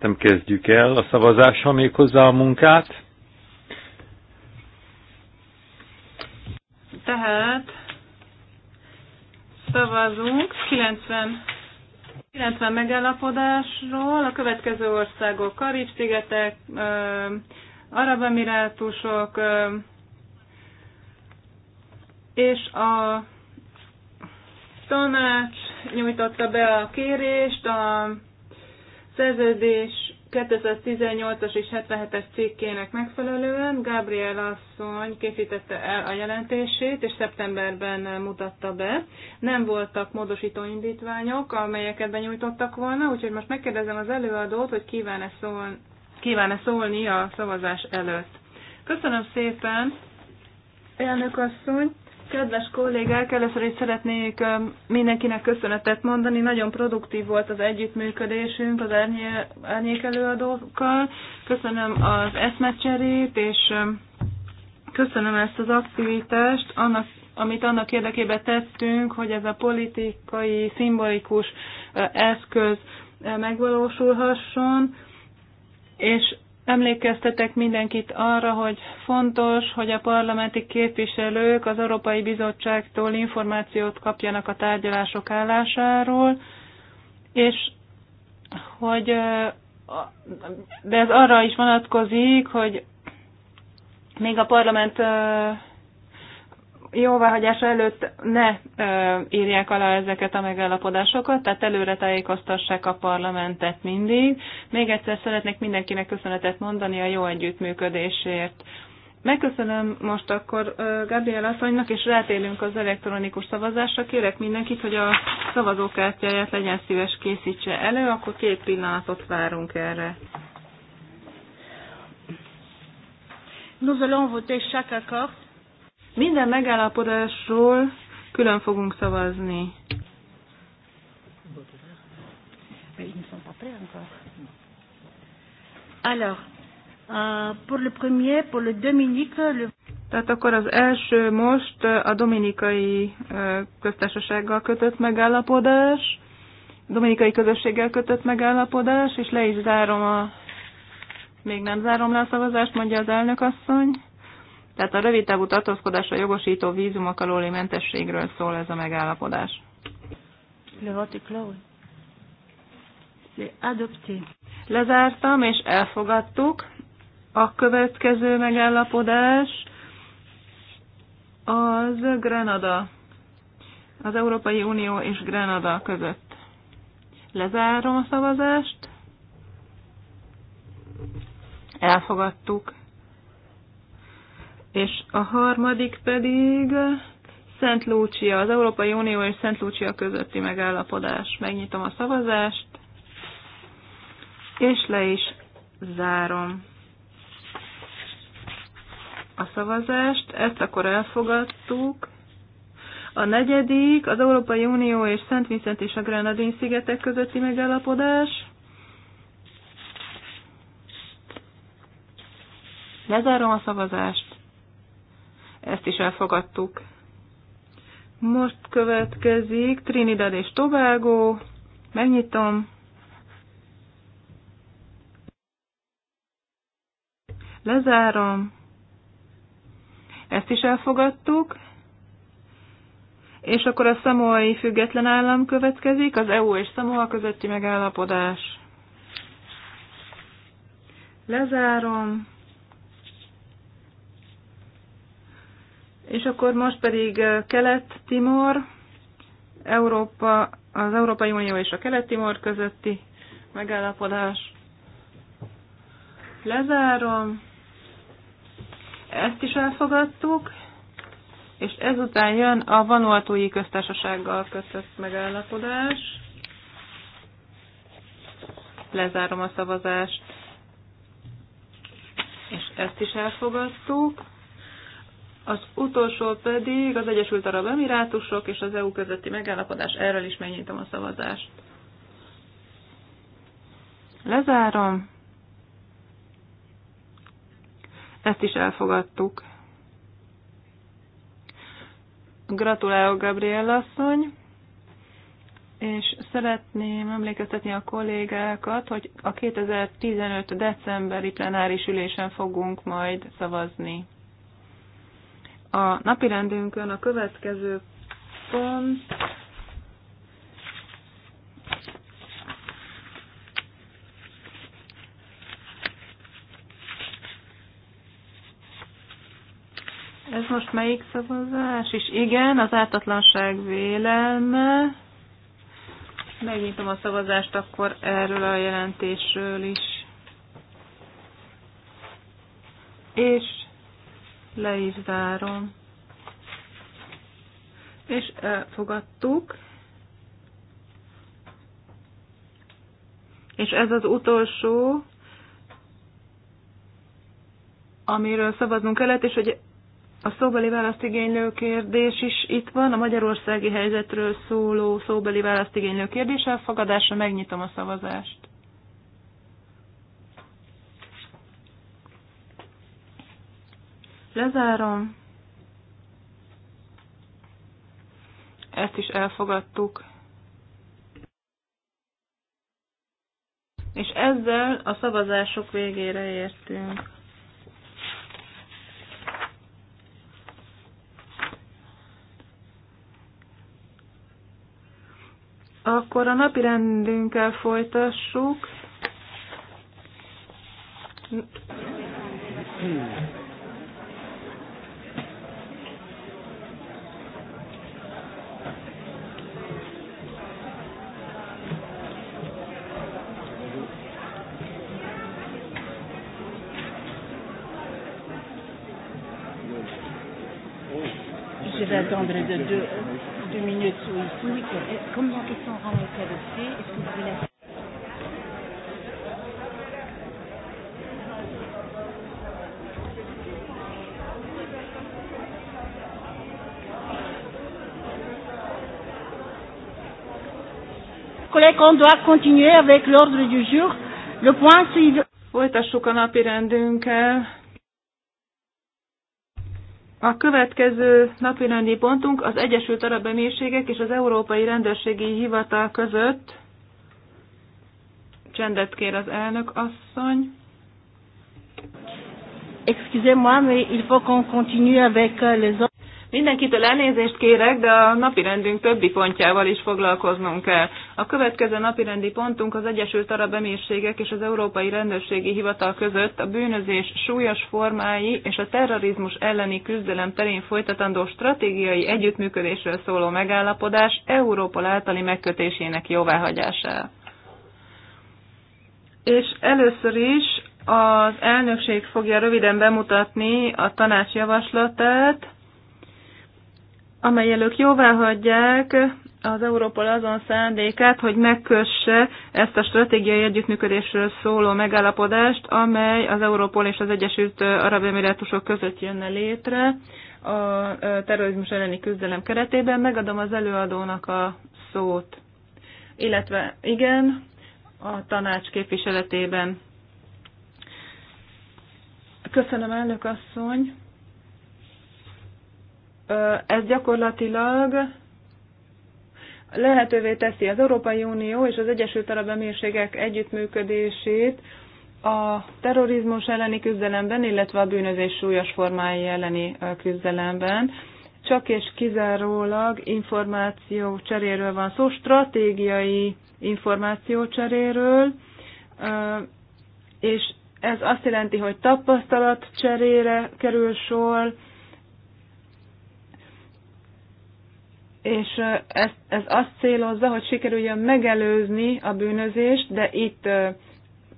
Nem kezdjük el a szavazással még hozzá a munkát. Tehát szavazunk 90, 90 megállapodásról, a következő országok, Karib-szigetek, Arab Emirátusok, és a tanács nyújtotta be a kérést, a szerződés 2018-as és 77-es cikkének megfelelően Gabriel asszony készítette el a jelentését, és szeptemberben mutatta be. Nem voltak módosító indítványok, amelyeket benyújtottak volna, úgyhogy most megkérdezem az előadót, hogy kíván-e, szól, kíván-e szólni a szavazás előtt. Köszönöm szépen, elnök asszony! Kedves kollégák, először is szeretnék mindenkinek köszönetet mondani. Nagyon produktív volt az együttműködésünk az árnyék előadókkal. Köszönöm az eszmecserét, és köszönöm ezt az aktivitást, annak, amit annak érdekében tettünk, hogy ez a politikai, szimbolikus eszköz megvalósulhasson, és Emlékeztetek mindenkit arra, hogy fontos, hogy a parlamenti képviselők az Európai Bizottságtól információt kapjanak a tárgyalások állásáról, és hogy de ez arra is vonatkozik, hogy még a parlament jóváhagyása előtt ne ö, írják alá ezeket a megállapodásokat, tehát előre tájékoztassák a parlamentet mindig. Még egyszer szeretnék mindenkinek köszönetet mondani a jó együttműködésért. Megköszönöm most akkor Gabriel asszonynak, és rátérünk az elektronikus szavazásra. Kérek mindenkit, hogy a szavazókártyáját legyen szíves készítse elő, akkor két pillanatot várunk erre. Nous allons voter chaque accord minden megállapodásról külön fogunk szavazni. Euh, Tehát akkor az első most a dominikai köztársasággal kötött megállapodás, dominikai közösséggel kötött megállapodás, és le is zárom a... Még nem zárom le a szavazást, mondja az elnök asszony. Tehát a rövid távú tartózkodásra jogosító vízumok alóli mentességről szól ez a megállapodás. Lezártam és elfogadtuk. A következő megállapodás az Grenada, az Európai Unió és Grenada között. Lezárom a szavazást. Elfogadtuk. És a harmadik pedig Szent Lúcia, az Európai Unió és Szent Lúcia közötti megállapodás. Megnyitom a szavazást, és le is zárom a szavazást. Ezt akkor elfogadtuk. A negyedik az Európai Unió és Szent Vincent és a Grenadin szigetek közötti megállapodás. Lezárom a szavazást ezt is elfogadtuk. Most következik Trinidad és Tobago, megnyitom. Lezárom. Ezt is elfogadtuk. És akkor a szamoai független állam következik, az EU és Szamoa közötti megállapodás. Lezárom. És akkor most pedig Kelet-Timor, Európa, az Európai Unió és a Kelet-Timor közötti megállapodás. Lezárom. Ezt is elfogadtuk, és ezután jön a Vanuatui köztársasággal kötött megállapodás. Lezárom a szavazást. És ezt is elfogadtuk. Az utolsó pedig az Egyesült Arab Emirátusok és az EU közötti megállapodás. Erről is megnyitom a szavazást. Lezárom. Ezt is elfogadtuk. Gratulálok, Gabriel asszony, és szeretném emlékeztetni a kollégákat, hogy a 2015. decemberi plenáris ülésen fogunk majd szavazni a napirendünkön a következő pont Ez most melyik szavazás? És igen, az ártatlanság vélelme. Megnyitom a szavazást akkor erről a jelentésről is. És le is zárom. És elfogadtuk. És ez az utolsó, amiről szavaznunk kellett, és hogy a szóbeli választigénylő kérdés is itt van, a magyarországi helyzetről szóló szóbeli választigénylő kérdés elfogadása, megnyitom a szavazást. Lezárom. Ezt is elfogadtuk. És ezzel a szavazások végére értünk. Akkor a napi rendünkkel folytassuk. Hmm. de deux, deux minutes, oui. Oui, oui. Comme la question orale a été adoptée, est-ce que vous voulez la on doit continuer avec l'ordre du jour. Le point suivant. Folytassuk a napi rendünkkel. A következő napirendi pontunk az Egyesült Arab Emírségek és az Európai Rendőrségi Hivatal között. Csendet kér az elnök asszony. Excusez-moi, mais il faut qu'on continue avec euh, les autres. Mindenkitől elnézést kérek, de a napirendünk többi pontjával is foglalkoznunk kell. A következő napirendi pontunk az Egyesült Arab Emírségek és az Európai Rendőrségi Hivatal között a bűnözés súlyos formái és a terrorizmus elleni küzdelem terén folytatandó stratégiai együttműködésről szóló megállapodás Európa általi megkötésének jóváhagyása. És először is az elnökség fogja röviden bemutatni a tanács javaslatát, amelyelők jóvá hagyják az Európol azon szándékát, hogy megkösse ezt a stratégiai együttműködésről szóló megállapodást, amely az Európol és az Egyesült Arab Emirátusok között jönne létre a terrorizmus elleni küzdelem keretében. Megadom az előadónak a szót, illetve igen, a tanács képviseletében. Köszönöm, elnök asszony! ez gyakorlatilag lehetővé teszi az Európai Unió és az Egyesült Arab Emírségek együttműködését a terrorizmus elleni küzdelemben, illetve a bűnözés súlyos formái elleni küzdelemben. Csak és kizárólag információ cseréről van szó, stratégiai információ cseréről, és ez azt jelenti, hogy tapasztalat cserére kerül sor, és ez, ez azt célozza, hogy sikerüljön megelőzni a bűnözést, de itt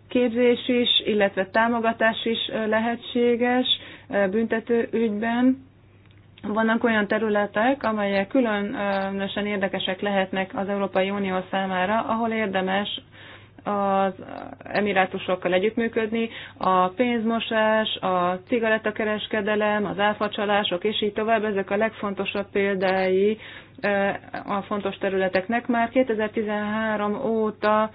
képzés is, illetve támogatás is lehetséges büntető ügyben. Vannak olyan területek, amelyek különösen érdekesek lehetnek az Európai Unió számára, ahol érdemes az emirátusokkal együttműködni, a pénzmosás, a cigarettakereskedelem, az álfacsalások, és így tovább, ezek a legfontosabb példái a fontos területeknek. Már 2013 óta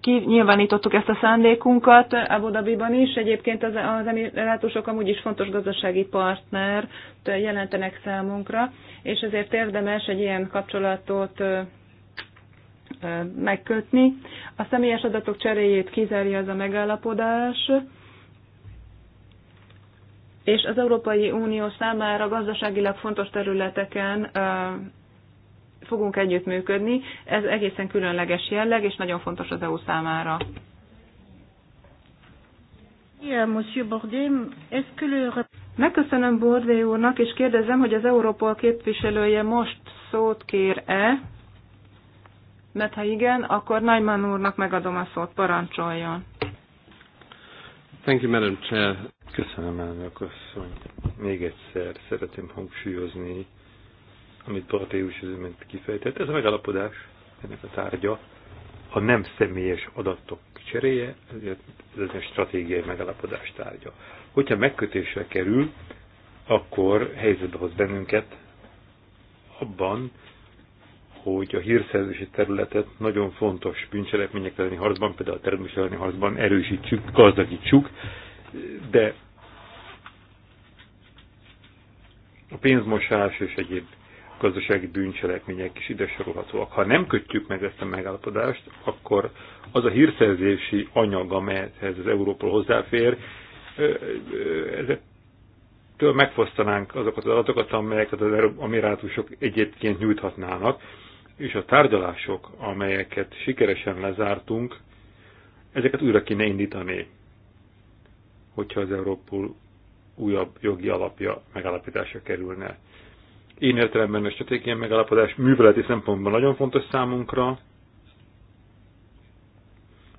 kinyilvánítottuk ezt a szándékunkat Abu Dhabiban is. Egyébként az, az emirátusok amúgy is fontos gazdasági partner jelentenek számunkra, és ezért érdemes egy ilyen kapcsolatot megkötni. A személyes adatok cseréjét kizárja ez a megállapodás, és az Európai Unió számára gazdaságilag fontos területeken fogunk együttműködni. Ez egészen különleges jelleg, és nagyon fontos az EU számára. Monsieur Megköszönöm Bordé úrnak, és kérdezem, hogy az Európol képviselője most szót kér-e, mert ha igen, akkor Nagyman úrnak megadom a szót, parancsoljon. Thank you, Madam Chair. Köszönöm, elnök asszony. Még egyszer szeretném hangsúlyozni, amit Bartéus az imént kifejtett. Ez a megalapodás, ennek a tárgya, a nem személyes adatok cseréje, ezért ez egy stratégiai megalapodás tárgya. Hogyha megkötésre kerül, akkor helyzetbe hoz bennünket abban, hogy a hírszerzési területet nagyon fontos bűncselekmények elleni harcban, például a terrorizmus elleni harcban erősítsük, gazdagítsuk, de a pénzmosás és egyéb gazdasági bűncselekmények is ide sorolhatóak. Ha nem kötjük meg ezt a megállapodást, akkor az a hírszerzési anyag, amelyhez az Európol hozzáfér, ezektől megfosztanánk azokat az adatokat, amelyeket az amirátusok egyébként nyújthatnának és a tárgyalások, amelyeket sikeresen lezártunk, ezeket újra kéne indítani, hogyha az Európol újabb jogi alapja megállapítása kerülne. Én értelemben a stratégiai megállapodás műveleti szempontból nagyon fontos számunkra,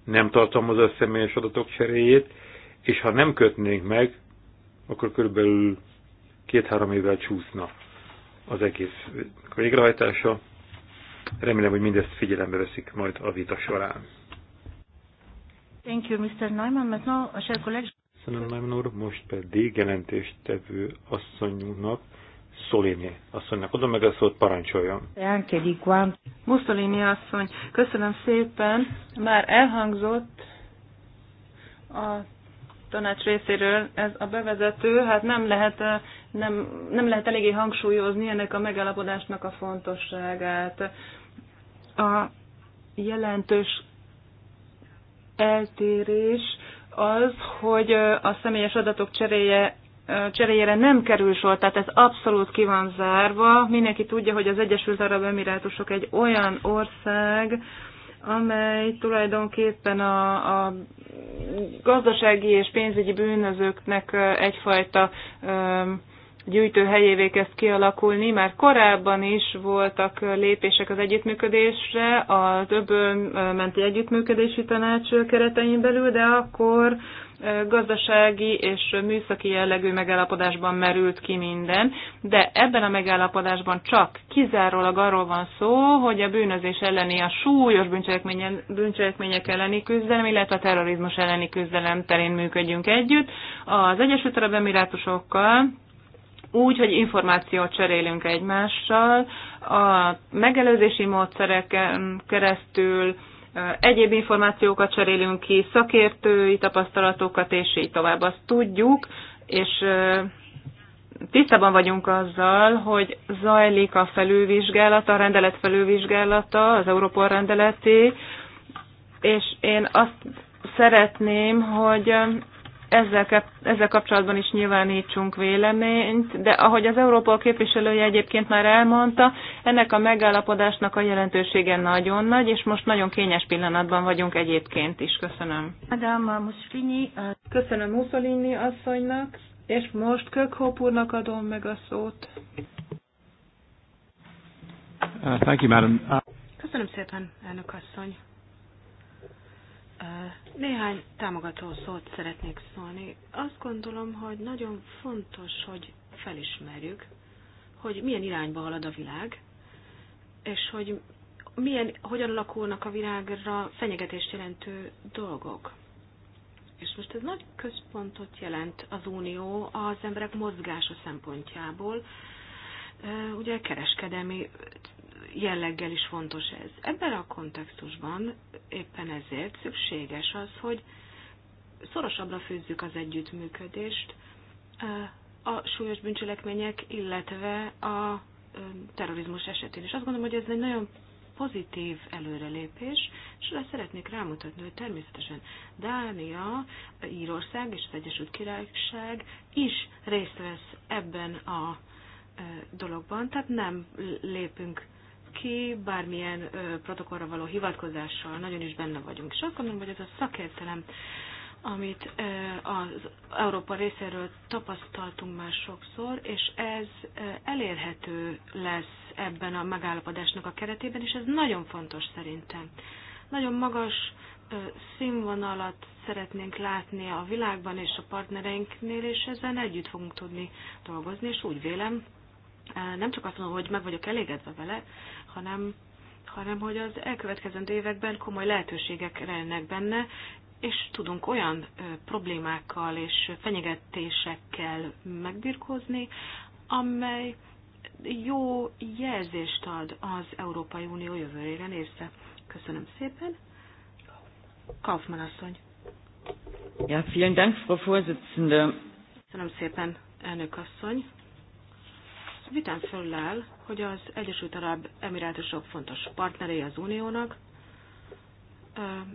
nem tartalmazza a személyes adatok cseréjét, és ha nem kötnénk meg, akkor körülbelül két-három évvel csúszna az egész végrehajtása, Remélem, hogy mindezt figyelembe veszik majd a vita során. Thank you, Mr. Neumann. Maintenant, chers collègues. Köszönöm, Neumann úr. Most pedig jelentéstevő asszonyunknak, Szolini asszonynak. Oda meg a szót, parancsoljon. Mussolini asszony, köszönöm szépen. Már elhangzott a tanács részéről ez a bevezető, hát nem lehet, nem, nem lehet eléggé hangsúlyozni ennek a megállapodásnak a fontosságát. A jelentős eltérés az, hogy a személyes adatok cseréje cseréjére nem kerül sor, tehát ez abszolút ki van zárva. Mindenki tudja, hogy az Egyesült Arab Emirátusok egy olyan ország, amely tulajdonképpen a, a gazdasági és pénzügyi bűnözőknek egyfajta gyűjtő helyévé kezd kialakulni. Már korábban is voltak lépések az együttműködésre, az öbölmenti együttműködési tanács keretein belül, de akkor gazdasági és műszaki jellegű megállapodásban merült ki minden, de ebben a megállapodásban csak kizárólag arról van szó, hogy a bűnözés elleni, a súlyos bűncselekmények elleni küzdelem, illetve a terrorizmus elleni küzdelem terén működjünk együtt az Egyesült Arab Emirátusokkal, úgy, hogy információt cserélünk egymással, a megelőzési módszereken keresztül, egyéb információkat cserélünk ki, szakértői tapasztalatokat, és így tovább. Azt tudjuk, és tisztában vagyunk azzal, hogy zajlik a felülvizsgálata, a rendelet felülvizsgálata, az Európol rendeleté, és én azt szeretném, hogy ezzel, ezzel kapcsolatban is nyilvánítsunk véleményt, de ahogy az Európa képviselője egyébként már elmondta, ennek a megállapodásnak a jelentősége nagyon nagy, és most nagyon kényes pillanatban vagyunk egyébként is. Köszönöm. Köszönöm Mussolini asszonynak, és most Kökhop úrnak adom meg a szót. Uh, thank you, madam. Uh, Köszönöm szépen, elnök asszony. Néhány támogató szót szeretnék szólni. Azt gondolom, hogy nagyon fontos, hogy felismerjük, hogy milyen irányba halad a világ, és hogy milyen, hogyan alakulnak a világra fenyegetést jelentő dolgok. És most ez nagy központot jelent az Unió az emberek mozgása szempontjából. Ugye kereskedelmi jelleggel is fontos ez. Ebben a kontextusban éppen ezért szükséges az, hogy szorosabbra fűzzük az együttműködést a súlyos bűncselekmények, illetve a terrorizmus esetén. És azt gondolom, hogy ez egy nagyon pozitív előrelépés, és erre szeretnék rámutatni, hogy természetesen Dánia, Írország és az Egyesült Királyság is részt vesz ebben a dologban, tehát nem lépünk ki bármilyen protokollra való hivatkozással, nagyon is benne vagyunk. És azt gondolom, hogy ez a szakértelem, amit az Európa részéről tapasztaltunk már sokszor, és ez elérhető lesz ebben a megállapodásnak a keretében, és ez nagyon fontos szerintem. Nagyon magas színvonalat szeretnénk látni a világban és a partnereinknél, és ezen együtt fogunk tudni dolgozni, és úgy vélem, nem csak azt mondom, hogy meg vagyok elégedve vele, hanem, hanem hogy az elkövetkezendő években komoly lehetőségek rejlenek benne, és tudunk olyan problémákkal és fenyegetésekkel megbirkózni, amely jó jelzést ad az Európai Unió jövőjére nézve. Köszönöm szépen. Kaufmann asszony. Ja, vielen Dank, Frau Vorsitzende. Köszönöm szépen, elnök asszony vitán fölül áll, hogy az Egyesült Arab Emirátusok fontos partnerei az Uniónak,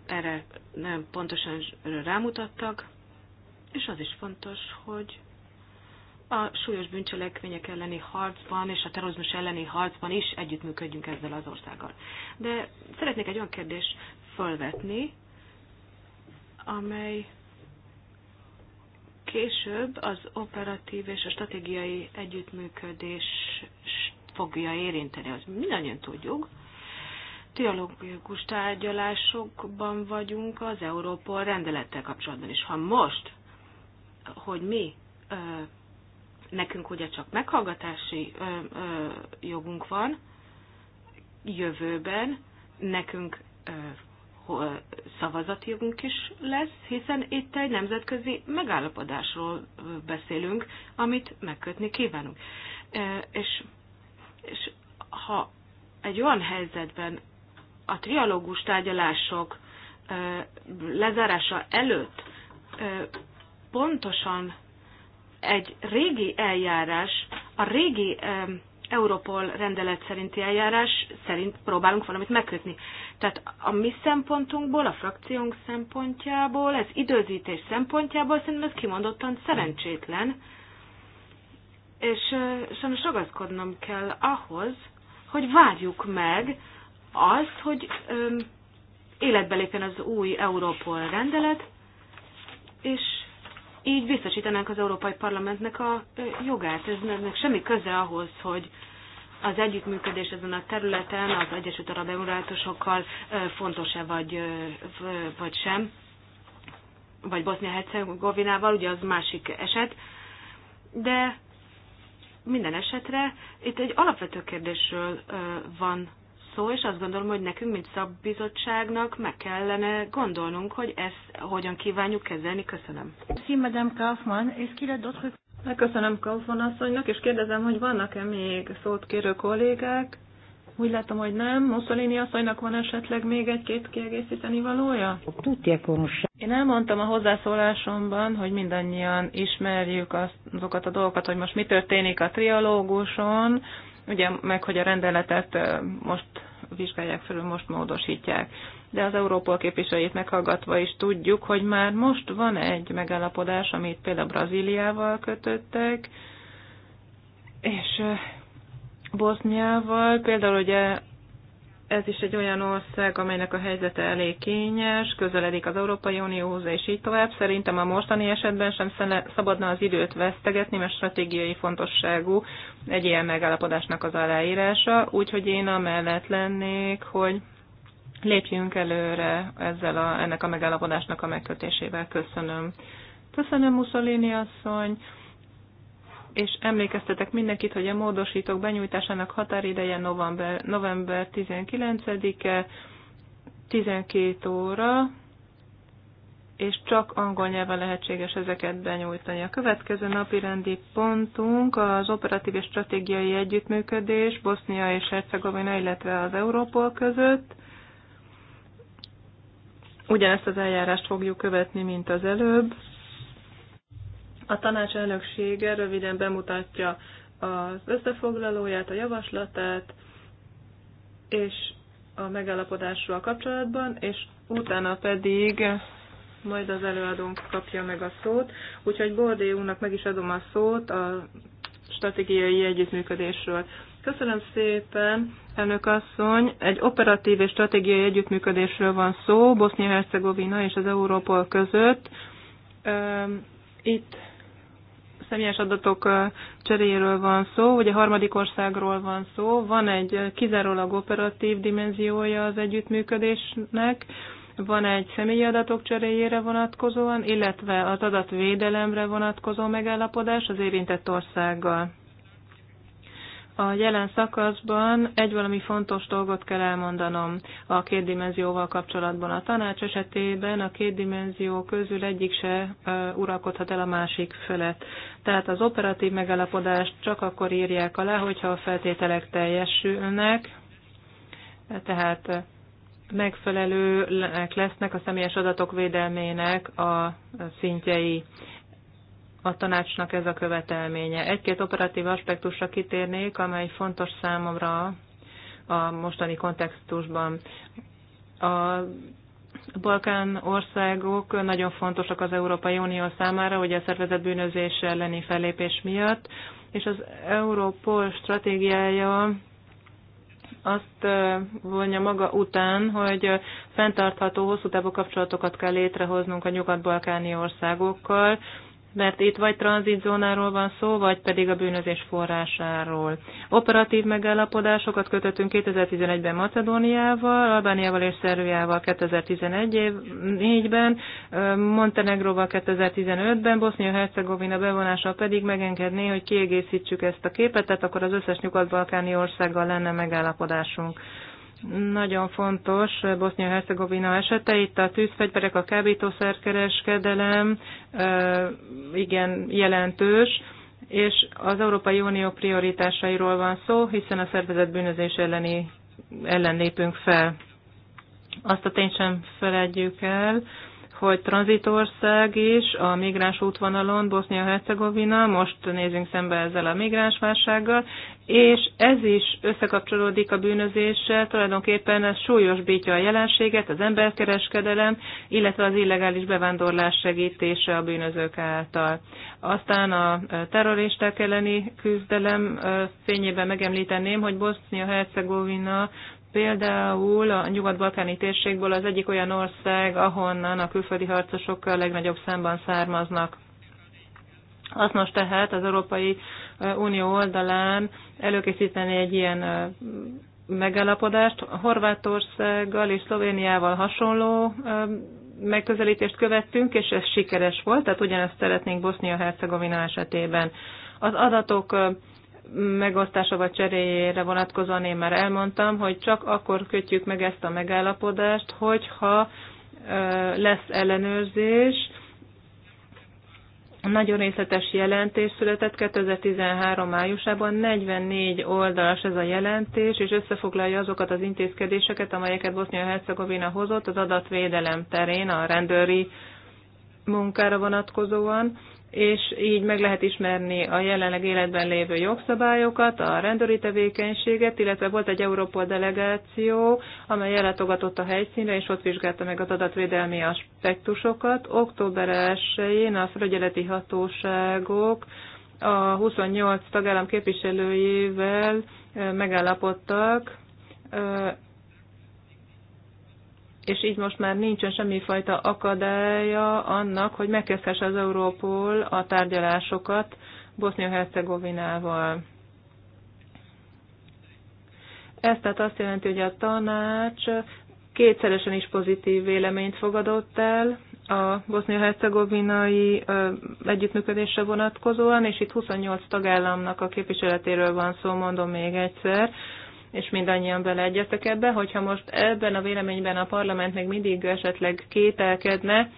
erre nem pontosan rámutattak, és az is fontos, hogy a súlyos bűncselekmények elleni harcban és a terrorizmus elleni harcban is együttműködjünk ezzel az országgal. De szeretnék egy olyan kérdést fölvetni, amely Később az operatív és a stratégiai együttműködés fogja érinteni, az mindannyian tudjuk. Dialógikus tárgyalásokban vagyunk az Európol rendelettel kapcsolatban is. Ha most, hogy mi nekünk ugye csak meghallgatási ö, ö, jogunk van, jövőben nekünk ö, szavazatjogunk is lesz, hiszen itt egy nemzetközi megállapodásról beszélünk, amit megkötni kívánunk. És, és ha egy olyan helyzetben a trialógus tárgyalások lezárása előtt pontosan egy régi eljárás, a régi Europol rendelet szerinti eljárás szerint próbálunk valamit megkötni. Tehát a mi szempontunkból, a frakciónk szempontjából, ez időzítés szempontjából szerintem ez kimondottan szerencsétlen, és sajnos ragaszkodnom kell ahhoz, hogy várjuk meg azt, hogy öm, életbe lépjen az új Európol rendelet, és így biztosítanánk az Európai Parlamentnek a jogát. Ez nem semmi köze ahhoz, hogy az együttműködés ezen a területen az Egyesült Arab Emirátusokkal fontos-e vagy, vagy sem, vagy Bosznia-Hercegovinával, ugye az másik eset, de minden esetre itt egy alapvető kérdésről van szó, és azt gondolom, hogy nekünk, mint szabbizottságnak meg kellene gondolnunk, hogy ezt hogyan kívánjuk kezelni. Köszönöm. Köszönöm, Madame Kaufmann. Megköszönöm Kaufon asszonynak, és kérdezem, hogy vannak-e még szót kérő kollégák? Úgy látom, hogy nem. Mussolini asszonynak van esetleg még egy-két kiegészíteni valója? Én elmondtam a hozzászólásomban, hogy mindannyian ismerjük azokat a dolgokat, hogy most mi történik a trialóguson, ugye meg, hogy a rendeletet most vizsgálják felül, most módosítják de az Európol képviselőjét meghallgatva is tudjuk, hogy már most van egy megállapodás, amit például Brazíliával kötöttek, és Boszniával, például ugye ez is egy olyan ország, amelynek a helyzete elég kényes, közeledik az Európai Unióhoz, és így tovább. Szerintem a mostani esetben sem szabadna az időt vesztegetni, mert stratégiai fontosságú egy ilyen megállapodásnak az aláírása, úgyhogy én amellett lennék, hogy lépjünk előre ezzel a, ennek a megállapodásnak a megkötésével. Köszönöm. Köszönöm, Mussolini asszony, és emlékeztetek mindenkit, hogy a módosítók benyújtásának határideje november, november 19-e, 12 óra, és csak angol nyelven lehetséges ezeket benyújtani. A következő napi rendi pontunk az operatív és stratégiai együttműködés Bosznia és Hercegovina, illetve az Európol között. Ugyanezt az eljárást fogjuk követni, mint az előbb. A tanács elnöksége röviden bemutatja az összefoglalóját, a javaslatát, és a megállapodásról kapcsolatban, és utána pedig majd az előadónk kapja meg a szót. Úgyhogy Bordé úrnak meg is adom a szót a stratégiai együttműködésről. Köszönöm szépen, elnök asszony. Egy operatív és stratégiai együttműködésről van szó Bosznia-Hercegovina és az Európol között. Itt személyes adatok cseréjéről van szó, ugye harmadik országról van szó, van egy kizárólag operatív dimenziója az együttműködésnek, van egy személyi adatok cseréjére vonatkozóan, illetve az adatvédelemre vonatkozó megállapodás az érintett országgal. A jelen szakaszban egy valami fontos dolgot kell elmondanom a két dimenzióval kapcsolatban. A tanács esetében a két dimenzió közül egyik se uralkodhat el a másik felett. Tehát az operatív megállapodást csak akkor írják alá, hogyha a feltételek teljesülnek, tehát megfelelőek lesznek a személyes adatok védelmének a szintjei a tanácsnak ez a követelménye. Egy-két operatív aspektusra kitérnék, amely fontos számomra a mostani kontextusban. A Balkán országok nagyon fontosak az Európai Unió számára, hogy a szervezett bűnözés elleni fellépés miatt, és az Európol stratégiája azt vonja maga után, hogy fenntartható, hosszú távú kapcsolatokat kell létrehoznunk a nyugat-balkáni országokkal, mert itt vagy tranzitzónáról van szó, vagy pedig a bűnözés forrásáról. Operatív megállapodásokat kötöttünk 2011-ben Macedóniával, Albániával és Szerviával 2011-ben, Montenegróval 2015-ben, Bosznia-Hercegovina bevonása pedig megengedné, hogy kiegészítsük ezt a képet, tehát akkor az összes nyugat-balkáni országgal lenne megállapodásunk nagyon fontos Bosznia-Hercegovina esete. Itt a tűzfegyverek, a kábítószerkereskedelem igen jelentős, és az Európai Unió prioritásairól van szó, hiszen a szervezet bűnözés elleni, ellen lépünk fel. Azt a tényt sem feledjük el, hogy tranzitország is a migráns útvonalon, Bosznia-Hercegovina, most nézünk szembe ezzel a migránsválsággal, és ez is összekapcsolódik a bűnözéssel, tulajdonképpen ez súlyosbítja a jelenséget, az emberkereskedelem, illetve az illegális bevándorlás segítése a bűnözők által. Aztán a terroristák elleni küzdelem fényében megemlíteném, hogy Bosznia-Hercegovina Például a nyugat-balkáni térségből az egyik olyan ország, ahonnan a külföldi harcosok a legnagyobb számban származnak. Hasznos tehát az Európai Unió oldalán előkészíteni egy ilyen megállapodást. Horvátországgal és Szlovéniával hasonló megközelítést követtünk, és ez sikeres volt, tehát ugyanezt szeretnénk Bosznia-Hercegovina esetében. Az adatok megosztása vagy cseréjére vonatkozóan én már elmondtam, hogy csak akkor kötjük meg ezt a megállapodást, hogyha lesz ellenőrzés, nagyon részletes jelentés született 2013 májusában, 44 oldalas ez a jelentés, és összefoglalja azokat az intézkedéseket, amelyeket Bosznia-Hercegovina hozott az adatvédelem terén a rendőri munkára vonatkozóan és így meg lehet ismerni a jelenleg életben lévő jogszabályokat, a rendőri tevékenységet, illetve volt egy Európol delegáció, amely ellátogatott a helyszínre, és ott vizsgálta meg az adatvédelmi aspektusokat. Október 1-én a felügyeleti hatóságok a 28 tagállam képviselőjével megállapodtak és így most már nincsen semmifajta akadálya annak, hogy megkezdhesse az Európol a tárgyalásokat Bosznia-Hercegovinával. Ez tehát azt jelenti, hogy a tanács kétszeresen is pozitív véleményt fogadott el a bosznia-hercegovinai együttműködésre vonatkozóan, és itt 28 tagállamnak a képviseletéről van szó, mondom még egyszer és mindannyian beleegyeztek ebbe, hogyha most ebben a véleményben a parlament még mindig esetleg kételkedne,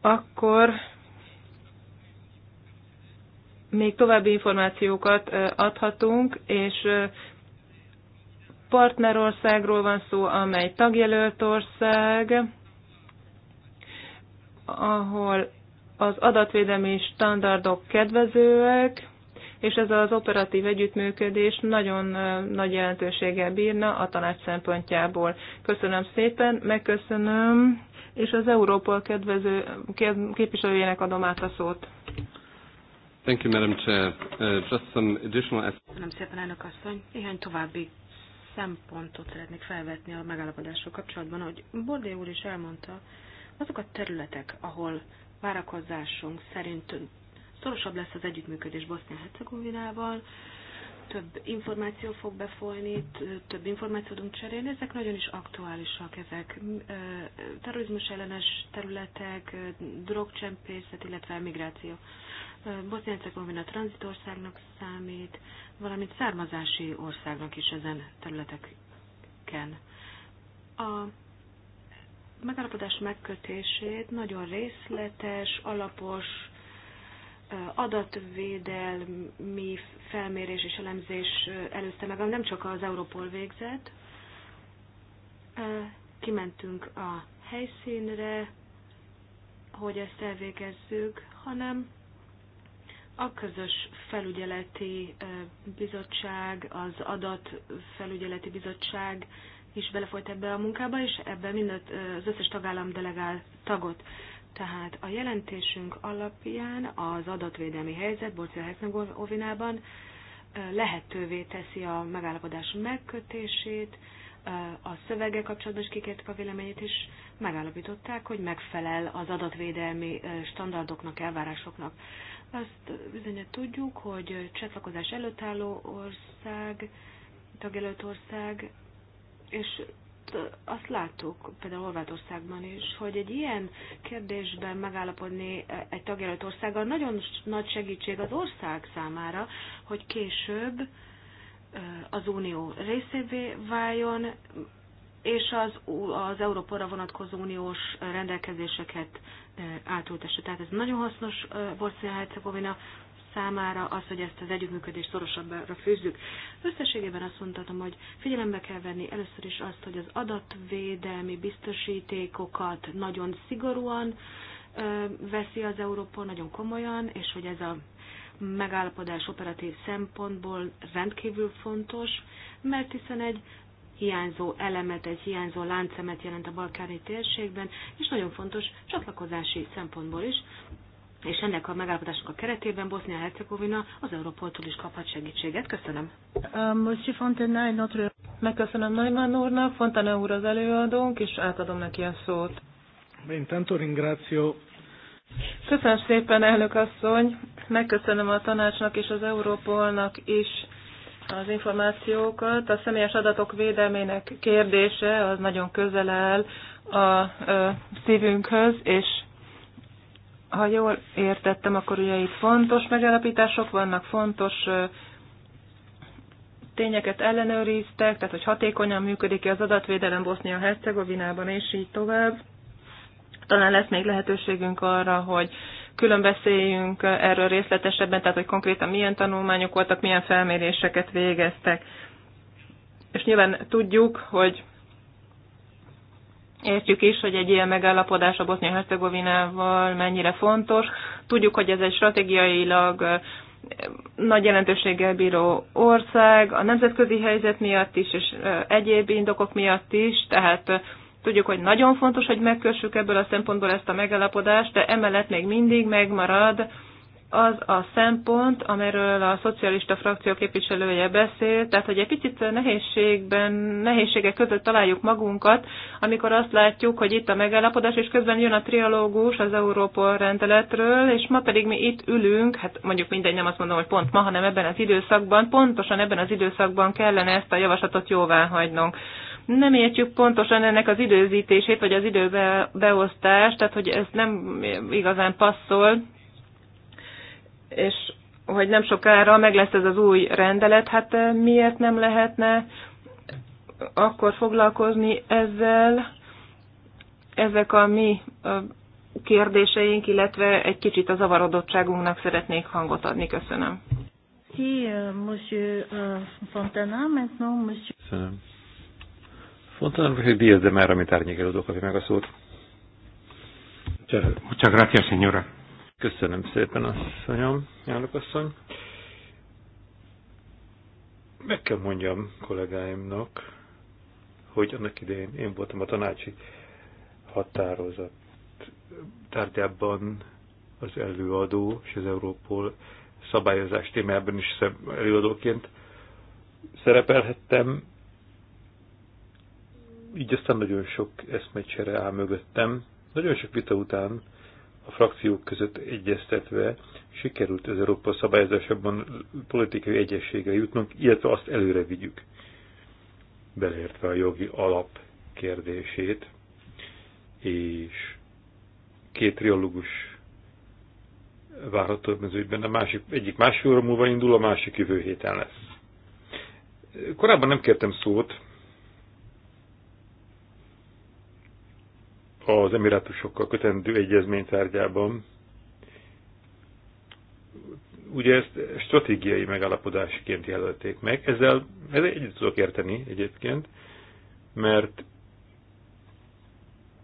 akkor még további információkat adhatunk, és partnerországról van szó, amely tagjelölt ország, ahol az adatvédelmi standardok kedvezőek, és ez az operatív együttműködés nagyon nagy jelentőséggel bírna a tanács szempontjából. Köszönöm szépen, megköszönöm, és az Európa kedvező, képviselőjének adom át a szót. Thank you, Madam Chair. Uh, just some additional... Nem szépen, elnök asszony. Néhány további szempontot szeretnék felvetni a megállapodások kapcsolatban, hogy Bordé úr is elmondta, azok a területek, ahol várakozásunk szerint szorosabb lesz az együttműködés Bosznia-Hercegovinával, több információ fog befolyni, több információt tudunk cserélni, ezek nagyon is aktuálisak, ezek terrorizmus ellenes területek, drogcsempészet, illetve migráció. Bosznia-Hercegovina tranzitországnak számít, valamint származási országnak is ezen területeken. A megállapodás megkötését nagyon részletes, alapos adatvédelmi felmérés és elemzés előzte meg, nem csak az Europol végzett. Kimentünk a helyszínre, hogy ezt elvégezzük, hanem a közös felügyeleti bizottság, az adatfelügyeleti bizottság is belefolyt ebbe a munkába, és ebbe mindent az összes tagállam delegál tagot. Tehát a jelentésünk alapján az adatvédelmi helyzet Bosznia-Hercegovinában lehetővé teszi a megállapodás megkötését, a szöveggel kapcsolatban is kikértük a véleményét, és megállapították, hogy megfelel az adatvédelmi standardoknak, elvárásoknak. Azt bizonyat tudjuk, hogy csatlakozás előtt álló ország, tagjelölt ország, és azt láttuk például Horvátországban is, hogy egy ilyen kérdésben megállapodni egy tagjelölt országgal nagyon nagy segítség az ország számára, hogy később az unió részévé váljon, és az, az Európára vonatkozó uniós rendelkezéseket átültesse. Tehát ez nagyon hasznos Bosznia-Hercegovina számára az, hogy ezt az együttműködést szorosabbra fűzzük. Összességében azt mondhatom, hogy figyelembe kell venni először is azt, hogy az adatvédelmi biztosítékokat nagyon szigorúan veszi az Európa, nagyon komolyan, és hogy ez a megállapodás operatív szempontból rendkívül fontos, mert hiszen egy hiányzó elemet, egy hiányzó láncemet jelent a balkáni térségben, és nagyon fontos csatlakozási szempontból is, és ennek a megállapodásnak a keretében Bosznia-Hercegovina az Európoltól is kaphat segítséget. Köszönöm. Um, Megköszönöm Neumann úrnak, Fontana úr az előadónk, és átadom neki a szót. Köszönöm szépen, elnök asszony. Megköszönöm a tanácsnak és az Európolnak is az információkat. A személyes adatok védelmének kérdése az nagyon közel áll a szívünkhöz, és ha jól értettem, akkor ugye itt fontos megállapítások vannak, fontos tényeket ellenőriztek, tehát hogy hatékonyan működik-e az adatvédelem Bosznia-Hercegovinában, és így tovább. Talán lesz még lehetőségünk arra, hogy külön beszéljünk erről részletesebben, tehát hogy konkrétan milyen tanulmányok voltak, milyen felméréseket végeztek. És nyilván tudjuk, hogy Értjük is, hogy egy ilyen megállapodás a Bosznia-Hercegovinával mennyire fontos. Tudjuk, hogy ez egy stratégiailag nagy jelentőséggel bíró ország, a nemzetközi helyzet miatt is, és egyéb indokok miatt is, tehát tudjuk, hogy nagyon fontos, hogy megkössük ebből a szempontból ezt a megállapodást, de emellett még mindig megmarad az a szempont, amiről a szocialista frakció képviselője beszélt, tehát hogy egy picit nehézségben, nehézségek között találjuk magunkat, amikor azt látjuk, hogy itt a megállapodás, és közben jön a trialógus az Európol rendeletről, és ma pedig mi itt ülünk, hát mondjuk mindegy, nem azt mondom, hogy pont ma, hanem ebben az időszakban, pontosan ebben az időszakban kellene ezt a javaslatot jóvá hagynunk nem értjük pontosan ennek az időzítését, vagy az időbeosztást, tehát hogy ez nem igazán passzol és hogy nem sokára meg lesz ez az új rendelet, hát miért nem lehetne akkor foglalkozni ezzel, ezek a mi kérdéseink, illetve egy kicsit a zavarodottságunknak szeretnék hangot adni. Köszönöm. Euh, euh, Köszönöm. Fontana, hogy Díaz de már, amit árnyékelődő aki meg a szót. Muchas gracias, señora. Köszönöm szépen, asszonyom, elnök asszony. Meg kell mondjam kollégáimnak, hogy annak idején én voltam a tanácsi határozat tárgyában az előadó és az Európol szabályozás témájában is előadóként szerepelhettem. Így aztán nagyon sok eszmecsere áll mögöttem. Nagyon sok vita után a frakciók között egyeztetve sikerült az Európa szabályozásában politikai egyességre jutnunk, illetve azt előre vigyük, beleértve a jogi alap kérdését, és két triológus várható ebben az ügyben, a másik, egyik másfél óra múlva indul, a másik jövő héten lesz. Korábban nem kértem szót, az emirátusokkal kötendő egyezmény tárgyában. Ugye ezt stratégiai megállapodásként jelölték meg. Ezzel, ezzel együtt tudok érteni egyébként, mert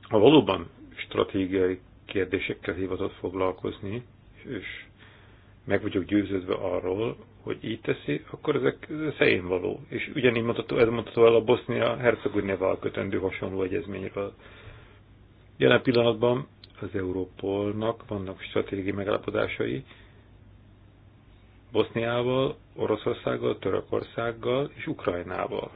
ha valóban stratégiai kérdésekkel hivatott foglalkozni, és meg vagyok győződve arról, hogy így teszi, akkor ezek szerén való. És ugyanígy mondható, ez mondható el a bosznia hercegovinával kötendő hasonló egyezményről. Jelen pillanatban az Európolnak vannak stratégiai megállapodásai Boszniával, Oroszországgal, Törökországgal és Ukrajnával.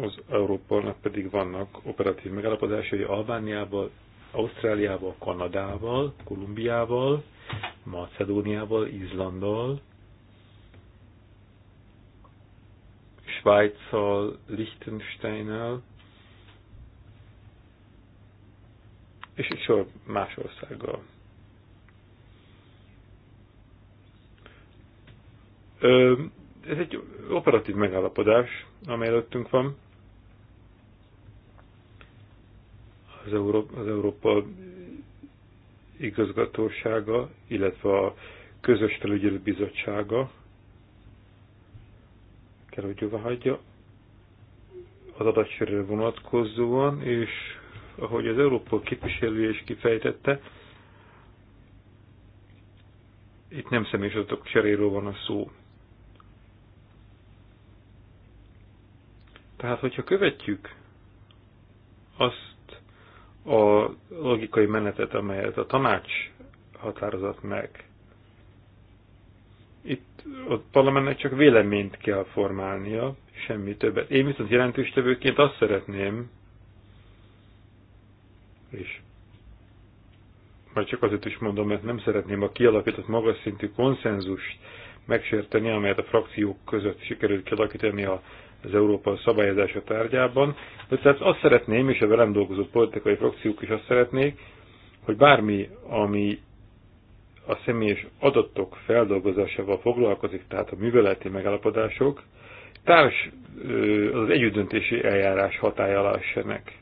Az Európolnak pedig vannak operatív megállapodásai Albániával, Ausztráliával, Kanadával, Kolumbiával, Macedóniával, Izlandal, Svájccal, Liechtensteinnel, és egy sor más országgal. Ez egy operatív megállapodás, amely előttünk van. Az, Euró az Európa igazgatósága, illetve a közös felügyelő bizottsága kell, hogy jóvá hagyja az adatcserére vonatkozóan, és ahogy az Európa képviselője is kifejtette, itt nem személyes adatok cseréről van a szó. Tehát, hogyha követjük azt a logikai menetet, amelyet a tanács határozat meg, itt a parlamentnek csak véleményt kell formálnia, semmi többet. Én viszont tevőként azt szeretném, és már csak azért is mondom, mert nem szeretném a kialakított magas szintű konszenzust megsérteni, amelyet a frakciók között sikerült kialakítani az Európa szabályozása tárgyában. De tehát azt szeretném, és a velem dolgozó politikai frakciók is azt szeretnék, hogy bármi, ami a személyes adatok feldolgozásával foglalkozik, tehát a műveleti megállapodások, társ az együttdöntési eljárás hatája alá esenek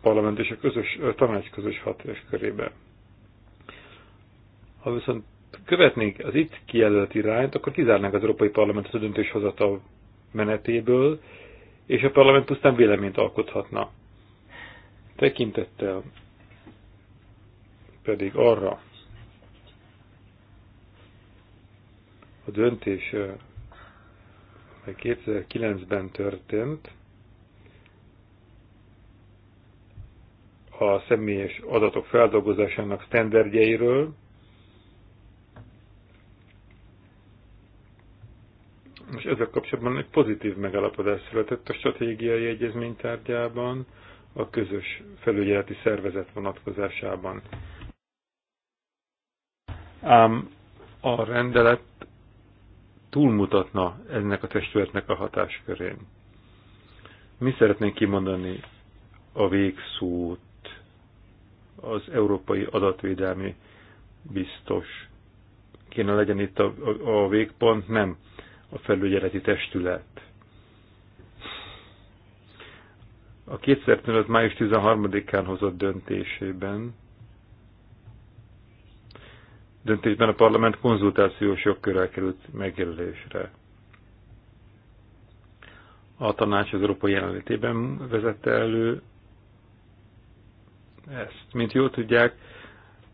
a parlament és a közös, a tanács közös körébe. Ha viszont követnénk az itt kijelölt irányt, akkor kizárnánk az Európai Parlament a döntéshozatal menetéből, és a parlament pusztán véleményt alkothatna. Tekintettel pedig arra a döntés, amely 2009-ben történt, a személyes adatok feldolgozásának standardjeiről, és ezzel kapcsolatban egy pozitív megállapodás született a stratégiai egyezménytárgyában, a közös felügyeleti szervezet vonatkozásában. Ám a rendelet túlmutatna ennek a testületnek a hatáskörén. Mi szeretnénk kimondani a végszót az európai adatvédelmi biztos. Kéne legyen itt a, a, a végpont, nem a felügyeleti testület. A 2015. május 13-án hozott döntésében döntésben a parlament konzultációs jogkörrel került megjelölésre. A tanács az európai jelenlétében vezette elő ezt. Mint jól tudják,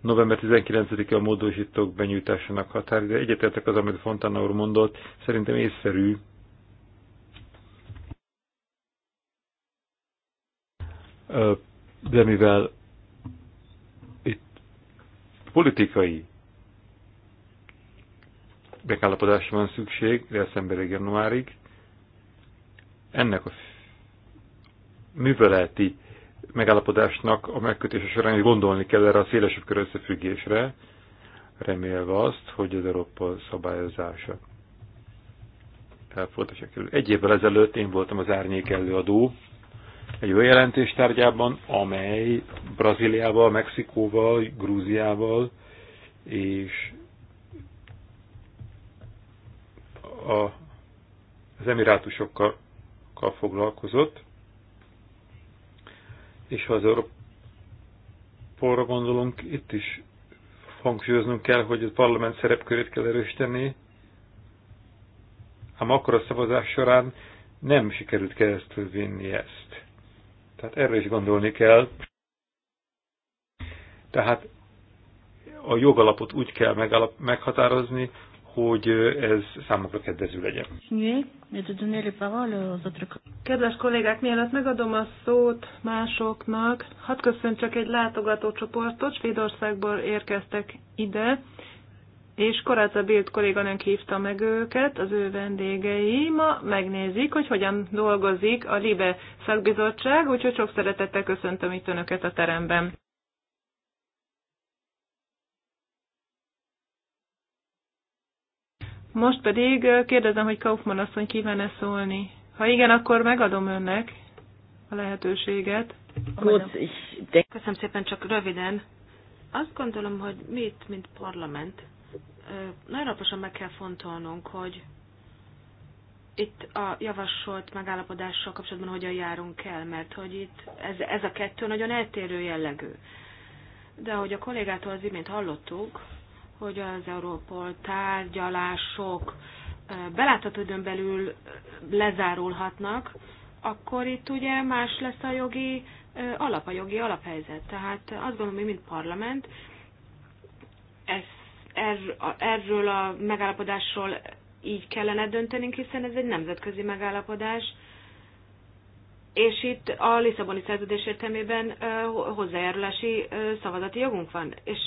november 19-e a módosítók benyújtásának de Egyetértek az, amit Fontana úr mondott, szerintem észszerű, de mivel itt politikai megállapodásra van szükség decemberig, januárig, ennek a műveleti megállapodásnak a megkötése során is gondolni kell erre a szélesebb kör összefüggésre, remélve azt, hogy az Európa szabályozása elfogadása kerül. Egy évvel ezelőtt én voltam az árnyék előadó egy olyan jelentés amely Brazíliával, Mexikóval, Grúziával és a, az emirátusokkal foglalkozott, és ha az Európóra gondolunk, itt is hangsúlyoznunk kell, hogy a parlament szerepkörét kell erősíteni, ám akkor a szavazás során nem sikerült keresztül vinni ezt. Tehát erre is gondolni kell. Tehát a jogalapot úgy kell meghatározni, hogy ez számukra kedvező legyen. Kedves kollégák, mielőtt megadom a szót másoknak, hadd csak egy látogatócsoportot, Svédországból érkeztek ide, és Koráca Bild kolléganőnk hívta meg őket, az ő vendégei ma megnézik, hogy hogyan dolgozik a LIBE szakbizottság, úgyhogy sok szeretettel köszöntöm itt Önöket a teremben. Most pedig kérdezem, hogy Kaufmann asszony kívánne szólni. Ha igen, akkor megadom önnek a lehetőséget. Köszönöm szépen, csak röviden. Azt gondolom, hogy mi itt, mint parlament, nagyon alaposan meg kell fontolnunk, hogy itt a javasolt megállapodással kapcsolatban hogyan járunk el, mert hogy itt ez, ez a kettő nagyon eltérő jellegű. De ahogy a kollégától az imént hallottuk, hogy az Európol tárgyalások belátható időn belül lezárulhatnak, akkor itt ugye más lesz a jogi alap, a jogi alaphelyzet. Tehát azt gondolom, mi, mint parlament, ez, erről a megállapodásról így kellene döntenünk, hiszen ez egy nemzetközi megállapodás, és itt a Lisszaboni szerződés értelmében hozzájárulási szavazati jogunk van, és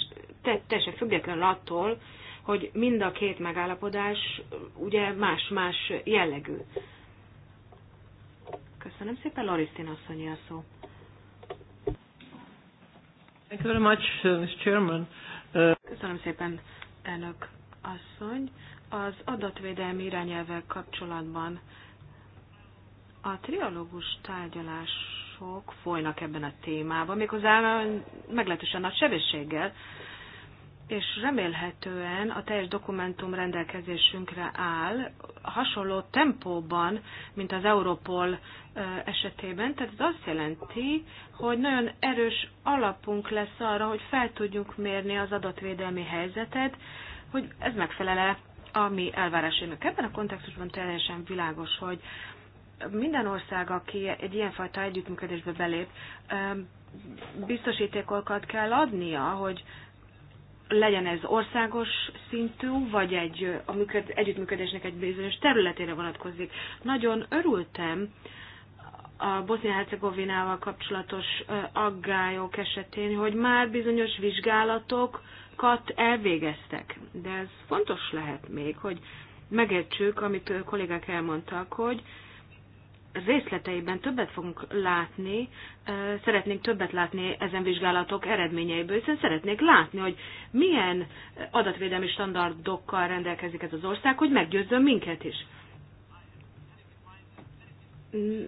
teljesen függetlenül attól, hogy mind a két megállapodás ugye más-más jellegű. Köszönöm szépen, Lorisztin asszonyi a szó. Thank you very much, uh, Mr. Chairman. Uh, Köszönöm szépen, elnök asszony. Az adatvédelmi irányelvvel kapcsolatban a trialógus tárgyalások folynak ebben a témában, méghozzá meglehetősen nagy sebességgel, és remélhetően a teljes dokumentum rendelkezésünkre áll, hasonló tempóban, mint az Europol esetében. Tehát ez azt jelenti, hogy nagyon erős alapunk lesz arra, hogy fel tudjunk mérni az adatvédelmi helyzetet, hogy ez megfelele a mi elvárásainak. Ebben a kontextusban teljesen világos, hogy minden ország, aki egy ilyenfajta együttműködésbe belép, biztosítékokat kell adnia, hogy legyen ez országos szintű, vagy egy, a működ, együttműködésnek egy bizonyos területére vonatkozik. Nagyon örültem a Bosznia-Hercegovinával kapcsolatos aggályok esetén, hogy már bizonyos vizsgálatokat elvégeztek. De ez fontos lehet még, hogy megértsük, amit kollégák elmondtak, hogy részleteiben többet fogunk látni, szeretnénk többet látni ezen vizsgálatok eredményeiből, hiszen szeretnék látni, hogy milyen adatvédelmi standardokkal rendelkezik ez az ország, hogy meggyőzzön minket is.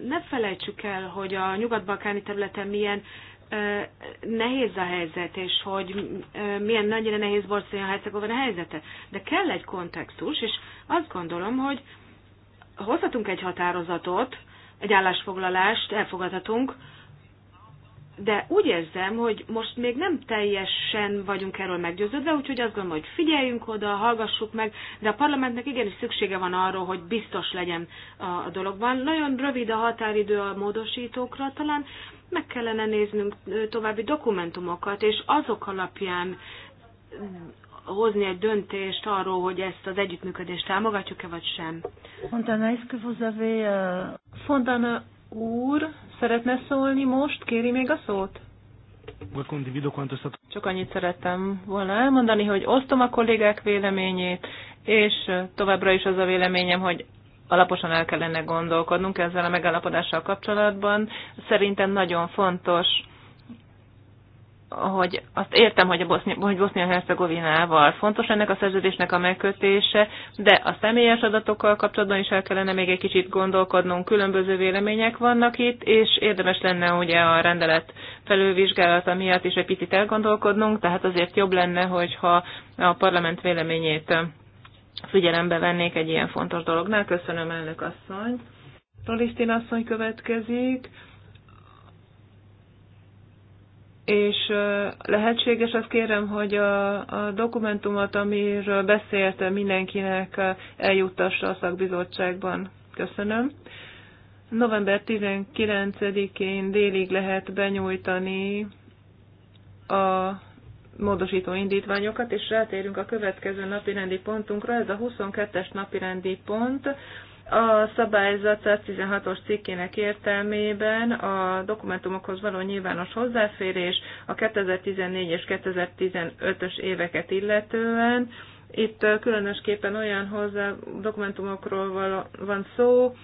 Ne felejtsük el, hogy a nyugat-balkáni területen milyen nehéz a helyzet, és hogy milyen nagyra nehéz Bosznia Hercegovina helyzete. De kell egy kontextus, és azt gondolom, hogy hozhatunk egy határozatot, egy állásfoglalást elfogadhatunk, de úgy érzem, hogy most még nem teljesen vagyunk erről meggyőződve, úgyhogy azt gondolom, hogy figyeljünk oda, hallgassuk meg, de a parlamentnek igenis szüksége van arról, hogy biztos legyen a dologban. Nagyon rövid a határidő a módosítókra, talán meg kellene néznünk további dokumentumokat, és azok alapján hozni egy döntést arról, hogy ezt az együttműködést támogatjuk-e vagy sem. Fontana, est-ce que vous avez... Fontana úr, szeretne szólni most? Kéri még a szót? Csak annyit szerettem volna elmondani, hogy osztom a kollégák véleményét, és továbbra is az a véleményem, hogy alaposan el kellene gondolkodnunk ezzel a megállapodással kapcsolatban. Szerintem nagyon fontos hogy azt értem, hogy, a Bosznia, hogy Bosznia-Hercegovinával fontos ennek a szerződésnek a megkötése, de a személyes adatokkal kapcsolatban is el kellene még egy kicsit gondolkodnunk, különböző vélemények vannak itt, és érdemes lenne ugye a rendelet felülvizsgálata miatt is egy picit elgondolkodnunk, tehát azért jobb lenne, hogyha a parlament véleményét figyelembe vennék egy ilyen fontos dolognál. Köszönöm, elnök asszony. Rolisztin asszony következik és lehetséges, azt kérem, hogy a, a dokumentumot, amiről beszélt, mindenkinek eljuttassa a szakbizottságban. Köszönöm. November 19-én délig lehet benyújtani a módosító indítványokat, és rátérünk a következő napirendi pontunkra. Ez a 22-es napirendi pont, a szabályzat 116-os cikkének értelmében a dokumentumokhoz való nyilvános hozzáférés a 2014 és 2015-ös éveket illetően. Itt különösképpen olyan hozzá, dokumentumokról van szó,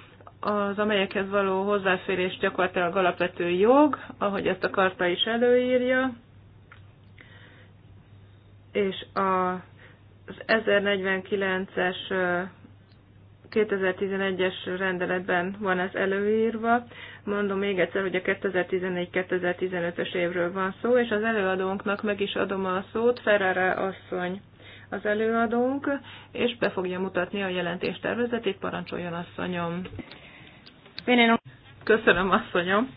az amelyekhez való hozzáférés gyakorlatilag alapvető jog, ahogy ezt a karta is előírja, és az 1049-es 2011-es rendeletben van ez előírva. Mondom még egyszer, hogy a 2014-2015-ös évről van szó, és az előadónknak meg is adom a szót, Ferrara asszony az előadónk, és be fogja mutatni a jelentés tervezetét, parancsoljon asszonyom. Köszönöm asszonyom.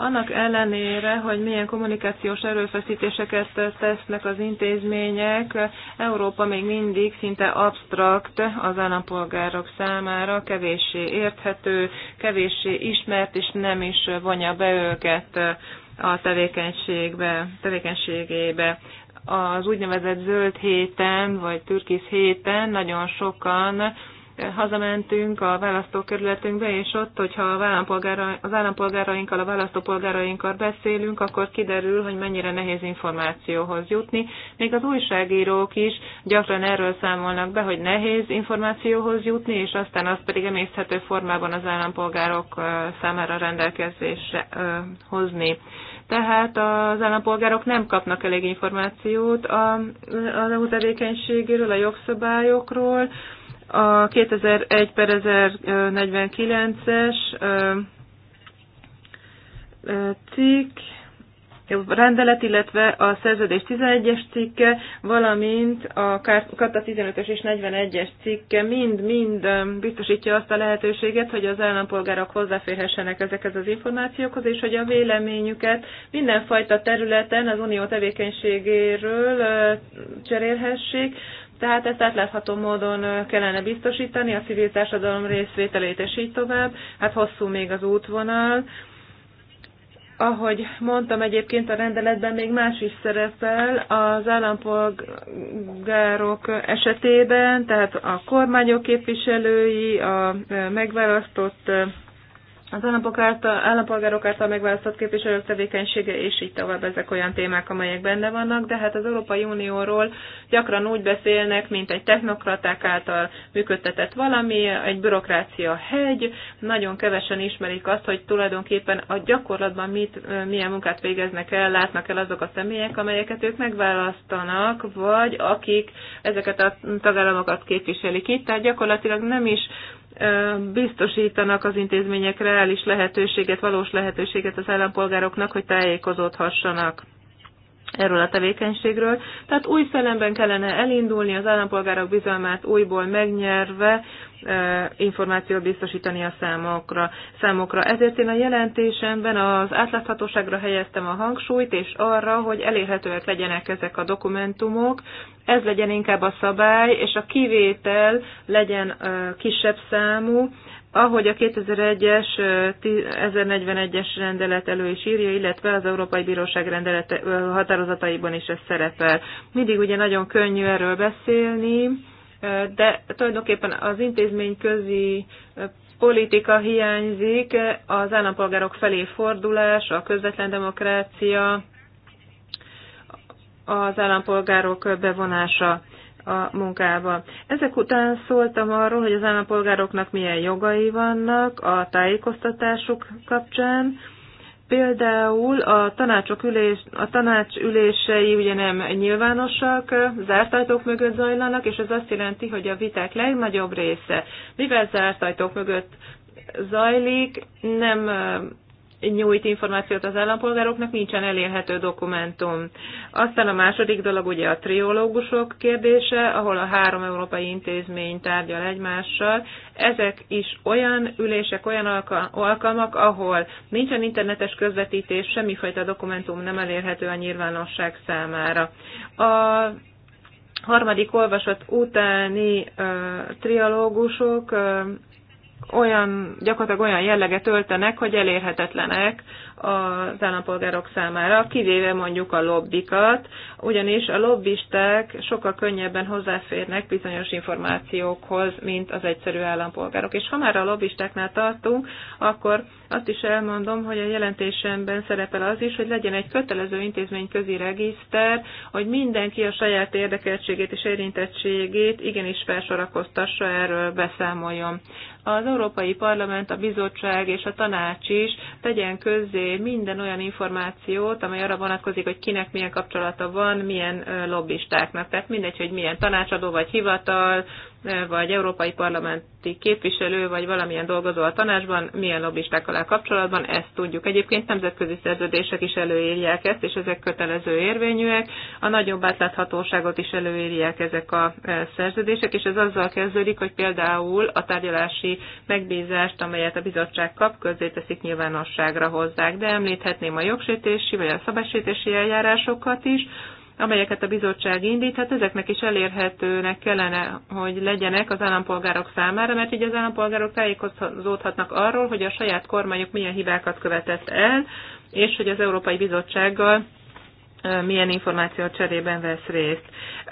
Annak ellenére, hogy milyen kommunikációs erőfeszítéseket tesznek az intézmények, Európa még mindig szinte absztrakt az állampolgárok számára, kevéssé érthető, kevéssé ismert, és nem is vonja be őket a tevékenységbe, tevékenységébe az úgynevezett zöld héten, vagy türkisz héten nagyon sokan hazamentünk a választókerületünkbe, és ott, hogyha az, az állampolgárainkkal, a választópolgárainkkal beszélünk, akkor kiderül, hogy mennyire nehéz információhoz jutni. Még az újságírók is gyakran erről számolnak be, hogy nehéz információhoz jutni, és aztán azt pedig emészhető formában az állampolgárok számára rendelkezésre hozni tehát az állampolgárok nem kapnak elég információt a, a EU tevékenységéről, a jogszabályokról, a 2001 per 1049-es cikk, rendelet, illetve a szerződés 11-es cikke, valamint a Kata 15-ös és 41-es cikke mind-mind biztosítja azt a lehetőséget, hogy az állampolgárok hozzáférhessenek ezekhez az információkhoz, és hogy a véleményüket mindenfajta területen az unió tevékenységéről cserélhessék, tehát ezt átlátható módon kellene biztosítani, a civil társadalom részvételét, és így tovább. Hát hosszú még az útvonal. Ahogy mondtam, egyébként a rendeletben még más is szerepel az állampolgárok esetében, tehát a kormányok képviselői, a megválasztott az állampolgárok által megválasztott képviselők tevékenysége, és így tovább ezek olyan témák, amelyek benne vannak, de hát az Európai Unióról gyakran úgy beszélnek, mint egy technokraták által működtetett valami, egy bürokrácia hegy, nagyon kevesen ismerik azt, hogy tulajdonképpen a gyakorlatban mit, milyen munkát végeznek el, látnak el azok a személyek, amelyeket ők megválasztanak, vagy akik ezeket a tagállamokat képviselik itt, tehát gyakorlatilag nem is biztosítanak az intézmények reális lehetőséget, valós lehetőséget az állampolgároknak, hogy tájékozódhassanak erről a tevékenységről. Tehát új szellemben kellene elindulni, az állampolgárok bizalmát újból megnyerve információt biztosítani a számokra. számokra. Ezért én a jelentésemben az átláthatóságra helyeztem a hangsúlyt, és arra, hogy elérhetőek legyenek ezek a dokumentumok. Ez legyen inkább a szabály, és a kivétel legyen kisebb számú, ahogy a 2001-es 1041-es rendelet elő is írja, illetve az Európai Bíróság rendelete, határozataiban is ez szerepel. Mindig ugye nagyon könnyű erről beszélni, de tulajdonképpen az közi politika hiányzik, az állampolgárok felé fordulás, a közvetlen demokrácia, az állampolgárok bevonása a munkába. Ezek után szóltam arról, hogy az állampolgároknak milyen jogai vannak a tájékoztatásuk kapcsán, Például a, tanácsok ülés, a tanács ülései ugye nem nyilvánosak, zárt ajtók mögött zajlanak, és ez azt jelenti, hogy a viták legnagyobb része, mivel zárt ajtók mögött zajlik, nem nyújt információt az állampolgároknak, nincsen elérhető dokumentum. Aztán a második dolog ugye a triológusok kérdése, ahol a három európai intézmény tárgyal egymással. Ezek is olyan ülések, olyan alkalmak, ahol nincsen internetes közvetítés, semmifajta dokumentum nem elérhető a nyilvánosság számára. A harmadik olvasat utáni ö, triológusok ö, olyan, gyakorlatilag olyan jelleget öltenek, hogy elérhetetlenek az állampolgárok számára, kivéve mondjuk a lobbikat, ugyanis a lobbisták sokkal könnyebben hozzáférnek bizonyos információkhoz, mint az egyszerű állampolgárok. És ha már a lobbistáknál tartunk, akkor azt is elmondom, hogy a jelentésemben szerepel az is, hogy legyen egy kötelező intézményközi regiszter, hogy mindenki a saját érdekeltségét és érintettségét igenis felsorakoztassa, erről beszámoljon. Az Európai Parlament, a Bizottság és a Tanács is tegyen közzé minden olyan információt, amely arra vonatkozik, hogy kinek milyen kapcsolata van, milyen lobbistáknak. Tehát mindegy, hogy milyen tanácsadó vagy hivatal, vagy európai parlamenti képviselő, vagy valamilyen dolgozó a tanácsban, milyen lobbisták alá kapcsolatban, ezt tudjuk. Egyébként nemzetközi szerződések is előírják ezt, és ezek kötelező érvényűek. A nagyobb átláthatóságot is előírják ezek a e, szerződések, és ez azzal kezdődik, hogy például a tárgyalási megbízást, amelyet a bizottság kap, közzéteszik nyilvánosságra hozzák. De említhetném a jogsértési vagy a szabálysértési eljárásokat is, amelyeket a bizottság indít, hát ezeknek is elérhetőnek kellene, hogy legyenek az állampolgárok számára, mert így az állampolgárok tájékozódhatnak arról, hogy a saját kormányuk milyen hibákat követett el, és hogy az Európai Bizottsággal milyen információ cserében vesz részt.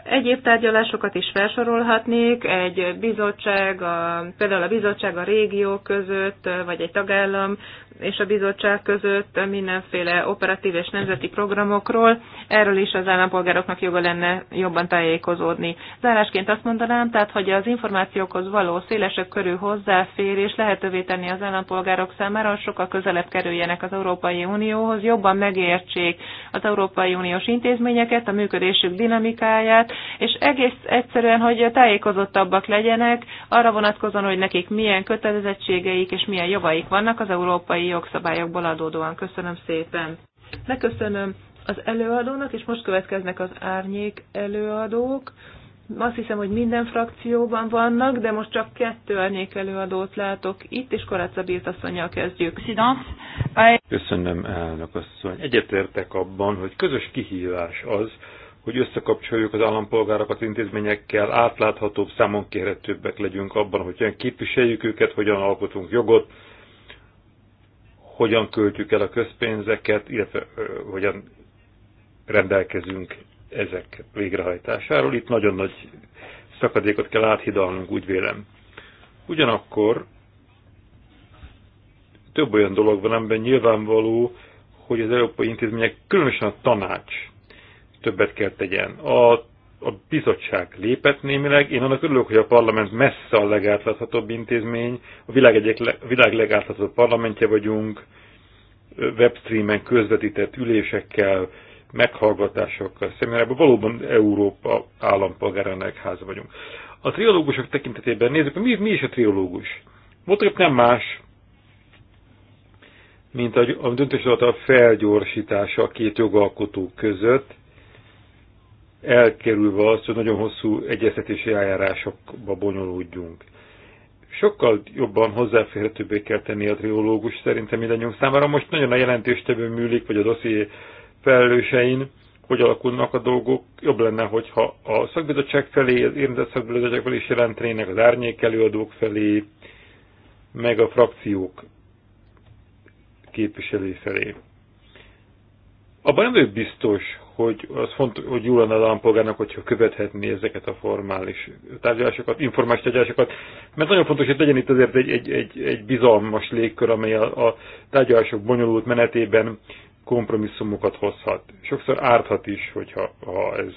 Egyéb tárgyalásokat is felsorolhatnék, egy bizottság, a, például a bizottság a régió között, vagy egy tagállam és a bizottság között mindenféle operatív és nemzeti programokról. Erről is az állampolgároknak joga lenne jobban tájékozódni. Zárásként azt mondanám, tehát, hogy az információkhoz való szélesebb körű hozzáférés lehetővé tenni az állampolgárok számára, hogy sokkal közelebb kerüljenek az Európai Unióhoz, jobban megértsék az Európai Uniós intézményeket, a működésük dinamikáját, és egész egyszerűen, hogy tájékozottabbak legyenek, arra vonatkozóan, hogy nekik milyen kötelezettségeik és milyen jogaik vannak az európai jogszabályokból adódóan. Köszönöm szépen. Megköszönöm az előadónak, és most következnek az árnyék előadók azt hiszem, hogy minden frakcióban vannak, de most csak kettő előadót látok itt, és Karácsa Birtasszonyjal kezdjük. Köszönöm, elnök asszony. Egyetértek abban, hogy közös kihívás az, hogy összekapcsoljuk az állampolgárokat intézményekkel, átláthatóbb, számon kérhetőbbek legyünk abban, hogy hogyan képviseljük őket, hogyan alkotunk jogot, hogyan költjük el a közpénzeket, illetve hogyan rendelkezünk ezek végrehajtásáról. Itt nagyon nagy szakadékot kell áthidalnunk, úgy vélem. Ugyanakkor több olyan dolog van, amiben nyilvánvaló, hogy az európai intézmények, különösen a tanács többet kell tegyen. A, a bizottság lépett némileg, én annak örülök, hogy a parlament messze a legátláthatóbb intézmény, a világ egyik le, világ legátláthatóbb parlamentje vagyunk, webstreamen közvetített ülésekkel, meghallgatásokkal, szemináriában valóban Európa állampolgárának háza vagyunk. A triológusok tekintetében nézzük, mi, mi is a triológus? Voltak nem más, mint a, a a felgyorsítása a két jogalkotó között, elkerülve azt, hogy nagyon hosszú egyeztetési eljárásokba bonyolódjunk. Sokkal jobban hozzáférhetőbbé kell tenni a triológus szerintem mindannyiunk számára. Most nagyon a jelentéstevő műlik, vagy a dosszié felelősein, hogy alakulnak a dolgok, jobb lenne, hogyha a szakbizottság felé, az érintett szakbizottság felé is jelentenének, az árnyék előadók felé, meg a frakciók képviselői felé. Abban nem vagyok biztos, hogy az fontos, hogy jól lenne az állampolgárnak, hogyha követhetni ezeket a formális tárgyalásokat, informális tárgyalásokat, mert nagyon fontos, hogy legyen itt azért egy, egy, egy, egy bizalmas légkör, amely a, a tárgyalások bonyolult menetében kompromisszumokat hozhat. Sokszor árthat is, hogyha ha ez,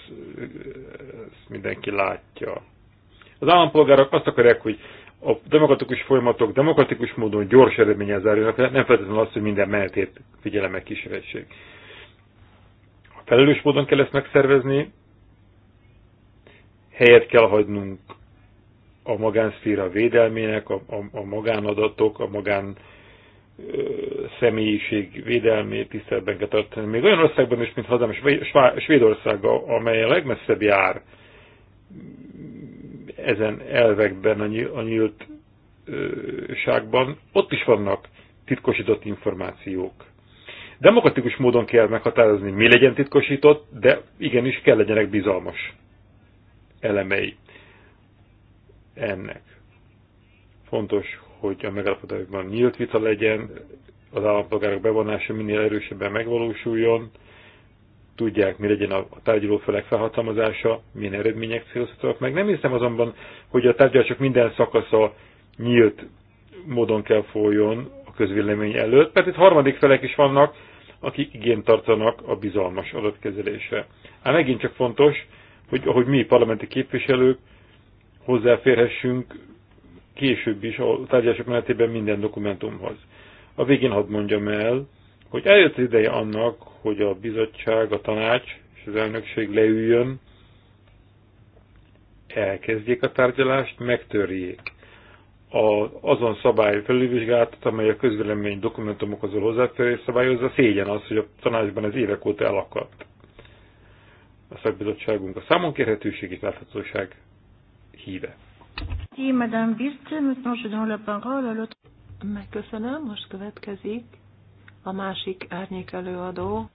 ez mindenki látja. Az állampolgárok azt akarják, hogy a demokratikus folyamatok demokratikus módon gyors eredménye zárjanak, nem feltétlenül az, hogy minden menetét figyelemmel kísérhetség. A felelős módon kell ezt megszervezni, helyet kell hagynunk a magánszféra védelmének, a, a, a magánadatok, a magán személyiség védelmét tiszteletben kell tartani. Még olyan országban is, mint hazám, Svédország, amely a legmesszebb jár ezen elvekben a nyíltságban, ott is vannak titkosított információk. Demokratikus módon kell meghatározni, mi legyen titkosított, de igenis kell legyenek bizalmas elemei ennek. Fontos, hogy a megállapodásban nyílt vita legyen, az állampolgárok bevonása minél erősebben megvalósuljon, tudják, mi legyen a tárgyalófelek felhatalmazása, milyen eredmények célozhatóak meg. Nem hiszem azonban, hogy a tárgyalások minden szakasza nyílt módon kell folyjon a közvélemény előtt, mert itt harmadik felek is vannak, akik igényt tartanak a bizalmas adatkezelésre. Ám megint csak fontos, hogy ahogy mi parlamenti képviselők hozzáférhessünk később is a tárgyalások menetében minden dokumentumhoz. A végén hadd mondjam el, hogy eljött az ideje annak, hogy a bizottság, a tanács és az elnökség leüljön, elkezdjék a tárgyalást, megtörjék a, azon szabály felülvizsgálatot, amely a közvélemény dokumentumok azon hozzáférés szabályozza, szégyen az, hogy a tanácsban ez évek óta elakadt. A szakbizottságunk a számonkérhetőség és láthatóság híve. Megköszönöm, most következik a másik árnyék előadó.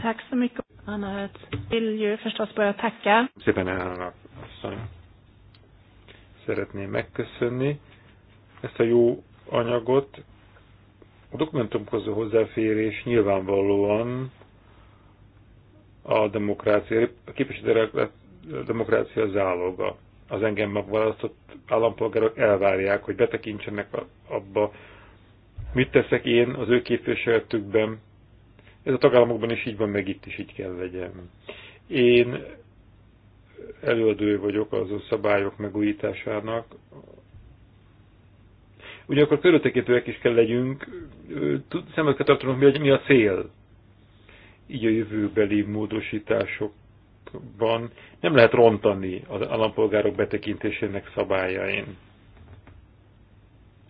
Tack så mycket. Anna Hertz. Vill ju förstås börja tacka. Szépen Anna asszony. Szeretném megköszönni ezt a jó anyagot. A dokumentumhoz hozzáférés nyilvánvalóan a demokrácia, a képviselő demokrácia záloga az engem megválasztott állampolgárok elvárják, hogy betekintsenek abba, mit teszek én az ő képviseletükben. Ez a tagállamokban is így van, meg itt is így kell legyen. Én előadő vagyok a szabályok megújításának. Ugyanakkor körültekintőek is kell legyünk, szemekkel tartanunk, mi a cél. Így a jövőbeli módosítások országban nem lehet rontani az állampolgárok betekintésének szabályain.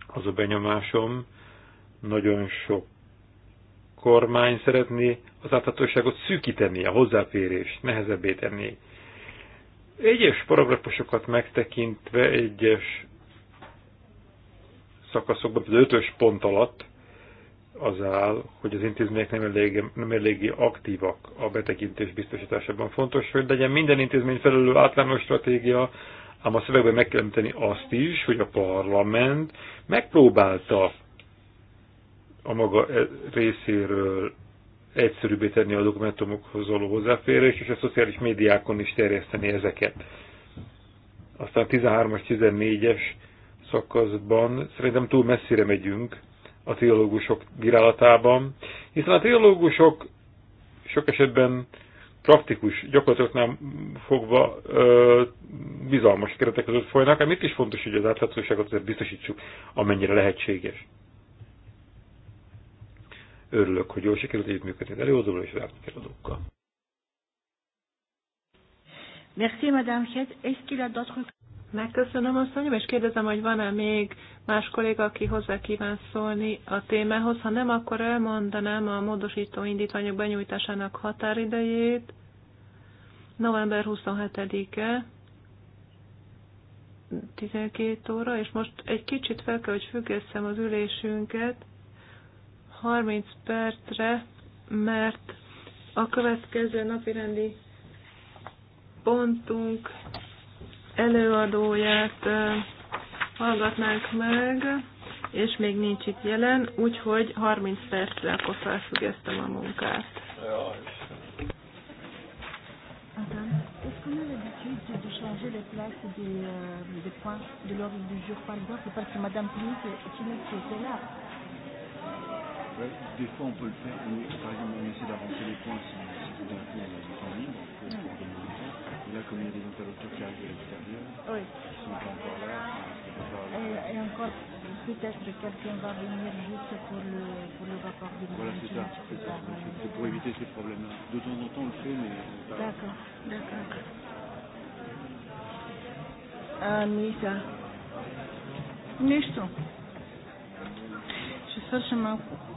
Az a benyomásom, nagyon sok kormány szeretné az áthatóságot szűkíteni, a hozzáférést nehezebbé tenni. Egyes paragrafusokat megtekintve, egyes szakaszokban, az ötös pont alatt az áll, hogy az intézmények nem eléggé, nem eléggé aktívak a betekintés biztosításában. Fontos, hogy legyen minden intézmény felelő átlános stratégia, ám a szövegben meg kell említeni azt is, hogy a parlament megpróbálta a maga e- részéről egyszerűbbé tenni a dokumentumokhoz való hozzáférés, és a szociális médiákon is terjeszteni ezeket. Aztán 13-as, 14-es szakaszban szerintem túl messzire megyünk, a teológusok virálatában, hiszen a teológusok sok esetben praktikus gyakorlatoknál fogva ö, bizalmas keretek között folynak, amit hát is fontos, hogy az átlátszóságot azért biztosítsuk, amennyire lehetséges. Örülök, hogy jól sikerült együttműködni az előadóval és az átkeradókkal. Merci, Madame Hed. Est-ce qu'il y a d'autres Megköszönöm, mondjam, és kérdezem, hogy van-e még más kolléga, aki hozzá kíván szólni a témához. Ha nem, akkor elmondanám a módosító indítványok benyújtásának határidejét. November 27-e, 12 óra, és most egy kicsit fel kell, hogy függesszem az ülésünket 30 percre, mert a következő napirendi pontunk előadóját hallgatnánk meg, és még nincs itt jelen, úgyhogy 30 percre akkor felfüggesztem a munkát. a des, de Madame fois, on peut le faire, mais par exemple, on essaie d'avancer les points si, si tout en libre pour, là, comme il y a des interlocuteurs qui arrivent de l'extérieur, oui. qui sont pas encore là. Et, et encore, peut-être quelqu'un va venir juste pour le, pour le rapport du Voilà, c'est ça. C'est ça. C'est pour éviter ces problèmes-là. De temps en temps, on le fait, mais. D'accord, d'accord. Ah, Anita. Nisto. Și să facem acum.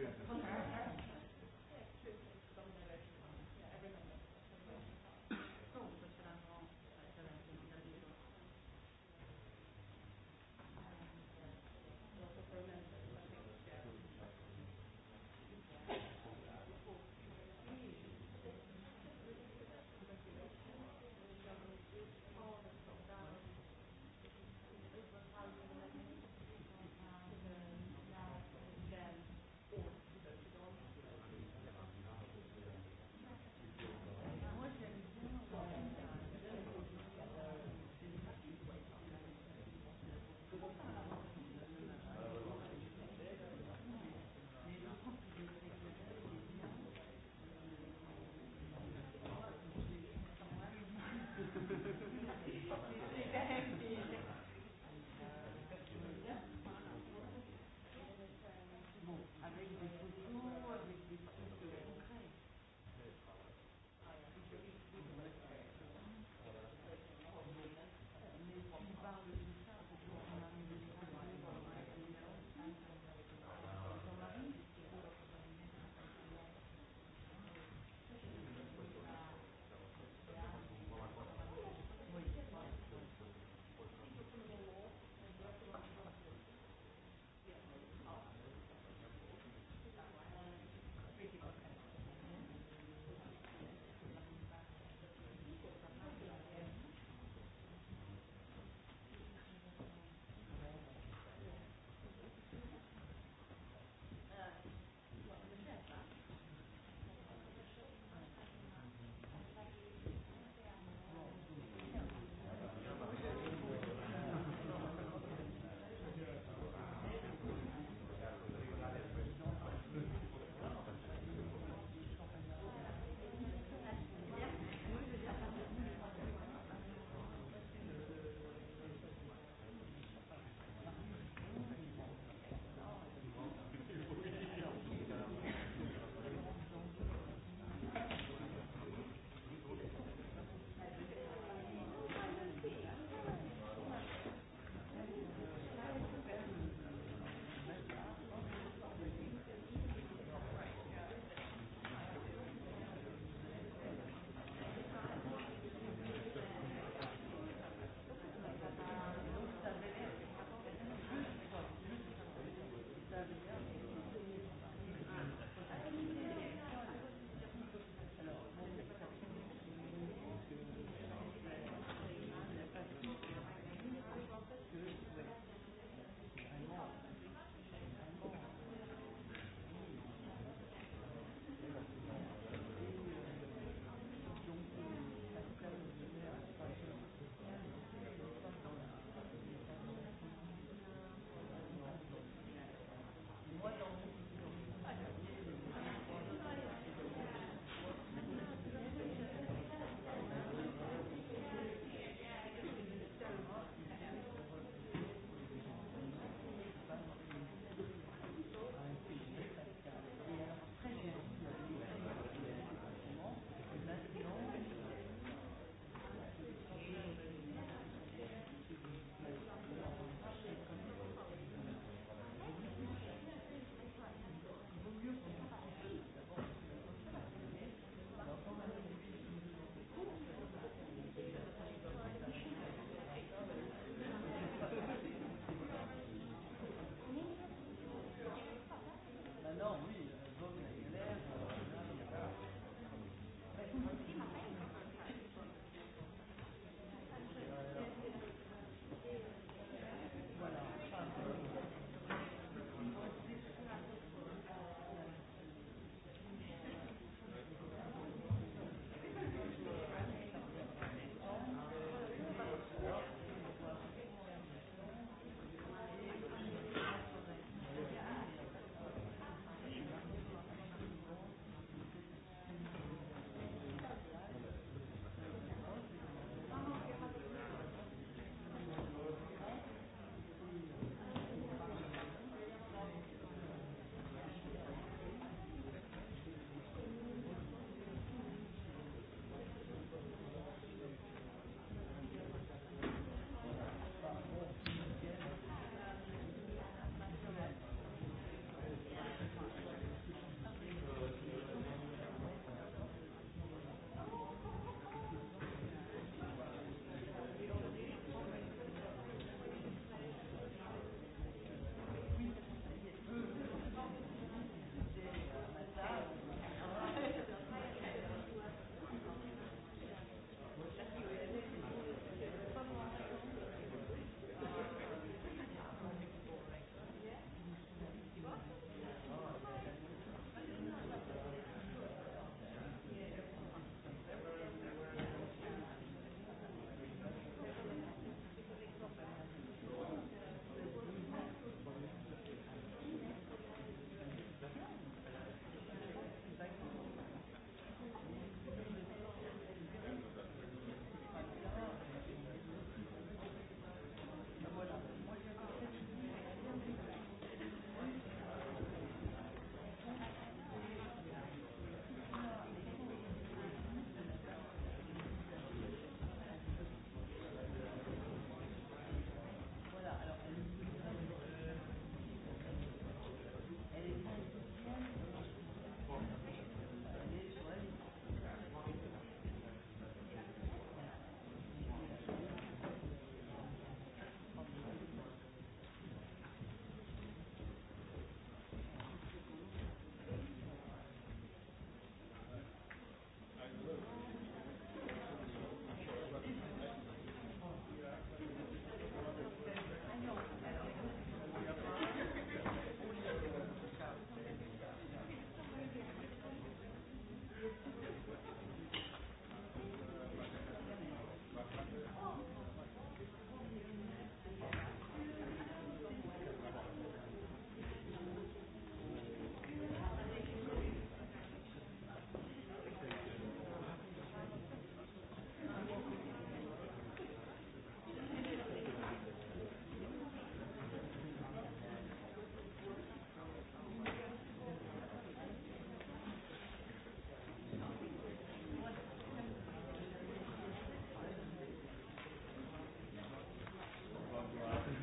Köszönöm.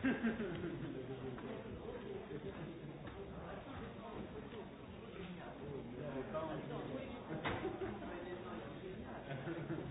Thank you.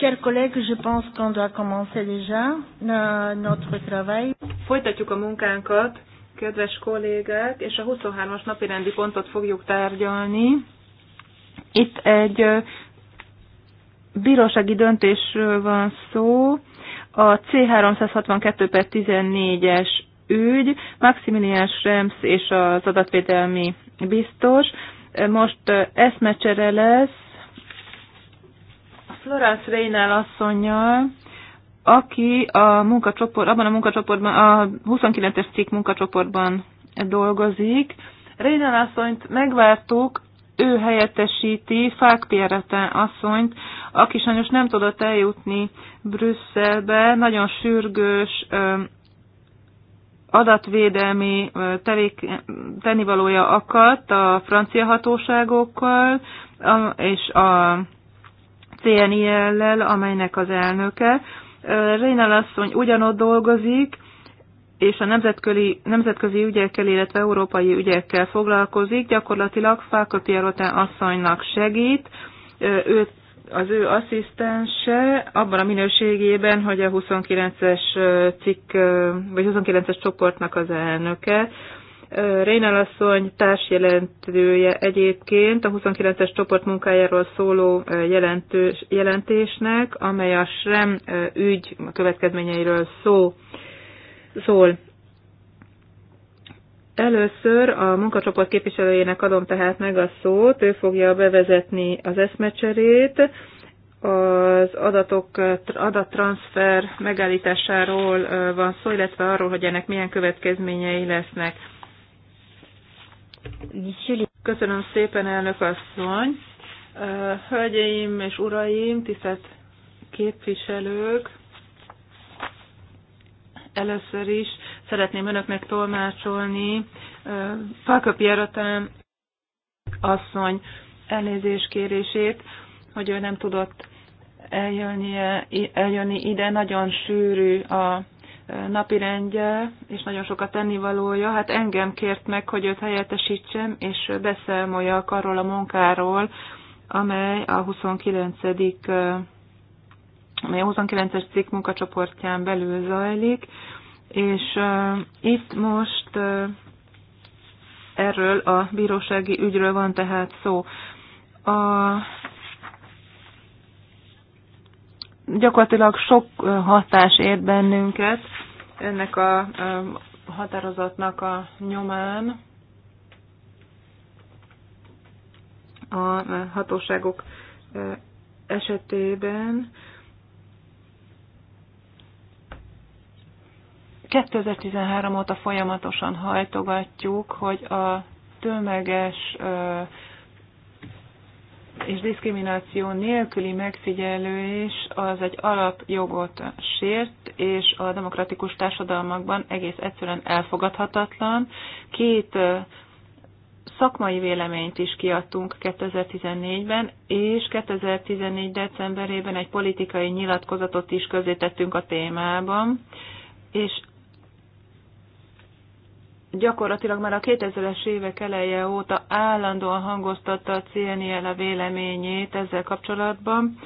Chers collègues, je pense qu'on doit commencer déjà notre travail. Folytatjuk a munkánkat, kedves kollégák, és a 23-as napi rendi pontot fogjuk tárgyalni. Itt egy bírósági döntésről van szó, a C362 per 14-es ügy, Maximilian Schrems és az adatvédelmi biztos. Most eszmecsere lesz, Dorász Reynál asszonynal, aki a munkacsoport, abban a munkacsoportban, a 29-es cikk munkacsoportban dolgozik. Reynál asszonyt megvártuk, ő helyettesíti Fák Pierreten asszonyt, aki sajnos nem tudott eljutni Brüsszelbe, nagyon sürgős adatvédelmi tevék, tennivalója akadt a francia hatóságokkal, és a CNIL-lel, amelynek az elnöke. Rénal asszony ugyanott dolgozik, és a nemzetközi, nemzetközi ügyekkel, illetve európai ügyekkel foglalkozik, gyakorlatilag Fáka Pierotin asszonynak segít, ő az ő asszisztense abban a minőségében, hogy a 29-es cikk, vagy 29-es csoportnak az elnöke, Rénál asszony társjelentője egyébként a 29-es csoport munkájáról szóló jelentős, jelentésnek, amely a SREM ügy következményeiről szó, szól. Először a munkacsoport képviselőjének adom tehát meg a szót, ő fogja bevezetni az eszmecserét, az adatok, adattranszfer megállításáról van szó, illetve arról, hogy ennek milyen következményei lesznek. Köszönöm szépen, elnök asszony. Hölgyeim és uraim, tisztelt képviselők, először is szeretném önöknek tolmácsolni Falköpi Aratán asszony elnézés kérését, hogy ő nem tudott eljönni ide, nagyon sűrű a napirendje, és nagyon sokat tennivalója. Hát engem kért meg, hogy őt helyettesítsem, és beszámoljak arról a munkáról, amely a 29 amely a 29-es cikk munkacsoportján belül zajlik, és uh, itt most uh, erről a bírósági ügyről van tehát szó. A gyakorlatilag sok hatás ért bennünket ennek a határozatnak a nyomán. A hatóságok esetében 2013 óta folyamatosan hajtogatjuk, hogy a tömeges és diszkrimináció nélküli megfigyelés az egy alapjogot sért, és a demokratikus társadalmakban egész egyszerűen elfogadhatatlan. Két szakmai véleményt is kiadtunk 2014-ben, és 2014. decemberében egy politikai nyilatkozatot is közzétettünk a témában, és gyakorlatilag már a 2000-es évek eleje óta állandóan hangoztatta a CNIL a véleményét ezzel kapcsolatban,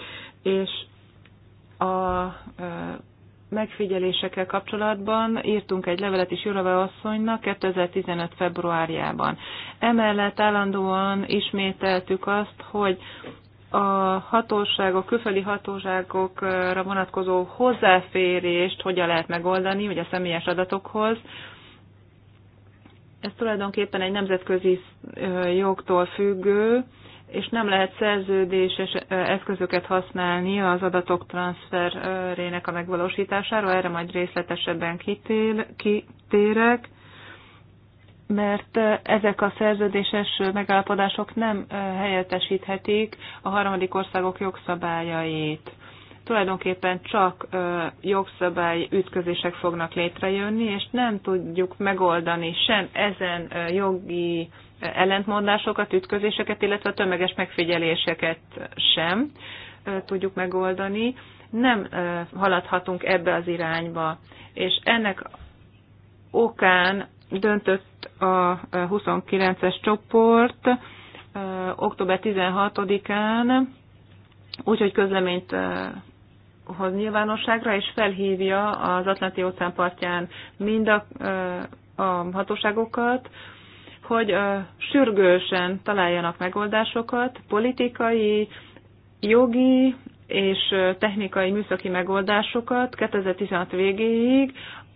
és a megfigyelésekkel kapcsolatban írtunk egy levelet is Jurava asszonynak 2015. februárjában. Emellett állandóan ismételtük azt, hogy a hatóságok, külföldi hatóságokra vonatkozó hozzáférést hogyan lehet megoldani, vagy a személyes adatokhoz, ez tulajdonképpen egy nemzetközi jogtól függő, és nem lehet szerződéses eszközöket használni az adatok transferének a megvalósítására, erre majd részletesebben kitél, kitérek, mert ezek a szerződéses megállapodások nem helyettesíthetik a harmadik országok jogszabályait tulajdonképpen csak jogszabály ütközések fognak létrejönni, és nem tudjuk megoldani sem ezen jogi ellentmondásokat, ütközéseket, illetve a tömeges megfigyeléseket sem tudjuk megoldani. Nem haladhatunk ebbe az irányba, és ennek okán döntött a 29-es csoport október 16-án, úgyhogy közleményt hoz nyilvánosságra, és felhívja az Atlanti óceán partján mind a, a hatóságokat, hogy sürgősen találjanak megoldásokat, politikai, jogi és technikai műszaki megoldásokat 2016 végéig,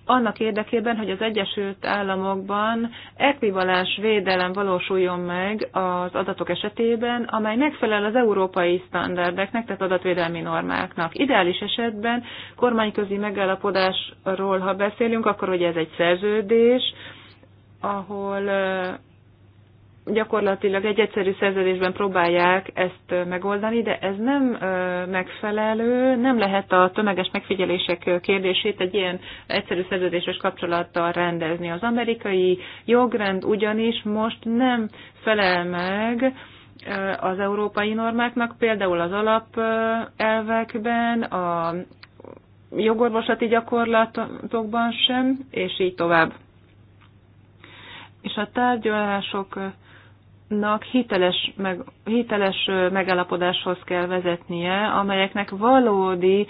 annak érdekében, hogy az Egyesült Államokban ekvivalens védelem valósuljon meg az adatok esetében, amely megfelel az európai standardeknek, tehát adatvédelmi normáknak. Ideális esetben kormányközi megállapodásról, ha beszélünk, akkor ugye ez egy szerződés, ahol gyakorlatilag egy egyszerű szerződésben próbálják ezt megoldani, de ez nem megfelelő, nem lehet a tömeges megfigyelések kérdését egy ilyen egyszerű szerződéses kapcsolattal rendezni. Az amerikai jogrend ugyanis most nem felel meg az európai normáknak, például az alapelvekben, a jogorvoslati gyakorlatokban sem, és így tovább. És a tárgyalások nak hiteles, meg, hiteles megállapodáshoz kell vezetnie, amelyeknek valódi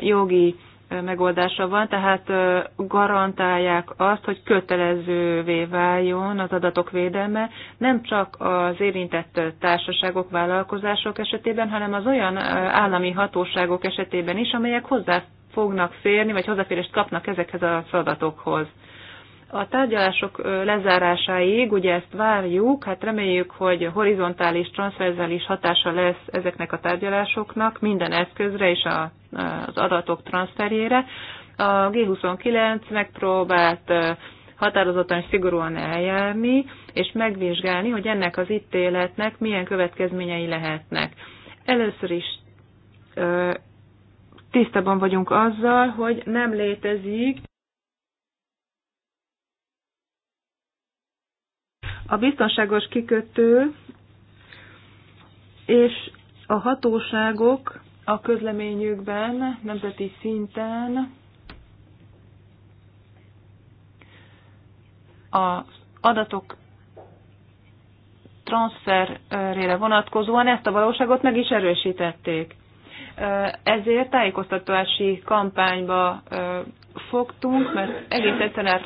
jogi megoldása van, tehát garantálják azt, hogy kötelezővé váljon az adatok védelme, nem csak az érintett társaságok, vállalkozások esetében, hanem az olyan állami hatóságok esetében is, amelyek hozzá fognak férni, vagy hozzáférést kapnak ezekhez az adatokhoz. A tárgyalások lezárásáig, ugye ezt várjuk, hát reméljük, hogy horizontális, transzverzális hatása lesz ezeknek a tárgyalásoknak minden eszközre és a, az adatok transferjére. A G29 megpróbált határozottan és szigorúan eljárni, és megvizsgálni, hogy ennek az ítéletnek milyen következményei lehetnek. Először is tisztában vagyunk azzal, hogy nem létezik a biztonságos kikötő és a hatóságok a közleményükben nemzeti szinten az adatok transferére vonatkozóan ezt a valóságot meg is erősítették. Ezért tájékoztatási kampányba fogtunk, mert egész egyszerűen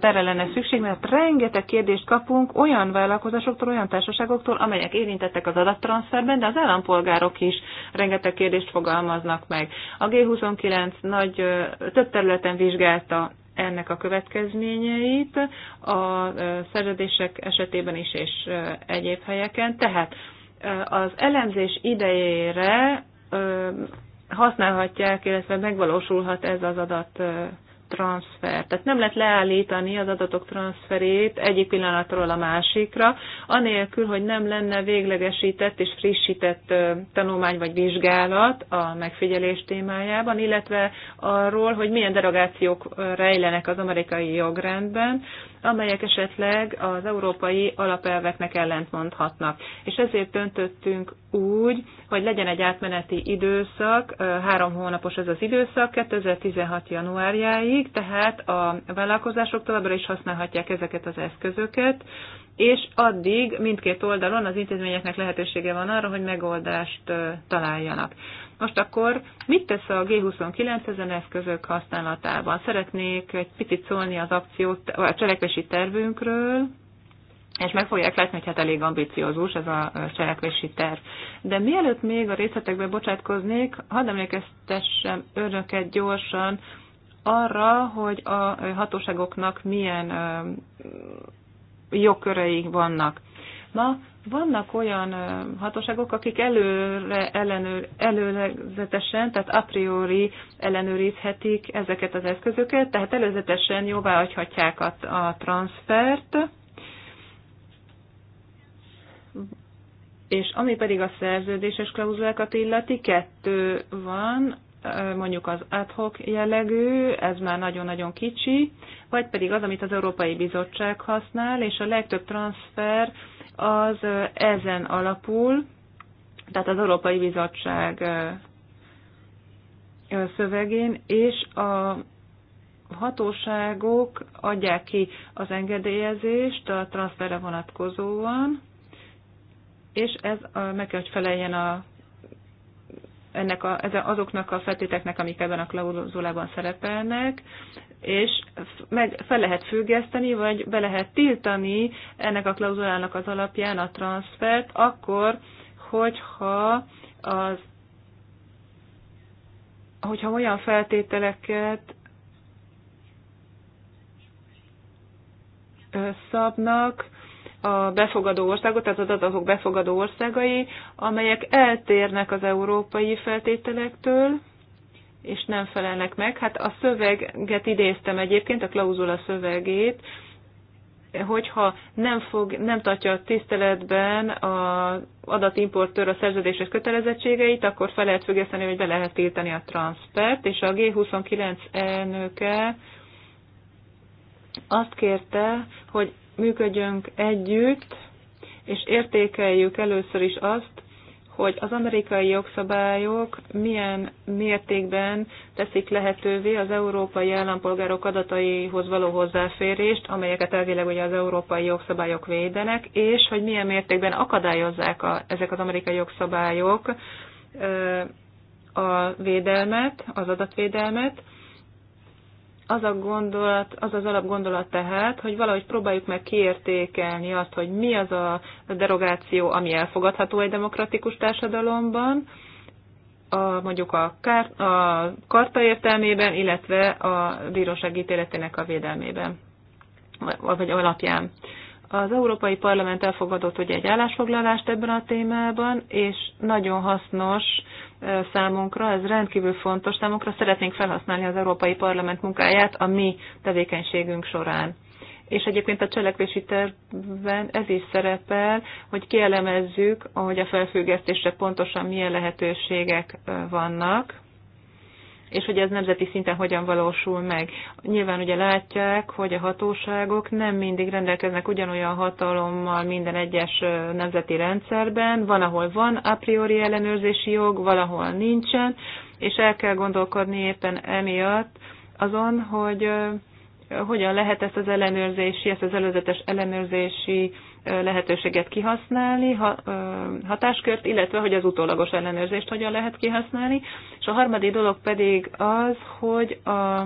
erre lenne szükség, mert rengeteg kérdést kapunk olyan vállalkozásoktól, olyan társaságoktól, amelyek érintettek az adattranszferben, de az állampolgárok is rengeteg kérdést fogalmaznak meg. A G29 nagy, több területen vizsgálta ennek a következményeit a szerződések esetében is és egyéb helyeken. Tehát az elemzés idejére használhatják, illetve megvalósulhat ez az adat transfer. Tehát nem lehet leállítani az adatok transferét egyik pillanatról a másikra, anélkül, hogy nem lenne véglegesített és frissített tanulmány vagy vizsgálat a megfigyelés témájában, illetve arról, hogy milyen derogációk rejlenek az amerikai jogrendben, amelyek esetleg az európai alapelveknek ellentmondhatnak. És ezért döntöttünk úgy, hogy legyen egy átmeneti időszak, három hónapos ez az időszak, 2016. januárjáig, tehát a vállalkozások továbbra is használhatják ezeket az eszközöket, és addig mindkét oldalon az intézményeknek lehetősége van arra, hogy megoldást találjanak. Most akkor mit tesz a G29 ezen eszközök használatában? Szeretnék egy picit szólni az akciót, a cselekvési tervünkről, és meg fogják látni, hogy hát elég ambiciózus ez a cselekvési terv. De mielőtt még a részletekbe bocsátkoznék, hadd emlékeztessem önöket gyorsan arra, hogy a hatóságoknak milyen jogköreik vannak. Ma vannak olyan hatóságok, akik előre, ellenőr, előzetesen, tehát a priori ellenőrizhetik ezeket az eszközöket, tehát előzetesen hagyhatják a, a transfert, és ami pedig a szerződéses klauzulákat illeti, kettő van, mondjuk az hoc jellegű, ez már nagyon-nagyon kicsi, vagy pedig az, amit az Európai Bizottság használ, és a legtöbb transfer az ezen alapul, tehát az Európai Bizottság szövegén, és a hatóságok adják ki az engedélyezést a transferre vonatkozóan, és ez meg kell, hogy feleljen a ennek a, azoknak a feltéteknek, amik ebben a klauzulában szerepelnek, és meg fel lehet függeszteni, vagy be lehet tiltani ennek a klauzulának az alapján a transfert, akkor, hogyha az hogyha olyan feltételeket szabnak, a befogadó országot, tehát az adatok befogadó országai, amelyek eltérnek az európai feltételektől, és nem felelnek meg. Hát a szöveget idéztem egyébként, a klauzula szövegét, hogyha nem, fog, nem tartja a tiszteletben az adatimportőr a szerződéses kötelezettségeit, akkor fel lehet függeszteni, hogy be lehet tiltani a transzpert, és a G29 elnöke azt kérte, hogy működjünk együtt, és értékeljük először is azt, hogy az amerikai jogszabályok milyen mértékben teszik lehetővé az európai állampolgárok adataihoz való hozzáférést, amelyeket elvileg ugye az európai jogszabályok védenek, és hogy milyen mértékben akadályozzák a, ezek az amerikai jogszabályok a védelmet, az adatvédelmet, az a gondolat, az az alapgondolat tehát, hogy valahogy próbáljuk meg kiértékelni azt, hogy mi az a derogáció, ami elfogadható egy demokratikus társadalomban, a, mondjuk a, kár, a karta értelmében, illetve a bíróság ítéletének a védelmében, vagy alapján. Az Európai Parlament elfogadott ugye egy állásfoglalást ebben a témában, és nagyon hasznos számunkra, ez rendkívül fontos számunkra, szeretnénk felhasználni az Európai Parlament munkáját a mi tevékenységünk során. És egyébként a cselekvési tervben ez is szerepel, hogy kielemezzük, hogy a felfüggesztésre pontosan milyen lehetőségek vannak, és hogy ez nemzeti szinten hogyan valósul meg. Nyilván ugye látják, hogy a hatóságok nem mindig rendelkeznek ugyanolyan hatalommal minden egyes nemzeti rendszerben, van, ahol van a priori ellenőrzési jog, valahol nincsen, és el kell gondolkodni éppen emiatt azon, hogy hogyan lehet ezt az ellenőrzési, ezt az előzetes ellenőrzési lehetőséget kihasználni, hatáskört, illetve hogy az utólagos ellenőrzést hogyan lehet kihasználni. És a harmadik dolog pedig az, hogy a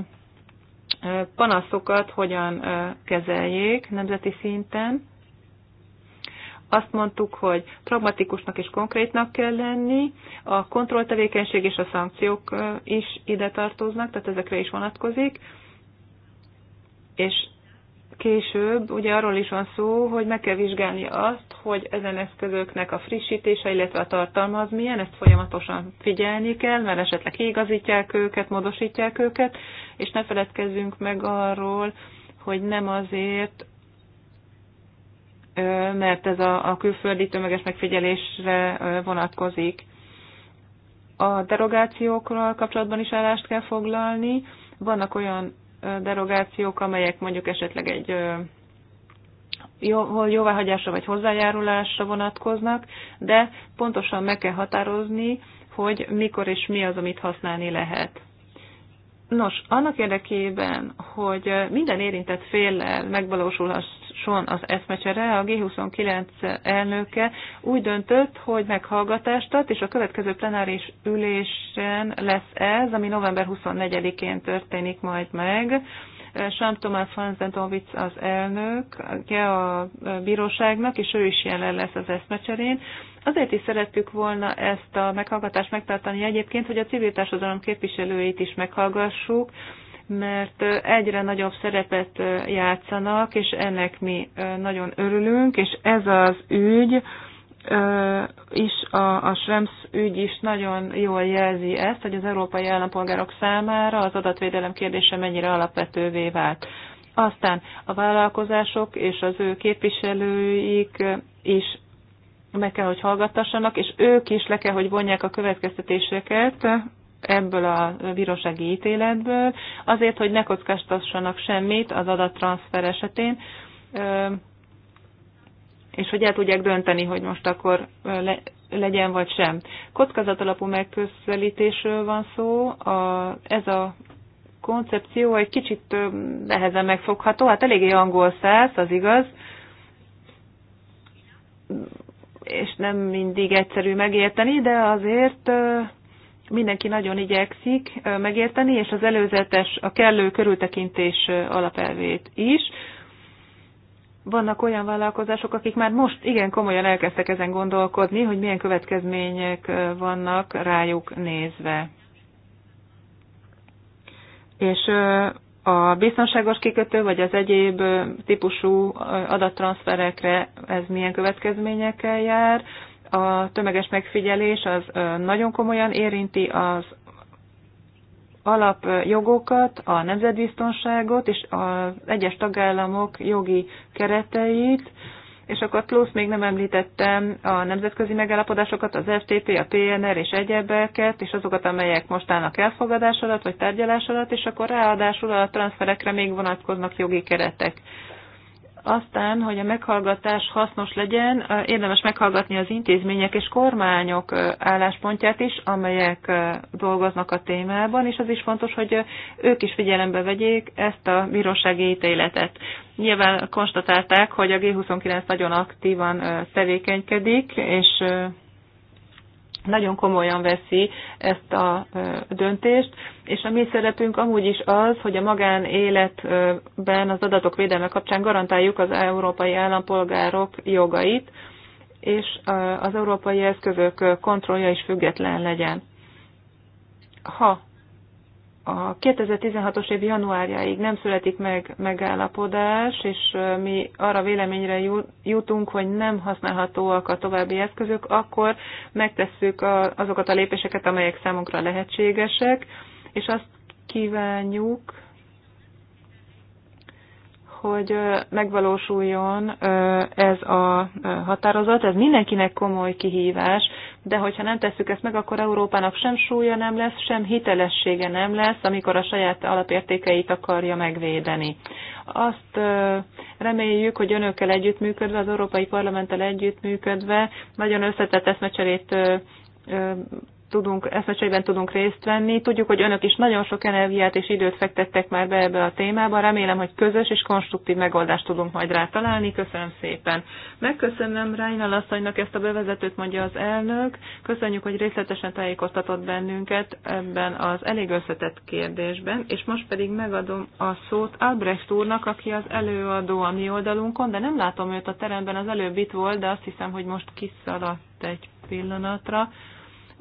panaszokat hogyan kezeljék nemzeti szinten. Azt mondtuk, hogy pragmatikusnak és konkrétnak kell lenni, a kontrolltevékenység és a szankciók is ide tartoznak, tehát ezekre is vonatkozik, és később ugye arról is van szó, hogy meg kell vizsgálni azt, hogy ezen eszközöknek a frissítése, illetve a tartalma az milyen, ezt folyamatosan figyelni kell, mert esetleg igazítják őket, módosítják őket, és ne feledkezzünk meg arról, hogy nem azért, mert ez a, a külföldi tömeges megfigyelésre vonatkozik. A derogációkról kapcsolatban is állást kell foglalni. Vannak olyan derogációk, amelyek mondjuk esetleg egy jóváhagyásra vagy hozzájárulásra vonatkoznak, de pontosan meg kell határozni, hogy mikor és mi az, amit használni lehet. Nos, annak érdekében, hogy minden érintett féllel megvalósulhasson az eszmecsere, a G29 elnöke úgy döntött, hogy meghallgatást ad, és a következő plenáris ülésen lesz ez, ami november 24-én történik majd meg. Sam Tomás Fanzentovic az elnök, a bíróságnak, és ő is jelen lesz az eszmecserén. Azért is szerettük volna ezt a meghallgatást megtartani egyébként, hogy a civil társadalom képviselőit is meghallgassuk, mert egyre nagyobb szerepet játszanak, és ennek mi nagyon örülünk, és ez az ügy, is, a, a Schrems ügy is nagyon jól jelzi ezt, hogy az európai állampolgárok számára az adatvédelem kérdése mennyire alapvetővé vált. Aztán a vállalkozások és az ő képviselőik is meg kell, hogy hallgattassanak, és ők is le kell, hogy vonják a következtetéseket ebből a bírósági ítéletből, azért, hogy ne kockáztassanak semmit az adattranszfer esetén, és hogy el tudják dönteni, hogy most akkor le, legyen vagy sem. kockázat alapú megközelítésről van szó, a, ez a koncepció egy kicsit nehezen megfogható, hát eléggé angol száz, az igaz, és nem mindig egyszerű megérteni, de azért mindenki nagyon igyekszik megérteni, és az előzetes, a kellő körültekintés alapelvét is. Vannak olyan vállalkozások, akik már most igen komolyan elkezdtek ezen gondolkodni, hogy milyen következmények vannak rájuk nézve. És a biztonságos kikötő vagy az egyéb típusú adattranszferekre ez milyen következményekkel jár? A tömeges megfigyelés az nagyon komolyan érinti az alapjogokat, a nemzetbiztonságot és az egyes tagállamok jogi kereteit, és akkor plusz még nem említettem a nemzetközi megállapodásokat, az FTP, a PNR és egyebeket, és azokat, amelyek most állnak elfogadás alatt, vagy tárgyalás alatt, és akkor ráadásul a transferekre még vonatkoznak jogi keretek. Aztán, hogy a meghallgatás hasznos legyen, érdemes meghallgatni az intézmények és kormányok álláspontját is, amelyek dolgoznak a témában, és az is fontos, hogy ők is figyelembe vegyék ezt a bírósági ítéletet. Nyilván konstatálták, hogy a G29 nagyon aktívan tevékenykedik, és nagyon komolyan veszi ezt a döntést, és a mi szerepünk amúgy is az, hogy a magánéletben az adatok védelme kapcsán garantáljuk az európai állampolgárok jogait, és az európai eszközök kontrollja is független legyen. Ha a 2016-os év januárjáig nem születik meg megállapodás, és mi arra véleményre jutunk, hogy nem használhatóak a további eszközök, akkor megtesszük azokat a lépéseket, amelyek számunkra lehetségesek, és azt kívánjuk, hogy megvalósuljon ez a határozat. Ez mindenkinek komoly kihívás, de hogyha nem tesszük ezt meg, akkor Európának sem súlya nem lesz, sem hitelessége nem lesz, amikor a saját alapértékeit akarja megvédeni. Azt reméljük, hogy önökkel együttműködve, az Európai Parlamenttel együttműködve nagyon összetett eszmecserét tudunk, eszmecserében tudunk részt venni. Tudjuk, hogy önök is nagyon sok energiát és időt fektettek már be ebbe a témába. Remélem, hogy közös és konstruktív megoldást tudunk majd rá találni. Köszönöm szépen. Megköszönöm Rájnal asszonynak ezt a bevezetőt, mondja az elnök. Köszönjük, hogy részletesen tájékoztatott bennünket ebben az elég összetett kérdésben, és most pedig megadom a szót Albrecht úrnak, aki az előadó a mi oldalunkon, de nem látom őt a teremben, az előbb itt volt, de azt hiszem, hogy most kiszaladt egy pillanatra.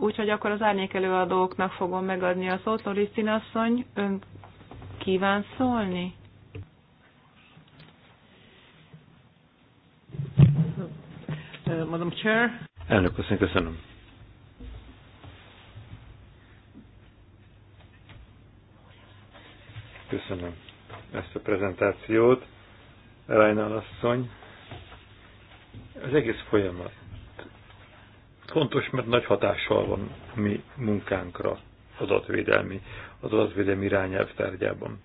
Úgyhogy akkor az árnyék előadóknak fogom megadni a szót. Lorisztin asszony, ön kíván szólni? Madam Chair. Elnök, köszönöm. köszönöm. Köszönöm ezt a prezentációt. Elajna asszony. Az egész folyamat fontos, mert nagy hatással van a mi munkánkra adatvédelmi, az adatvédelmi irányelv tárgyában.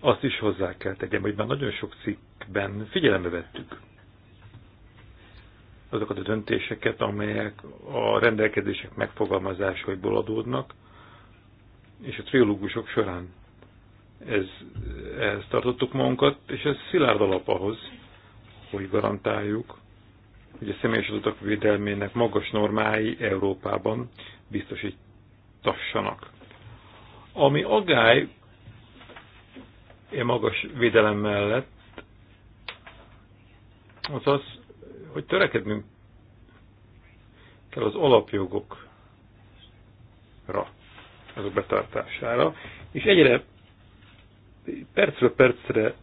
Azt is hozzá kell tegyem, hogy már nagyon sok cikkben figyelembe vettük azokat a döntéseket, amelyek a rendelkezések megfogalmazásaiból adódnak, és a triológusok során ez, ehhez tartottuk magunkat, és ez szilárd alap ahhoz, hogy garantáljuk, hogy a személyes adatok védelmének magas normái Európában biztosítassanak. Ami agály e magas védelem mellett, az az, hogy törekednünk kell az alapjogokra, azok betartására, és egyre percről percre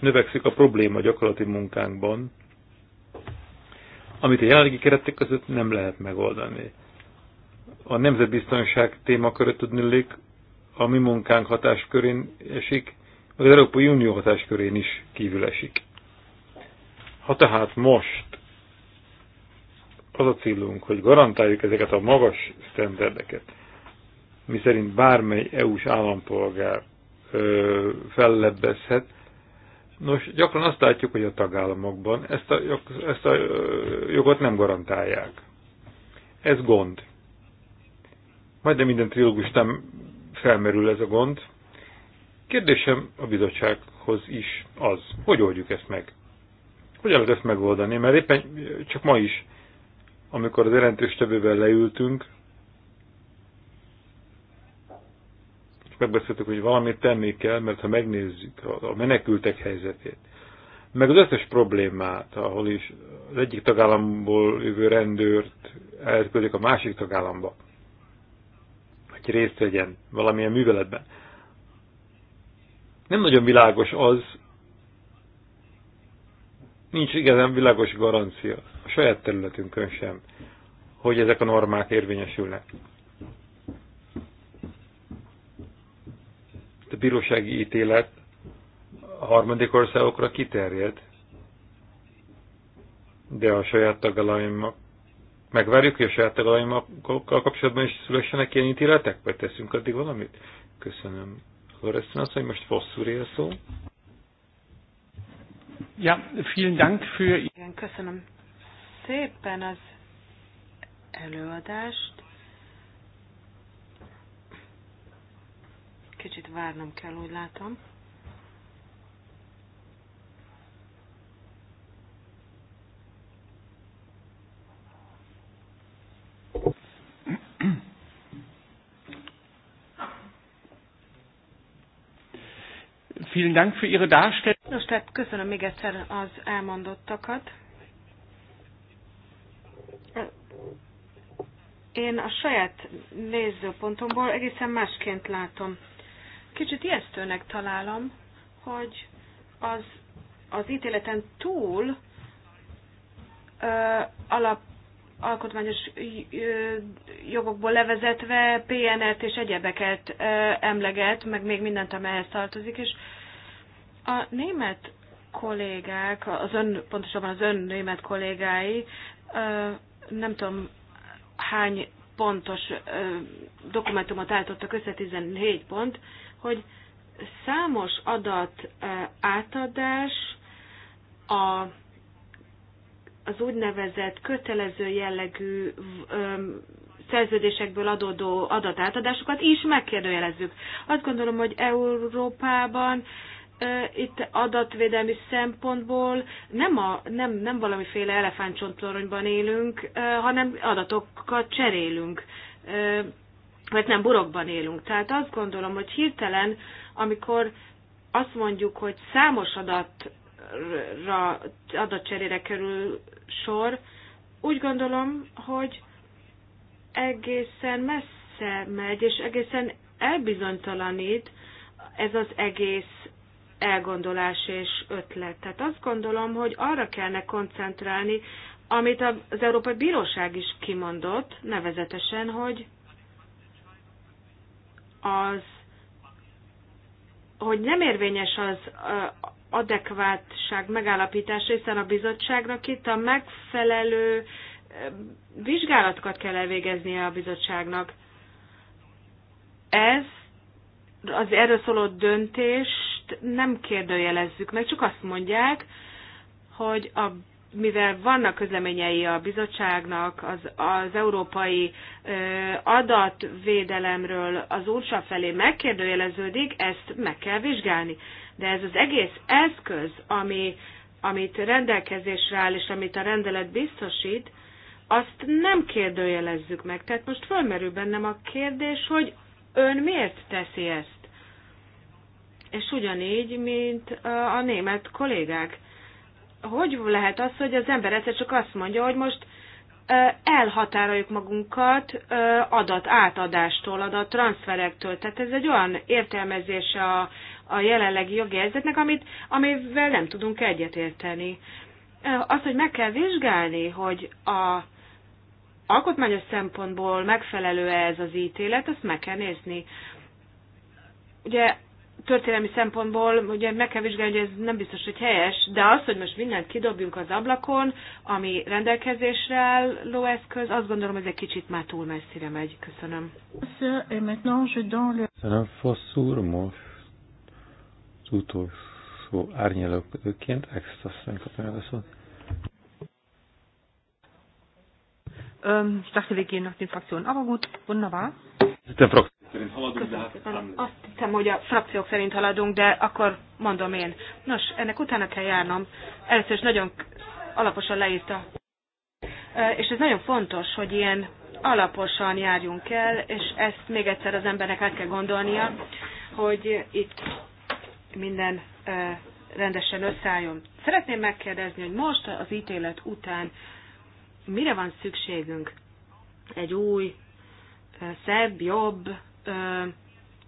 növekszik a probléma gyakorlati munkánkban, amit a jelenlegi keretek között nem lehet megoldani. A nemzetbiztonság tudni tudnilik a mi munkánk hatáskörén esik, az Európai Unió hatáskörén is kívül esik. Ha tehát most az a célunk, hogy garantáljuk ezeket a magas sztenderdeket, miszerint bármely EU-s állampolgár fellebbezhet, Nos, gyakran azt látjuk, hogy a tagállamokban ezt a, jog, ezt a jogot nem garantálják. Ez gond. Majdnem minden trilógusnál felmerül ez a gond. Kérdésem a bizottsághoz is az, hogy oldjuk ezt meg? Hogyan lehet ezt megoldani? Mert éppen csak ma is, amikor az jelentős tevővel leültünk, megbeszéltük, hogy valamit tenni kell, mert ha megnézzük a menekültek helyzetét, meg az összes problémát, ahol is az egyik tagállamból jövő rendőrt elküldik a másik tagállamba, hogy részt vegyen valamilyen műveletben. Nem nagyon világos az, nincs igazán világos garancia a saját területünkön sem, hogy ezek a normák érvényesülnek. a bírósági ítélet a harmadik országokra kiterjed, de a saját tagalaimak megvárjuk, hogy a saját tagalaimakkal kapcsolatban is szülessenek ilyen ítéletek, vagy teszünk addig valamit? Köszönöm. Loresten azt, hogy most Fosszúré a szó. Ja, vielen Dank für... Igen, köszönöm szépen az előadást. Kicsit várnom kell, úgy látom. Vielen Dank für Ihre Darstellung. Nos, tehát köszönöm még egyszer az elmondottakat. Én a saját nézőpontomból egészen másként látom Kicsit ijesztőnek találom, hogy az, az ítéleten túl ö, alap alkotmányos jogokból levezetve PNR-t és egyebeket emleget, meg még mindent, amelyhez tartozik, és a német kollégák, az ön, pontosabban az ön német kollégái, nem tudom hány pontos dokumentumot álltottak össze, 17 pont, hogy számos adat átadás a, az úgynevezett kötelező jellegű szerződésekből adódó adatátadásokat is megkérdőjelezzük. Azt gondolom, hogy Európában itt adatvédelmi szempontból nem, a, nem, nem valamiféle elefántcsontoronyban élünk, hanem adatokat cserélünk mert nem burokban élünk. Tehát azt gondolom, hogy hirtelen, amikor azt mondjuk, hogy számos adatra, adatcserére kerül sor, úgy gondolom, hogy egészen messze megy, és egészen elbizonytalanít ez az egész elgondolás és ötlet. Tehát azt gondolom, hogy arra kellene koncentrálni, amit az Európai Bíróság is kimondott, nevezetesen, hogy az, hogy nem érvényes az adekvátság megállapítása, hiszen a bizottságnak itt a megfelelő vizsgálatokat kell elvégeznie a bizottságnak. Ez az erről szóló döntést nem kérdőjelezzük meg, csak azt mondják, hogy a mivel vannak közleményei a bizottságnak az, az európai ö, adatvédelemről az USA felé megkérdőjeleződik, ezt meg kell vizsgálni. De ez az egész eszköz, ami, amit rendelkezésre áll, és amit a rendelet biztosít, azt nem kérdőjelezzük meg. Tehát most fölmerül bennem a kérdés, hogy ön miért teszi ezt? És ugyanígy, mint a német kollégák hogy lehet az, hogy az ember egyszer csak azt mondja, hogy most elhatároljuk magunkat adat átadástól, adat transferektől. Tehát ez egy olyan értelmezés a, a jelenlegi jogi helyzetnek, amit, amivel nem tudunk egyetérteni. Az, hogy meg kell vizsgálni, hogy a alkotmányos szempontból megfelelő -e ez az ítélet, azt meg kell nézni. Ugye történelmi szempontból ugye meg kell vizsgálni, hogy ez nem biztos, hogy helyes, de az, hogy most mindent kidobjunk az ablakon, ami rendelkezésre álló eszköz, azt gondolom, ez egy kicsit már túl messzire megy. Köszönöm. Köszönöm, Fosszúr, most az utolsó árnyalóként extra kapja meg a szót. Ich dachte, wir gehen nach den Fraktionen. Aber gut, wunderbar. Sitten szerint haladunk, Köszönöm, de hát Azt hiszem, hogy a frakciók szerint haladunk, de akkor mondom én. Nos, ennek utána kell járnom. Először is nagyon alaposan leírta. És ez nagyon fontos, hogy ilyen alaposan járjunk el, és ezt még egyszer az embernek át kell gondolnia, hogy itt minden rendesen összeálljon. Szeretném megkérdezni, hogy most az ítélet után mire van szükségünk? Egy új, szebb, jobb, ö,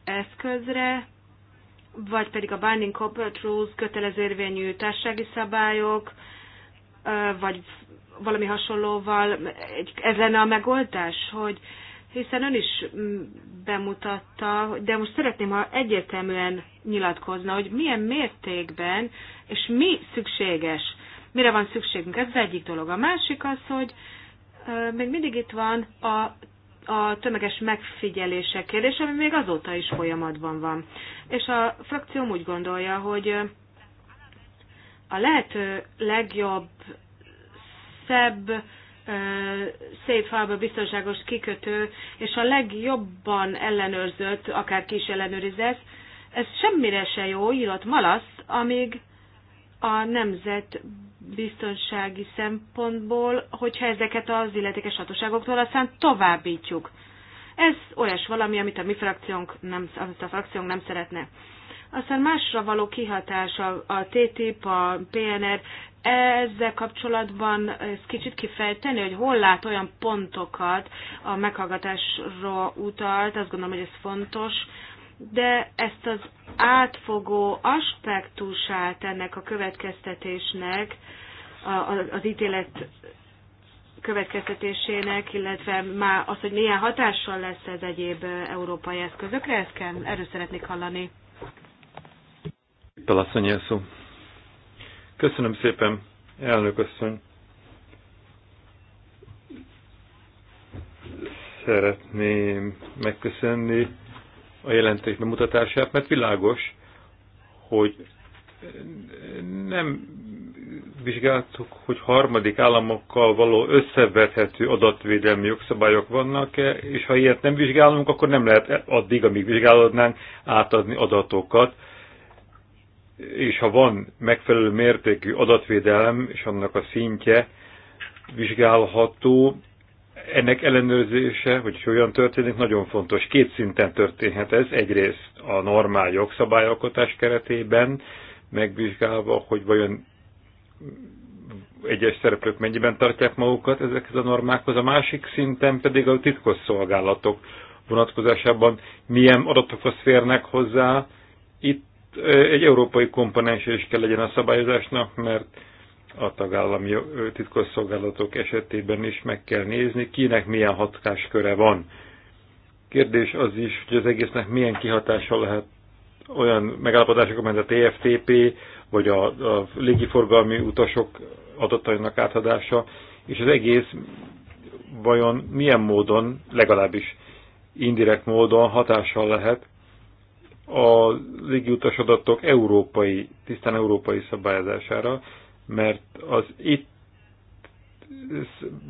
eszközre, vagy pedig a Binding Corporate Rules kötelezérvényű társasági szabályok, ö, vagy valami hasonlóval, egy, ez lenne a megoldás, hogy hiszen ön is bemutatta, de most szeretném, ha egyértelműen nyilatkozna, hogy milyen mértékben és mi szükséges, mire van szükségünk. Ez az egyik dolog. A másik az, hogy még mindig itt van a a tömeges megfigyelések kérdése, ami még azóta is folyamatban van. És a frakcióm úgy gondolja, hogy a lehető legjobb, szebb, szép falba biztonságos kikötő, és a legjobban ellenőrzött, akár ki is ez semmire se jó, írott malasz, amíg a nemzet biztonsági szempontból, hogyha ezeket az illetékes hatóságoktól aztán továbbítjuk. Ez olyas valami, amit a mi frakciónk nem, amit a frakciónk nem szeretne. Aztán másra való kihatása a TTIP, a PNR, ezzel kapcsolatban ezt kicsit kifejteni, hogy hol lát olyan pontokat, a meghallgatásról utalt, azt gondolom, hogy ez fontos, de ezt az átfogó aspektusát ennek a következtetésnek, az ítélet következtetésének, illetve már az, hogy milyen hatással lesz ez egyéb európai eszközökre, ezt kell, erről szeretnék hallani. Talasszony szó. Köszönöm szépen, elnök asszony. Szeretném megköszönni a jelentés bemutatását, mert világos, hogy nem vizsgáltuk, hogy harmadik államokkal való összevethető adatvédelmi jogszabályok vannak-e, és ha ilyet nem vizsgálunk, akkor nem lehet addig, amíg vizsgálódnánk, átadni adatokat. És ha van megfelelő mértékű adatvédelem, és annak a szintje vizsgálható, ennek ellenőrzése, hogy olyan történik, nagyon fontos. Két szinten történhet ez. Egyrészt a normál jogszabályalkotás keretében, megvizsgálva, hogy vajon egyes szereplők mennyiben tartják magukat ezekhez a normákhoz, a másik szinten pedig a titkos szolgálatok vonatkozásában milyen adatokhoz férnek hozzá. Itt egy európai komponens is kell legyen a szabályozásnak, mert a tagállami titkosszolgálatok esetében is meg kell nézni, kinek milyen hatásköre van. Kérdés az is, hogy az egésznek milyen kihatása lehet olyan megállapodások, amelyet a TFTP, vagy a, a légiforgalmi utasok adatainak átadása, és az egész vajon milyen módon, legalábbis indirekt módon hatással lehet a légiutas adatok európai, tisztán európai szabályozására, mert az itt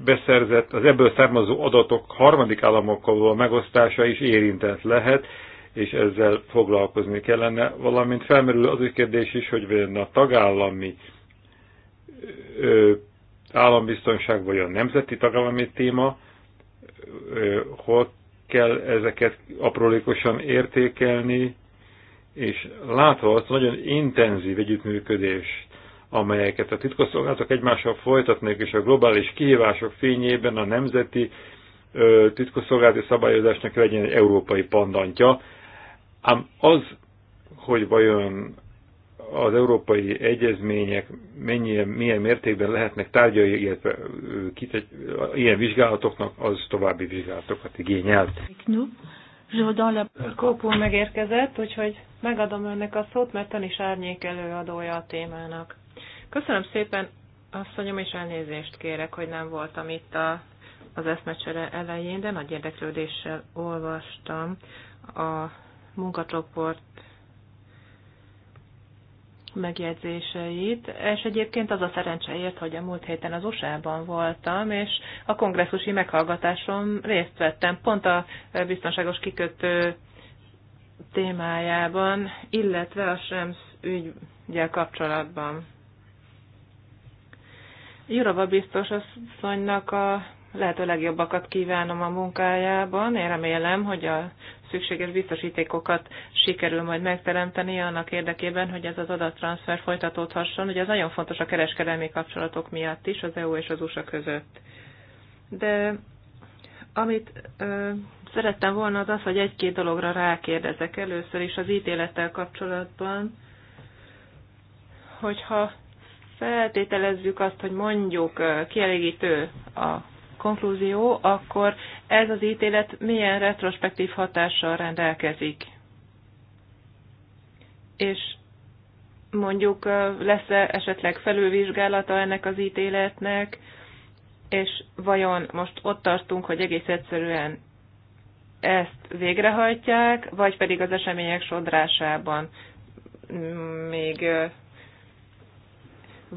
beszerzett, az ebből származó adatok harmadik államokkal való megosztása is érintett lehet, és ezzel foglalkozni kellene, valamint felmerül az egy kérdés is, hogy vajon a tagállami ö, állambiztonság vagy a nemzeti tagállami téma, ö, hol kell ezeket aprólékosan értékelni, és látva azt nagyon intenzív együttműködést, amelyeket a titkosszolgálatok egymással folytatnak, és a globális kihívások fényében a nemzeti titkosszolgálati szabályozásnak legyen egy európai pandantja. Ám az, hogy vajon az európai egyezmények mennyi, milyen mértékben lehetnek tárgyai, illetve kitegy, ilyen vizsgálatoknak, az további vizsgálatokat igényelt. Kópó megérkezett, úgyhogy megadom önnek a szót, mert ön is árnyék előadója a témának. Köszönöm szépen, asszonyom, és elnézést kérek, hogy nem voltam itt a, az eszmecsere elején, de nagy érdeklődéssel olvastam a munkacsoport megjegyzéseit, és egyébként az a szerencseért, hogy a múlt héten az USA-ban voltam, és a kongresszusi meghallgatáson részt vettem, pont a biztonságos kikötő témájában, illetve a SEMS ügyel kapcsolatban. Jurova biztos asszonynak a lehető legjobbakat kívánom a munkájában. Én remélem, hogy a szükséges biztosítékokat sikerül majd megteremteni annak érdekében, hogy ez az adattranszfer folytatódhasson. Ugye ez nagyon fontos a kereskedelmi kapcsolatok miatt is az EU és az USA között. De amit ö, szerettem volna az az, hogy egy-két dologra rákérdezek. Először is az ítélettel kapcsolatban, hogyha feltételezzük azt, hogy mondjuk kielégítő a konklúzió, akkor ez az ítélet milyen retrospektív hatással rendelkezik. És mondjuk lesz-e esetleg felülvizsgálata ennek az ítéletnek, és vajon most ott tartunk, hogy egész egyszerűen ezt végrehajtják, vagy pedig az események sodrásában még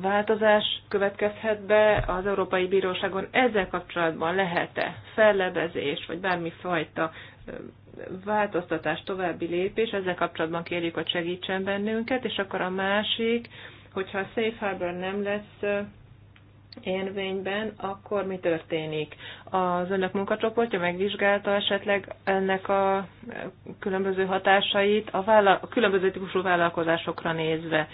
változás következhet be az Európai Bíróságon ezzel kapcsolatban lehet-e fellebezés, vagy bármifajta változtatás, további lépés, ezzel kapcsolatban kérjük, hogy segítsen bennünket, és akkor a másik, hogyha a Safe Harbor nem lesz érvényben, akkor mi történik? Az önök munkacsoportja megvizsgálta esetleg ennek a különböző hatásait a, vállal- a különböző típusú vállalkozásokra nézve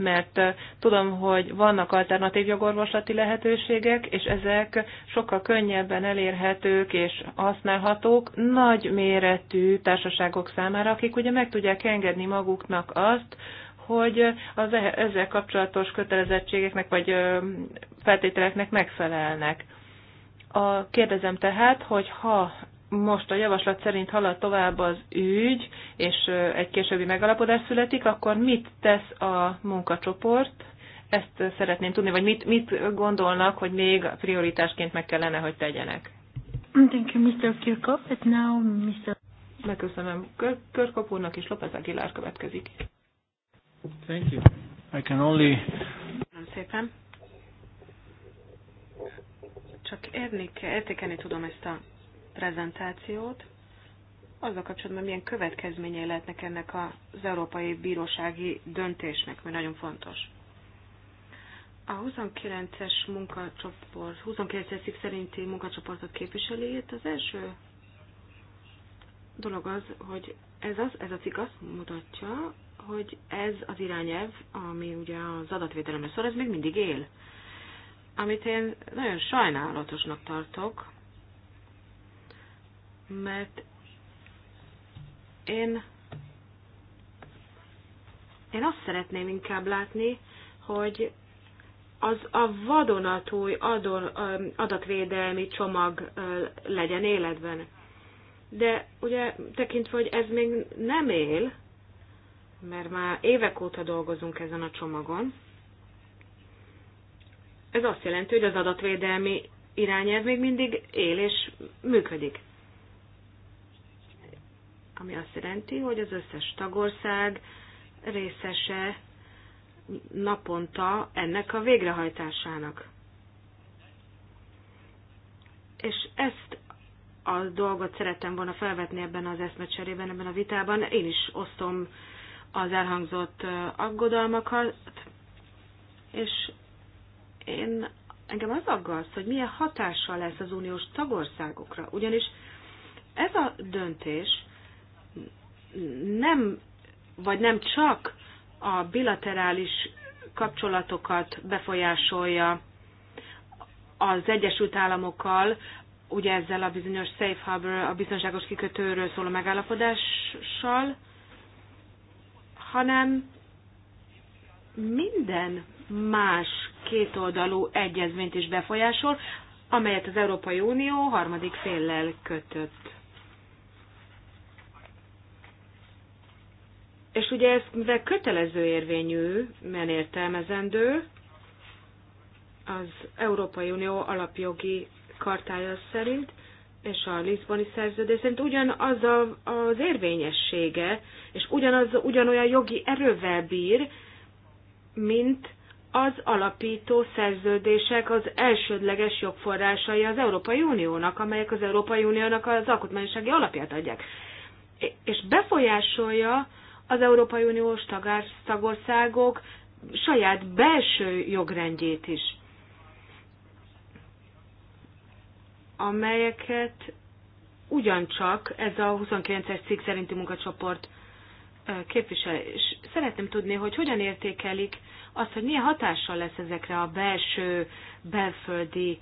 mert tudom, hogy vannak alternatív jogorvoslati lehetőségek, és ezek sokkal könnyebben elérhetők és használhatók nagy méretű társaságok számára, akik ugye meg tudják engedni maguknak azt, hogy az e- ezzel kapcsolatos kötelezettségeknek vagy feltételeknek megfelelnek. A, kérdezem tehát, hogy ha most a javaslat szerint halad tovább az ügy, és egy későbbi megalapodás születik, akkor mit tesz a munkacsoport? Ezt szeretném tudni, vagy mit, mit gondolnak, hogy még prioritásként meg kellene, hogy tegyenek? Thank you, Mr. Kirkhoff. And now, Mr. Megköszönöm Körkop úrnak, és López Aguilar következik. Thank you. I can only... Köszönöm szépen. Csak érni, értékeni tudom ezt a prezentációt, azzal kapcsolatban milyen következményei lehetnek ennek az Európai Bírósági döntésnek, mert nagyon fontos. A 29-es munkacsoport, 29-es cikk szerinti munkacsoportot képviseli, itt az első dolog az, hogy ez, az, ez a cikk azt mutatja, hogy ez az irányelv, ami ugye az adatvédelemre szól, ez még mindig él. Amit én nagyon sajnálatosnak tartok, mert én, én azt szeretném inkább látni, hogy az a vadonatúj adon, adatvédelmi csomag legyen életben. De ugye tekintve, hogy ez még nem él, mert már évek óta dolgozunk ezen a csomagon, ez azt jelenti, hogy az adatvédelmi irányelv még mindig él és működik ami azt jelenti, hogy az összes tagország részese naponta ennek a végrehajtásának. És ezt a dolgot szerettem volna felvetni ebben az eszmecserében, ebben a vitában. Én is osztom az elhangzott aggodalmakat, és én, engem az aggaszt, hogy milyen hatással lesz az uniós tagországokra. Ugyanis ez a döntés nem, vagy nem csak a bilaterális kapcsolatokat befolyásolja az Egyesült Államokkal, ugye ezzel a bizonyos safe harbor, a biztonságos kikötőről szóló megállapodással, hanem minden más kétoldalú egyezményt is befolyásol, amelyet az Európai Unió harmadik féllel kötött. És ugye ez, mivel kötelező érvényű, men értelmezendő, az Európai Unió alapjogi kartája szerint, és a Lisboni szerződés szerint ugyanaz a, az érvényessége, és ugyanaz, ugyanolyan jogi erővel bír, mint az alapító szerződések az elsődleges jogforrásai az Európai Uniónak, amelyek az Európai Uniónak az alkotmányossági alapját adják. És befolyásolja az Európai Uniós tagországok saját belső jogrendjét is, amelyeket ugyancsak ez a 29-es cikk szerinti munkacsoport képvisel. És szeretném tudni, hogy hogyan értékelik azt, hogy milyen hatással lesz ezekre a belső, belföldi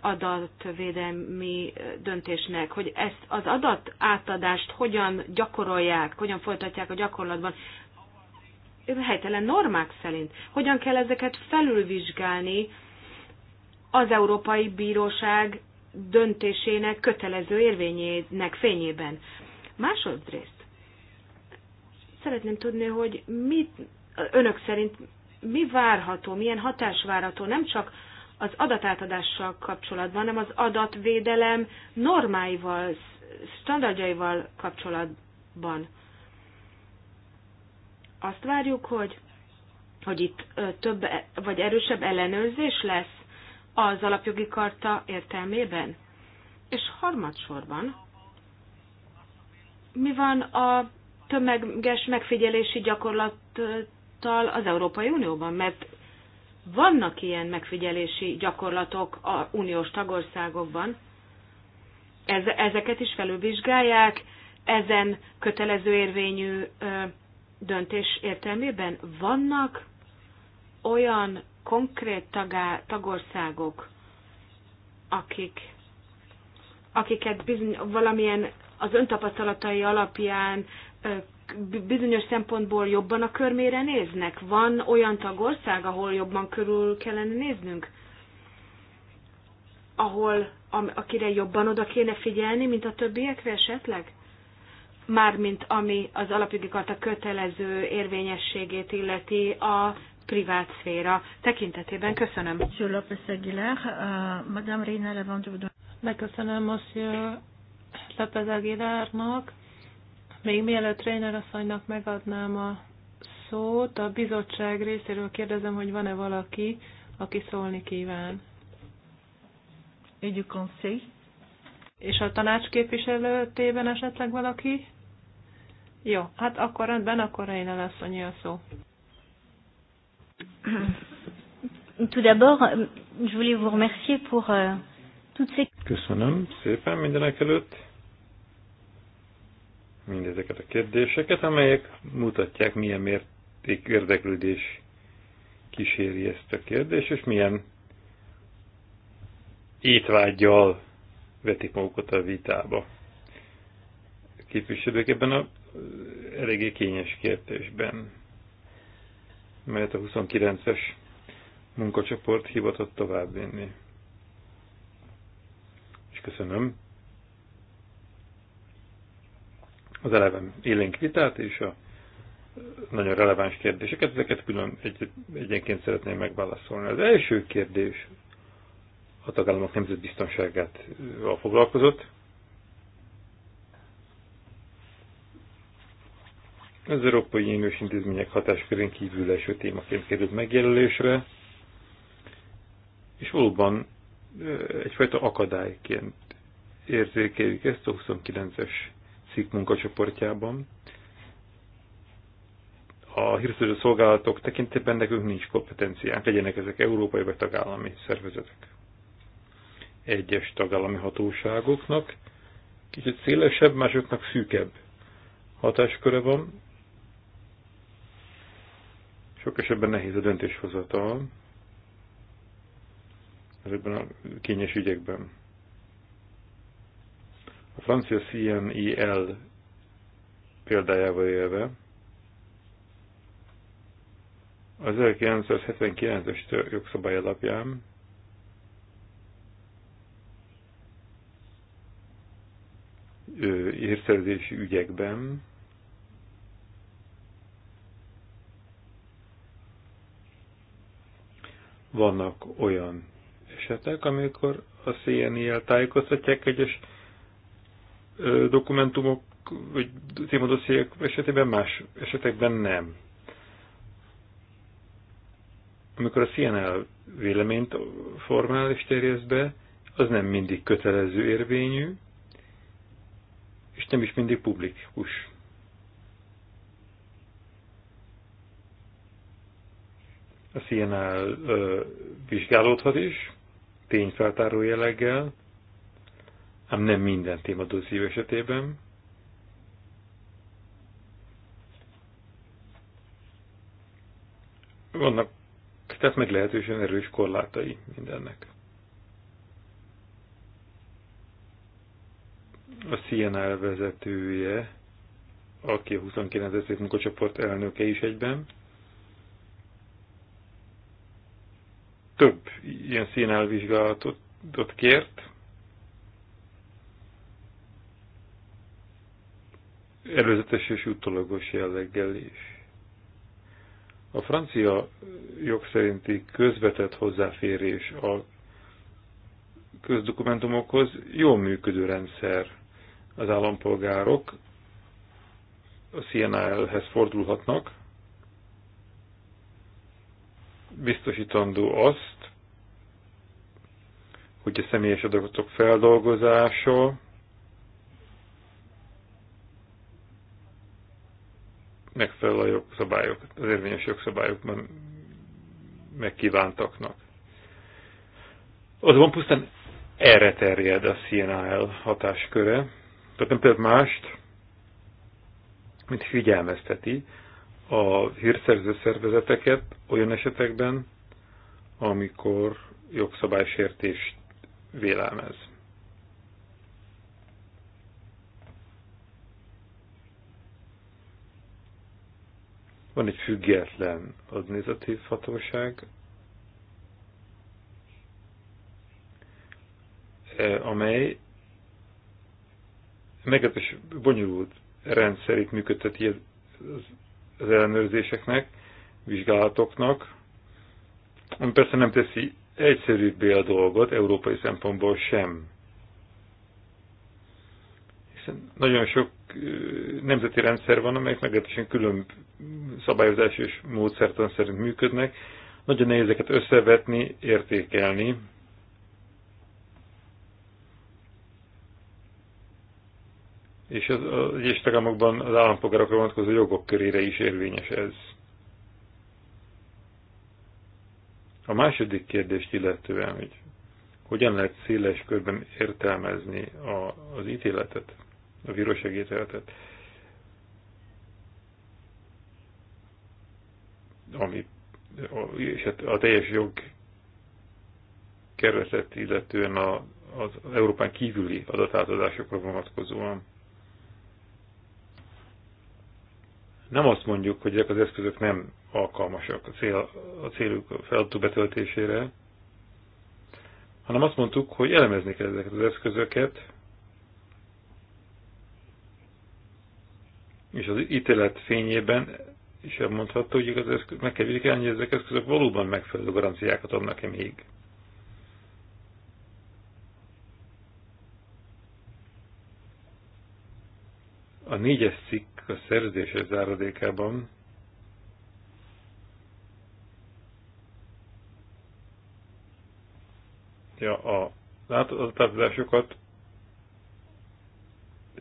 adatvédelmi döntésnek, hogy ezt az adat átadást hogyan gyakorolják, hogyan folytatják a gyakorlatban, helytelen normák szerint. Hogyan kell ezeket felülvizsgálni az Európai Bíróság döntésének kötelező érvényének fényében. Másodrészt, szeretném tudni, hogy mit önök szerint mi várható, milyen hatás várható, nem csak az adatátadással kapcsolatban, hanem az adatvédelem normáival, standardjaival kapcsolatban. Azt várjuk, hogy, hogy itt több vagy erősebb ellenőrzés lesz az alapjogi karta értelmében. És harmadsorban, mi van a tömeges megfigyelési gyakorlat tapasztal az Európai Unióban, mert vannak ilyen megfigyelési gyakorlatok a uniós tagországokban. ezeket is felülvizsgálják, ezen kötelező érvényű döntés értelmében vannak olyan konkrét tagá, tagországok, akik, akiket bizony, valamilyen az öntapasztalatai alapján bizonyos szempontból jobban a körmére néznek? Van olyan tagország, ahol jobban körül kellene néznünk? Ahol, am, akire jobban oda kéne figyelni, mint a többiekre esetleg? Mármint ami az alapjogi a kötelező érvényességét illeti a privát szféra tekintetében. Köszönöm. Uh, Madame Reina Megköszönöm Monsieur López Aguilarnak még mielőtt Reiner asszonynak megadnám a szót, a bizottság részéről kérdezem, hogy van-e valaki, aki szólni kíván. Egy conseil. És a tanács képviselőtében esetleg valaki? Jó, hát akkor rendben, akkor Reiner asszonyi a szó. Tout d'abord, je voulais vous remercier pour euh, toutes ces... Köszönöm szépen mindenek előtt mindezeket a kérdéseket, amelyek mutatják, milyen mérték érdeklődés kíséri ezt a kérdést, és milyen étvágyjal vetik magukat a vitába. képviselők ebben a eléggé kényes kérdésben, melyet a 29-es munkacsoport hivatott továbbvinni. És köszönöm az eleven élénk vitát és a nagyon releváns kérdéseket, ezeket külön egy, egyenként szeretném megválaszolni. Az első kérdés a tagállamok nemzetbiztonságát foglalkozott. Az Európai Uniós Intézmények hatáskörén kívül első témaként került megjelölésre, és valóban egyfajta akadályként érzékeljük ezt a 29-es cikk munkacsoportjában. A hírszerző szolgálatok tekintetében nekünk nincs kompetenciánk, legyenek ezek európai vagy tagállami szervezetek. Egyes tagállami hatóságoknak kicsit szélesebb, másoknak szűkebb hatásköre van. Sok esetben nehéz a döntéshozatal ezekben a kényes ügyekben a francia CNIL e példájával élve az 1979-es jogszabály alapján érszerzési ügyekben vannak olyan esetek, amikor a CNI-el tájékoztatják egyes dokumentumok vagy témadossziék esetében más esetekben nem. Amikor a CNL véleményt formál és terjeszt be, az nem mindig kötelező érvényű, és nem is mindig publikus. A CNL ö, vizsgálódhat is, tényfeltáró jelleggel, ám nem minden témadózió esetében. Vannak tehát meglehetősen erős korlátai mindennek. A CNL vezetője, aki a 29. munkacsoport elnöke is egyben, több ilyen színálvizsgálatot kért, előzetes és utolagos jelleggel is. A francia jog szerinti közvetett hozzáférés a közdokumentumokhoz jól működő rendszer. Az állampolgárok a CNAL-hez fordulhatnak, biztosítandó azt, hogy a személyes adatok feldolgozása megfelel a jogszabályok, az érvényes jogszabályok megkívántaknak. Azonban pusztán erre terjed a CNAL hatásköre, tehát nem több mást, mint figyelmezteti a hírszerző szervezeteket olyan esetekben, amikor jogszabálysértést vélelmez. Van egy független adminisztratív hatóság, e, amely meglepős bonyolult rendszerét működteti az ellenőrzéseknek, vizsgálatoknak, ami persze nem teszi egyszerűbbé a dolgot, európai szempontból sem. Hiszen nagyon sok nemzeti rendszer van, amelyek meglehetősen külön szabályozás és módszertan szerint működnek. Nagyon nehéz ezeket összevetni, értékelni. És az, az egyes tagállamokban az állampolgárokra vonatkozó jogok körére is érvényes ez. A második kérdést illetően, hogy hogyan lehet széles körben értelmezni a, az ítéletet? a bíróságítéletet, ami és hát a teljes jog keretet, illetően a, az Európán kívüli adatátadásokra vonatkozóan. Nem azt mondjuk, hogy ezek az eszközök nem alkalmasak a, cél, a célük feladatú betöltésére, hanem azt mondtuk, hogy elemezni kell ezeket az eszközöket, és az ítélet fényében is elmondható, hogy igaz ez, meg kell vizsgálni, hogy ezek eszközök valóban megfelelő garanciákat adnak-e még. A négyes cikk a szerződéses záradékában ja, a látogatásokat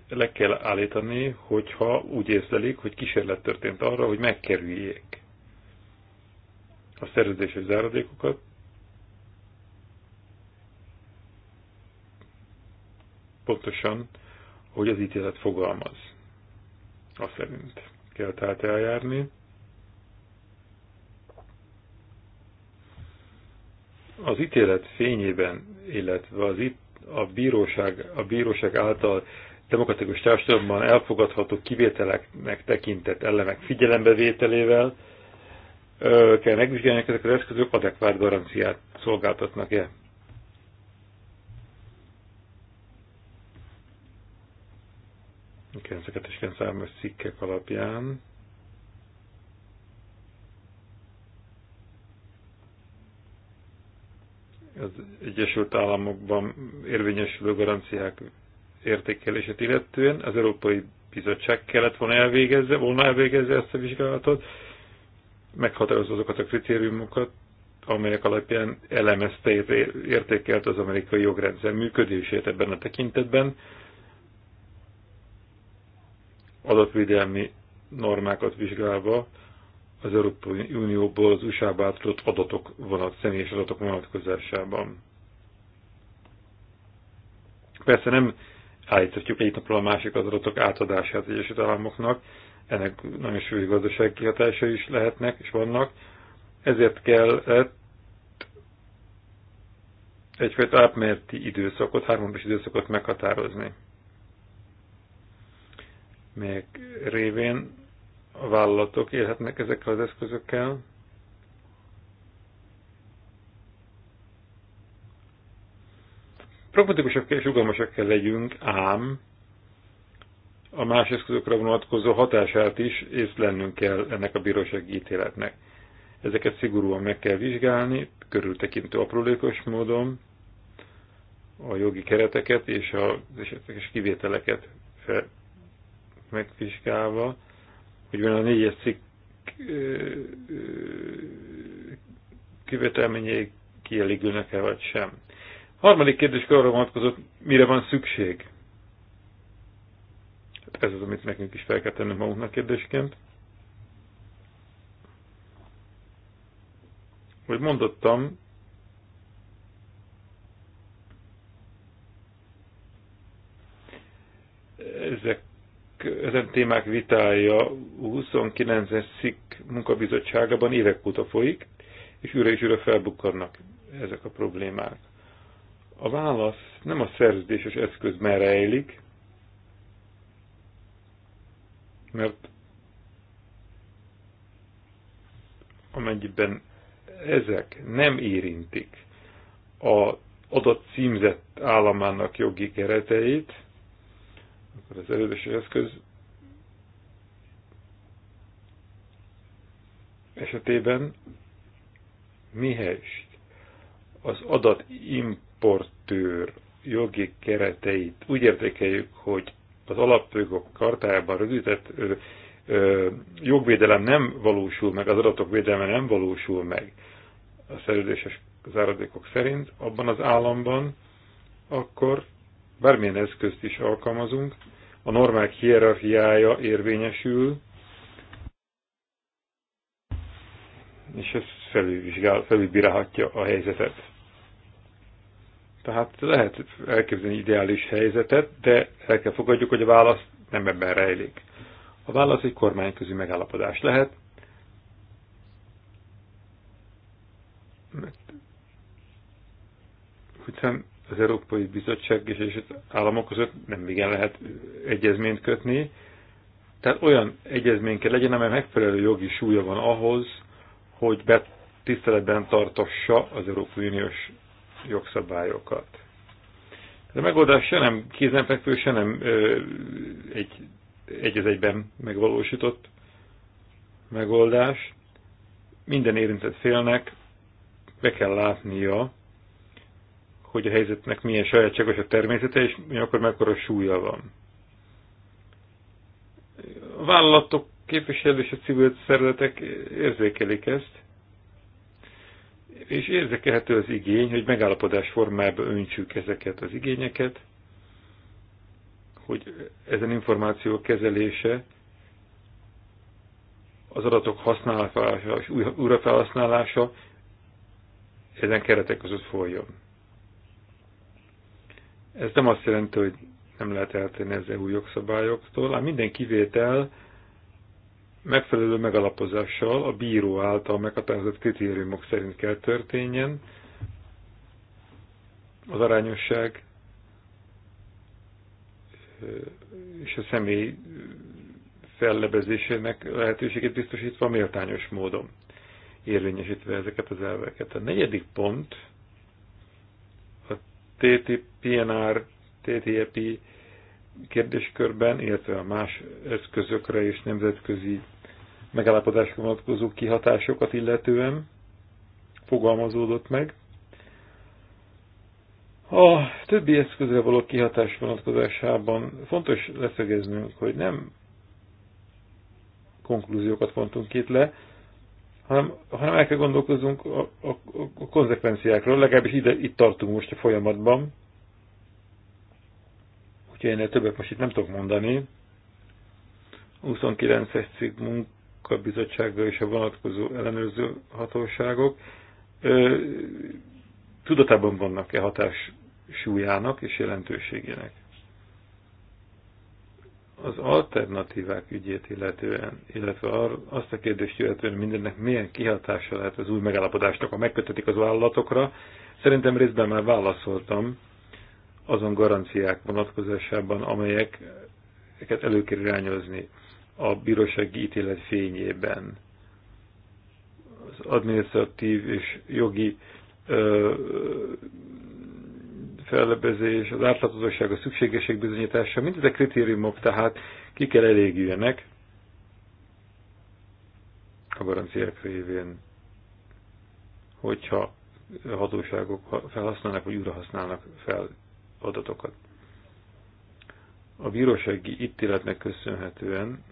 le kell állítani, hogyha úgy észlelik, hogy kísérlet történt arra, hogy megkerüljék a szerződéses záradékokat, pontosan, hogy az ítélet fogalmaz. Azt szerint kell tehát eljárni. Az ítélet fényében, illetve az itt a bíróság, a bíróság által demokratikus társadalomban elfogadható kivételeknek tekintett elemek figyelembevételével kell megvizsgálni, hogy ezek az eszközök adekvát garanciát szolgáltatnak-e. Igen, ezeket is számos cikkek alapján. Az Egyesült Államokban érvényesülő garanciák értékelését illetően az Európai Bizottság kellett volna elvégezze, volna elvégezze ezt a vizsgálatot, meghatározza azokat a kritériumokat, amelyek alapján elemezte, értékelt az amerikai jogrendszer működését ebben a tekintetben, adatvédelmi normákat vizsgálva az Európai Unióból az USA-ba átadott adatok vonat, személyes adatok vonatkozásában. Persze nem állíthatjuk egyik napról a másik az adatok átadását Egyesült Államoknak. Ennek nagyon súlyos gazdasági kihatásai is lehetnek, és vannak. Ezért kellett egyfajta átmérti időszakot, hármas időszakot meghatározni, Még révén a vállalatok élhetnek ezekkel az eszközökkel, Pragmatikusak és rugalmasak kell legyünk, ám a más eszközökre vonatkozó hatását is észlennünk kell ennek a bírósági ítéletnek. Ezeket szigorúan meg kell vizsgálni, körültekintő aprólékos módon a jogi kereteket és a esetleges kivételeket fel, megvizsgálva, hogy van a négyes cikk kivetelményei kielégülnek-e vagy sem. Harmadik kérdés arra vonatkozott, mire van szükség. Ez az, amit nekünk is fel kell tennünk magunknak kérdésként. Hogy mondottam, ezek, ezen témák vitája 29-es szik munkabizottságában évek óta folyik, és újra és újra felbukkannak ezek a problémák. A válasz nem a szerződéses eszközben rejlik, mert amennyiben ezek nem érintik a adott címzett államának jogi kereteit, akkor az előzős eszköz esetében mihez? az adat imp raportőr jogi kereteit úgy értékeljük, hogy az alapjogok kartájában rögzített ö, ö, jogvédelem nem valósul meg, az adatok védelme nem valósul meg a szerződéses záradékok szerint abban az államban, akkor bármilyen eszközt is alkalmazunk, a normák hierarchiája érvényesül, és ez felülvizsgál, felülbírálhatja a helyzetet. Tehát lehet elképzelni ideális helyzetet, de el kell fogadjuk, hogy a válasz nem ebben rejlik. A válasz egy kormányközi megállapodás lehet, mert hiszen az Európai Bizottság és az államok között nem igen lehet egyezményt kötni, tehát olyan egyezmény kell legyen, amely megfelelő jogi súlya van ahhoz, hogy betiszteletben tartassa az Európai Uniós jogszabályokat. Ez a megoldás se nem kézenfekvő, se nem ö, egy, egy az egyben megvalósított megoldás. Minden érintett félnek be kell látnia, hogy a helyzetnek milyen sajátságos a természete, és akkor mekkora súlya van. A vállalatok képviselő és a civil szervezetek érzékelik ezt, és érzekelhető az igény, hogy megállapodás formájában öntsük ezeket az igényeket, hogy ezen információ kezelése, az adatok használása és újrafelhasználása ezen keretek között folyjon. Ez nem azt jelenti, hogy nem lehet eltenni ezzel új jogszabályoktól, ám minden kivétel megfelelő megalapozással a bíró által meghatározott kritériumok szerint kell történjen. Az arányosság és a személy fellebezésének lehetőségét biztosítva méltányos módon érvényesítve ezeket az elveket. A negyedik pont a TTPNR, TTIP kérdéskörben, illetve a más eszközökre és nemzetközi megállapodásra vonatkozó kihatásokat illetően fogalmazódott meg. A többi eszközre való kihatás vonatkozásában fontos leszögeznünk, hogy nem konklúziókat vontunk itt le, hanem, hanem el kell gondolkozunk a, a, a konzekvenciákról, legalábbis ide, itt tartunk most a folyamatban. Úgyhogy ennél többet most itt nem tudok mondani. 29-es cikk a bizottsággal és a vonatkozó ellenőrző hatóságok tudatában vannak-e hatás súlyának és jelentőségének. Az alternatívák ügyét illetően, illetve azt a kérdést illetően mindennek milyen kihatása lehet az új megállapodásnak, ha megkötetik az vállalatokra, szerintem részben már válaszoltam azon garanciák vonatkozásában, amelyeket elő kell irányozni a bírósági ítélet fényében. Az administratív és jogi ö, fellebezés, az átláthatóság, a szükségesség bizonyítása, mindezek kritériumok tehát ki kell elégüljenek a garanciák révén, hogyha hatóságok felhasználnak vagy újra használnak fel adatokat. A bírósági ítéletnek köszönhetően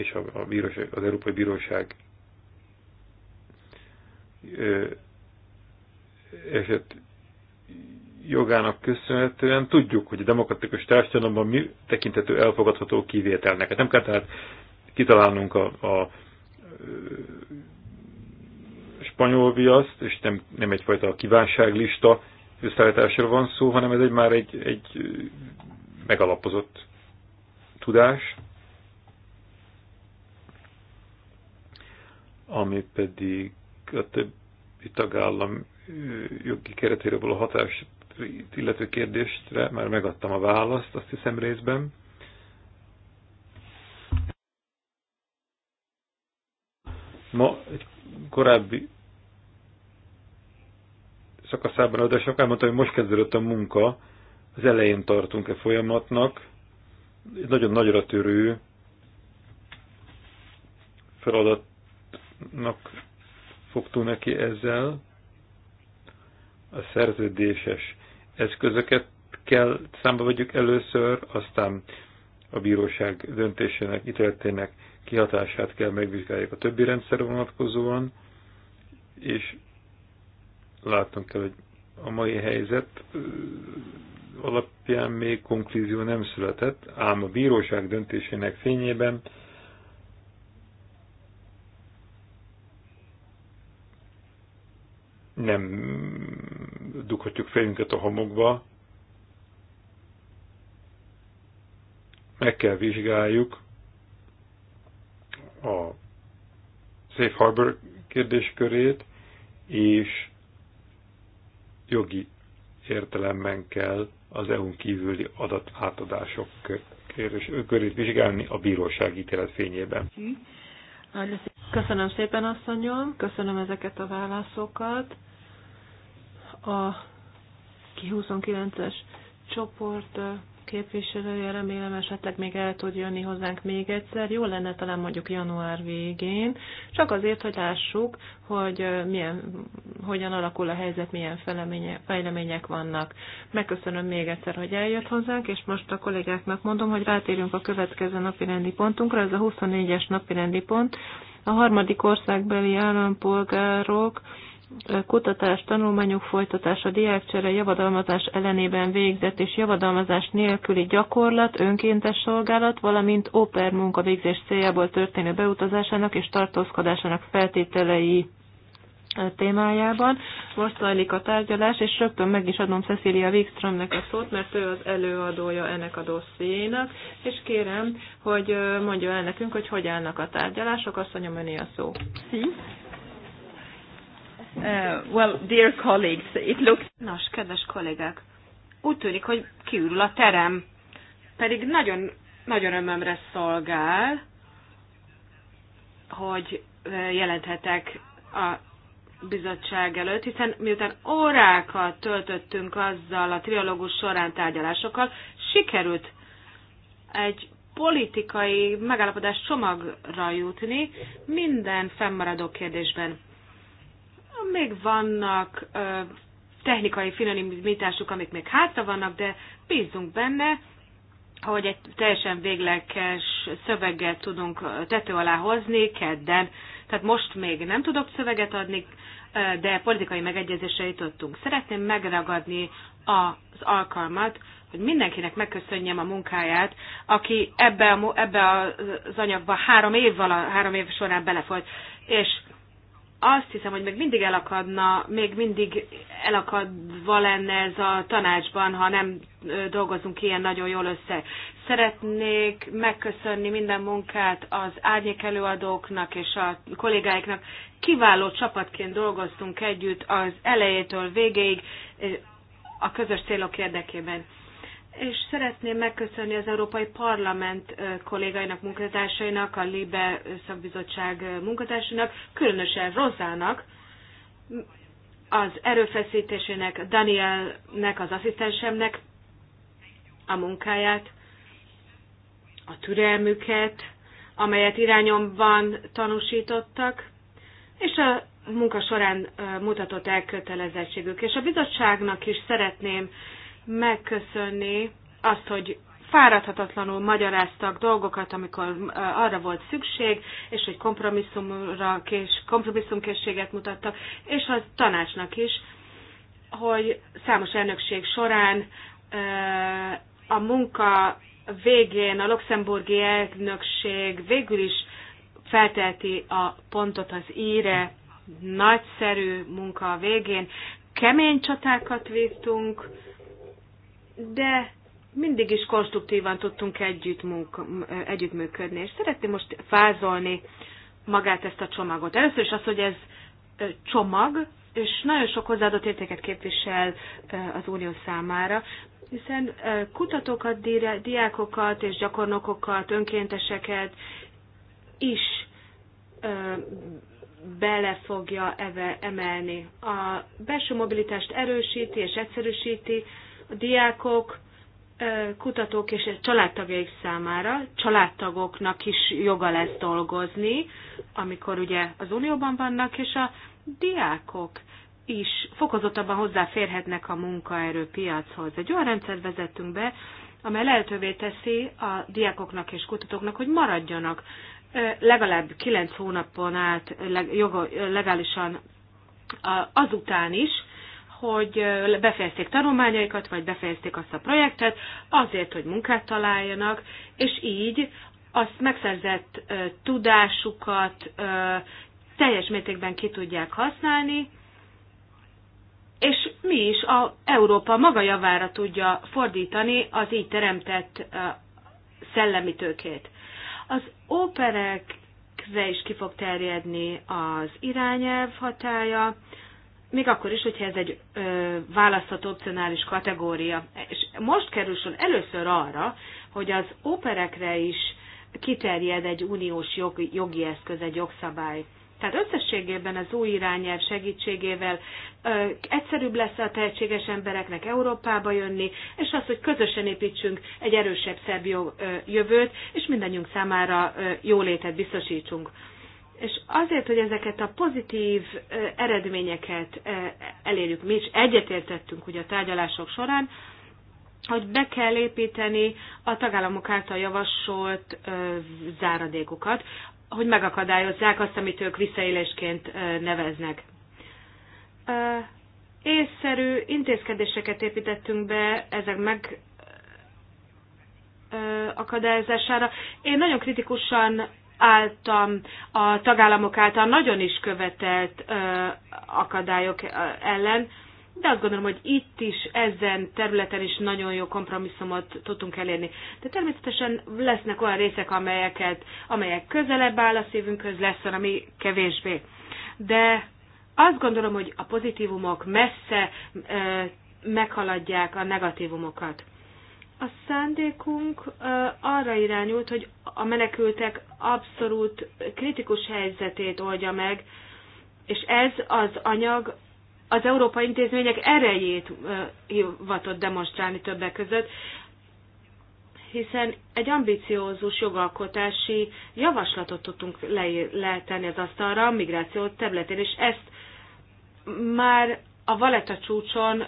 és a, a bíróság, az Európai Bíróság eset jogának köszönhetően tudjuk, hogy a demokratikus társadalomban mi tekintető elfogadható kivételnek. Hát nem kell tehát kitalálnunk a, a, a spanyol viaszt, és nem, nem egyfajta kívánságlista összeállításra van szó, hanem ez egy már egy, egy megalapozott tudás, ami pedig a többi tagállam jogi keretéről való hatás illető kérdésre már megadtam a választ, azt hiszem részben. Ma egy korábbi szakaszában adások elmondta, hogy most kezdődött a munka, az elején tartunk e folyamatnak. Egy nagyon nagyra törő feladat nak fogtunk neki ezzel. A szerződéses eszközöket kell számba vegyük először, aztán a bíróság döntésének, ítéletének kihatását kell megvizsgáljuk a többi rendszer vonatkozóan, és látnunk kell, hogy a mai helyzet alapján még konklúzió nem született, ám a bíróság döntésének fényében nem dughatjuk fejünket a homokba, meg kell vizsgáljuk a Safe Harbor kérdéskörét, és jogi értelemben kell az EU-n kívüli adatátadások körét vizsgálni a bíróság ítélet fényében. Köszönöm szépen, asszonyom, köszönöm ezeket a válaszokat a K29-es csoport képviselője, remélem esetleg még el tud jönni hozzánk még egyszer. Jó lenne talán mondjuk január végén, csak azért, hogy lássuk, hogy milyen, hogyan alakul a helyzet, milyen fejlemények vannak. Megköszönöm még egyszer, hogy eljött hozzánk, és most a kollégáknak mondom, hogy rátérünk a következő napi rendi pontunkra, ez a 24-es napi rendi pont. A harmadik országbeli állampolgárok kutatás, tanulmányok folytatása, diákcsere, javadalmazás ellenében végzett és javadalmazás nélküli gyakorlat, önkéntes szolgálat, valamint oper munkavégzés végzés céljából történő beutazásának és tartózkodásának feltételei e, témájában. Most zajlik a tárgyalás, és rögtön meg is adom Cecilia Wikströmnek a szót, mert ő az előadója ennek a dossziénak, és kérem, hogy e, mondja el nekünk, hogy hogy állnak a tárgyalások, azt mondja, a szó. Uh, well, dear colleagues, it looks... Nos, kedves kollégák, úgy tűnik, hogy kiürül a terem, pedig nagyon, nagyon örömömre szolgál, hogy uh, jelenthetek a bizottság előtt, hiszen miután órákat töltöttünk azzal a trialógus során tárgyalásokkal, sikerült egy politikai megállapodás csomagra jutni minden fennmaradó kérdésben. Még vannak ö, technikai finomítások, amik még hátra vannak, de bízunk benne, hogy egy teljesen végleges szöveget tudunk tető alá hozni kedden. Tehát most még nem tudok szöveget adni, de politikai megegyezésre jutottunk. Szeretném megragadni az alkalmat, hogy mindenkinek megköszönjem a munkáját, aki ebbe, a, ebbe az anyagba három év, vala, három év során belefolyt, és azt hiszem, hogy még mindig elakadna, még mindig elakadva lenne ez a tanácsban, ha nem dolgozunk ilyen nagyon jól össze. Szeretnék megköszönni minden munkát az árnyék előadóknak és a kollégáiknak. Kiváló csapatként dolgoztunk együtt az elejétől végéig a közös célok érdekében és szeretném megköszönni az Európai Parlament kollégainak, munkatársainak, a LIBE szakbizottság munkatársainak, különösen Rozának, az erőfeszítésének, Danielnek, az asszisztensemnek a munkáját, a türelmüket, amelyet irányomban tanúsítottak, és a munka során mutatott elkötelezettségük. És a bizottságnak is szeretném megköszönni azt, hogy fáradhatatlanul magyaráztak dolgokat, amikor arra volt szükség, és hogy kompromisszumra és kompromisszumkészséget mutattak, és a tanácsnak is, hogy számos elnökség során a munka végén a luxemburgi elnökség végül is felteheti a pontot az íre, nagyszerű munka a végén. Kemény csatákat vívtunk, de mindig is konstruktívan tudtunk együtt munk, együttműködni, és szeretném most fázolni magát ezt a csomagot. Először is az, hogy ez csomag, és nagyon sok hozzáadott értéket képvisel az unió számára, hiszen kutatókat, diákokat és gyakornokokat, önkénteseket is bele fogja emelni. A belső mobilitást erősíti és egyszerűsíti, diákok, kutatók és családtagjaik számára, családtagoknak is joga lesz dolgozni, amikor ugye az unióban vannak, és a diákok is fokozottabban hozzáférhetnek a munkaerőpiachoz. Egy olyan rendszert vezettünk be, amely lehetővé teszi a diákoknak és kutatóknak, hogy maradjanak legalább 9 hónapon át legálisan azután is, hogy befejezték tanulmányaikat, vagy befejezték azt a projektet, azért, hogy munkát találjanak, és így azt megszerzett tudásukat teljes mértékben ki tudják használni, és mi is a Európa maga javára tudja fordítani az így teremtett szellemi tőkét. Az óperekre is ki fog terjedni az irányelv hatája, még akkor is, hogyha ez egy ö, választható opcionális kategória. És most kerül sor először arra, hogy az operekre is kiterjed egy uniós jog, jogi eszköz, egy jogszabály. Tehát összességében az új irányelv segítségével ö, egyszerűbb lesz a tehetséges embereknek Európába jönni, és az, hogy közösen építsünk egy erősebb szebb jövőt, és mindannyiunk számára jólétet biztosítsunk. És azért, hogy ezeket a pozitív eredményeket elérjük, mi is egyetértettünk ugye a tárgyalások során, hogy be kell építeni a tagállamok által javasolt záradékokat, hogy megakadályozzák azt, amit ők visszaélésként neveznek. Észszerű intézkedéseket építettünk be ezek meg akadályozására. Én nagyon kritikusan által a tagállamok által nagyon is követelt akadályok ellen, de azt gondolom, hogy itt is, ezen területen is nagyon jó kompromisszumot tudtunk elérni. De természetesen lesznek olyan részek, amelyeket, amelyek közelebb áll a szívünkhöz, lesz olyan, ami kevésbé. De azt gondolom, hogy a pozitívumok messze ö, meghaladják a negatívumokat. A szándékunk arra irányult, hogy a menekültek abszolút kritikus helyzetét oldja meg, és ez az anyag az európai intézmények erejét hivatott demonstrálni többek között, hiszen egy ambiciózus jogalkotási javaslatot tudtunk letenni az asztalra a migráció területén, és ezt már a Valeta csúcson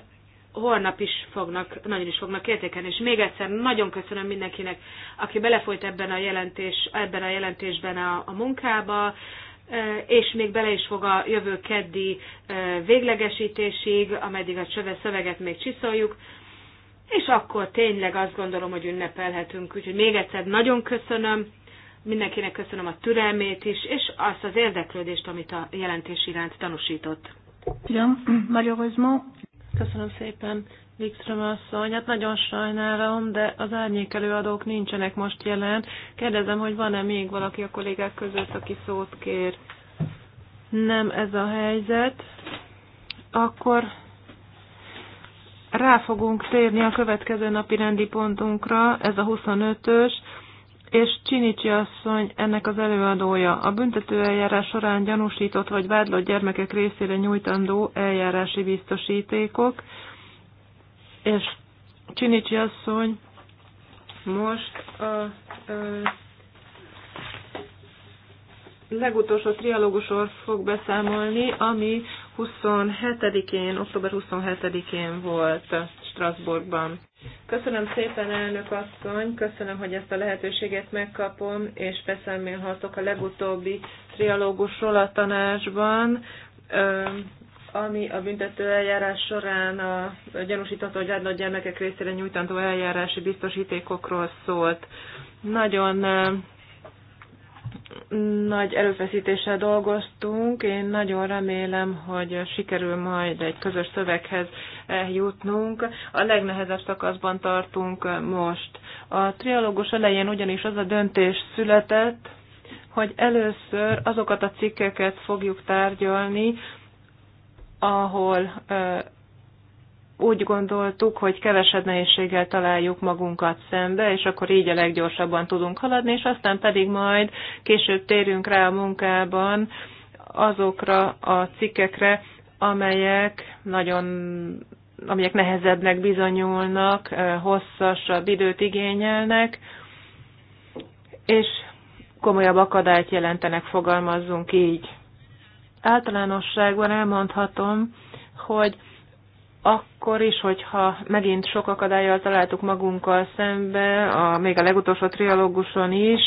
holnap is fognak, nagyon is fognak értékelni. És még egyszer nagyon köszönöm mindenkinek, aki belefolyt ebben a, jelentés, ebben a jelentésben a, a munkába, e, és még bele is fog a jövő keddi e, véglegesítésig, ameddig a csöve szöveget még csiszoljuk, és akkor tényleg azt gondolom, hogy ünnepelhetünk. Úgyhogy még egyszer nagyon köszönöm, mindenkinek köszönöm a türelmét is, és azt az érdeklődést, amit a jelentés iránt tanúsított. Ja, malheureusement, Köszönöm szépen, Wikström asszony. Hát nagyon sajnálom, de az árnyék előadók nincsenek most jelen. Kérdezem, hogy van-e még valaki a kollégák között, aki szót kér. Nem ez a helyzet. Akkor rá fogunk térni a következő napi rendi pontunkra, ez a 25-ös, és Csinicsi asszony ennek az előadója. A eljárás során gyanúsított vagy vádlott gyermekek részére nyújtandó eljárási biztosítékok, és Csinicsi asszony most a, a legutolsó trialógusról fog beszámolni, ami 27-én, október 27-én volt Strasbourgban. Köszönöm szépen, elnök asszony, köszönöm, hogy ezt a lehetőséget megkapom, és beszámolhatok a legutóbbi trialógusról a tanácsban, ami a büntető eljárás során a hogy gyárlott gyermekek részére nyújtandó eljárási biztosítékokról szólt. Nagyon nagy erőfeszítéssel dolgoztunk. Én nagyon remélem, hogy sikerül majd egy közös szöveghez jutnunk. A legnehezebb szakaszban tartunk most. A trialógus elején ugyanis az a döntés született, hogy először azokat a cikkeket fogjuk tárgyalni, ahol úgy gondoltuk, hogy kevesebb nehézséggel találjuk magunkat szembe, és akkor így a leggyorsabban tudunk haladni, és aztán pedig majd később térünk rá a munkában azokra a cikkekre, amelyek nagyon amelyek nehezebbnek bizonyulnak, hosszasabb időt igényelnek, és komolyabb akadályt jelentenek, fogalmazzunk így. Általánosságban elmondhatom, hogy akkor is, hogyha megint sok akadályjal találtuk magunkkal szembe, a, még a legutolsó trialóguson is,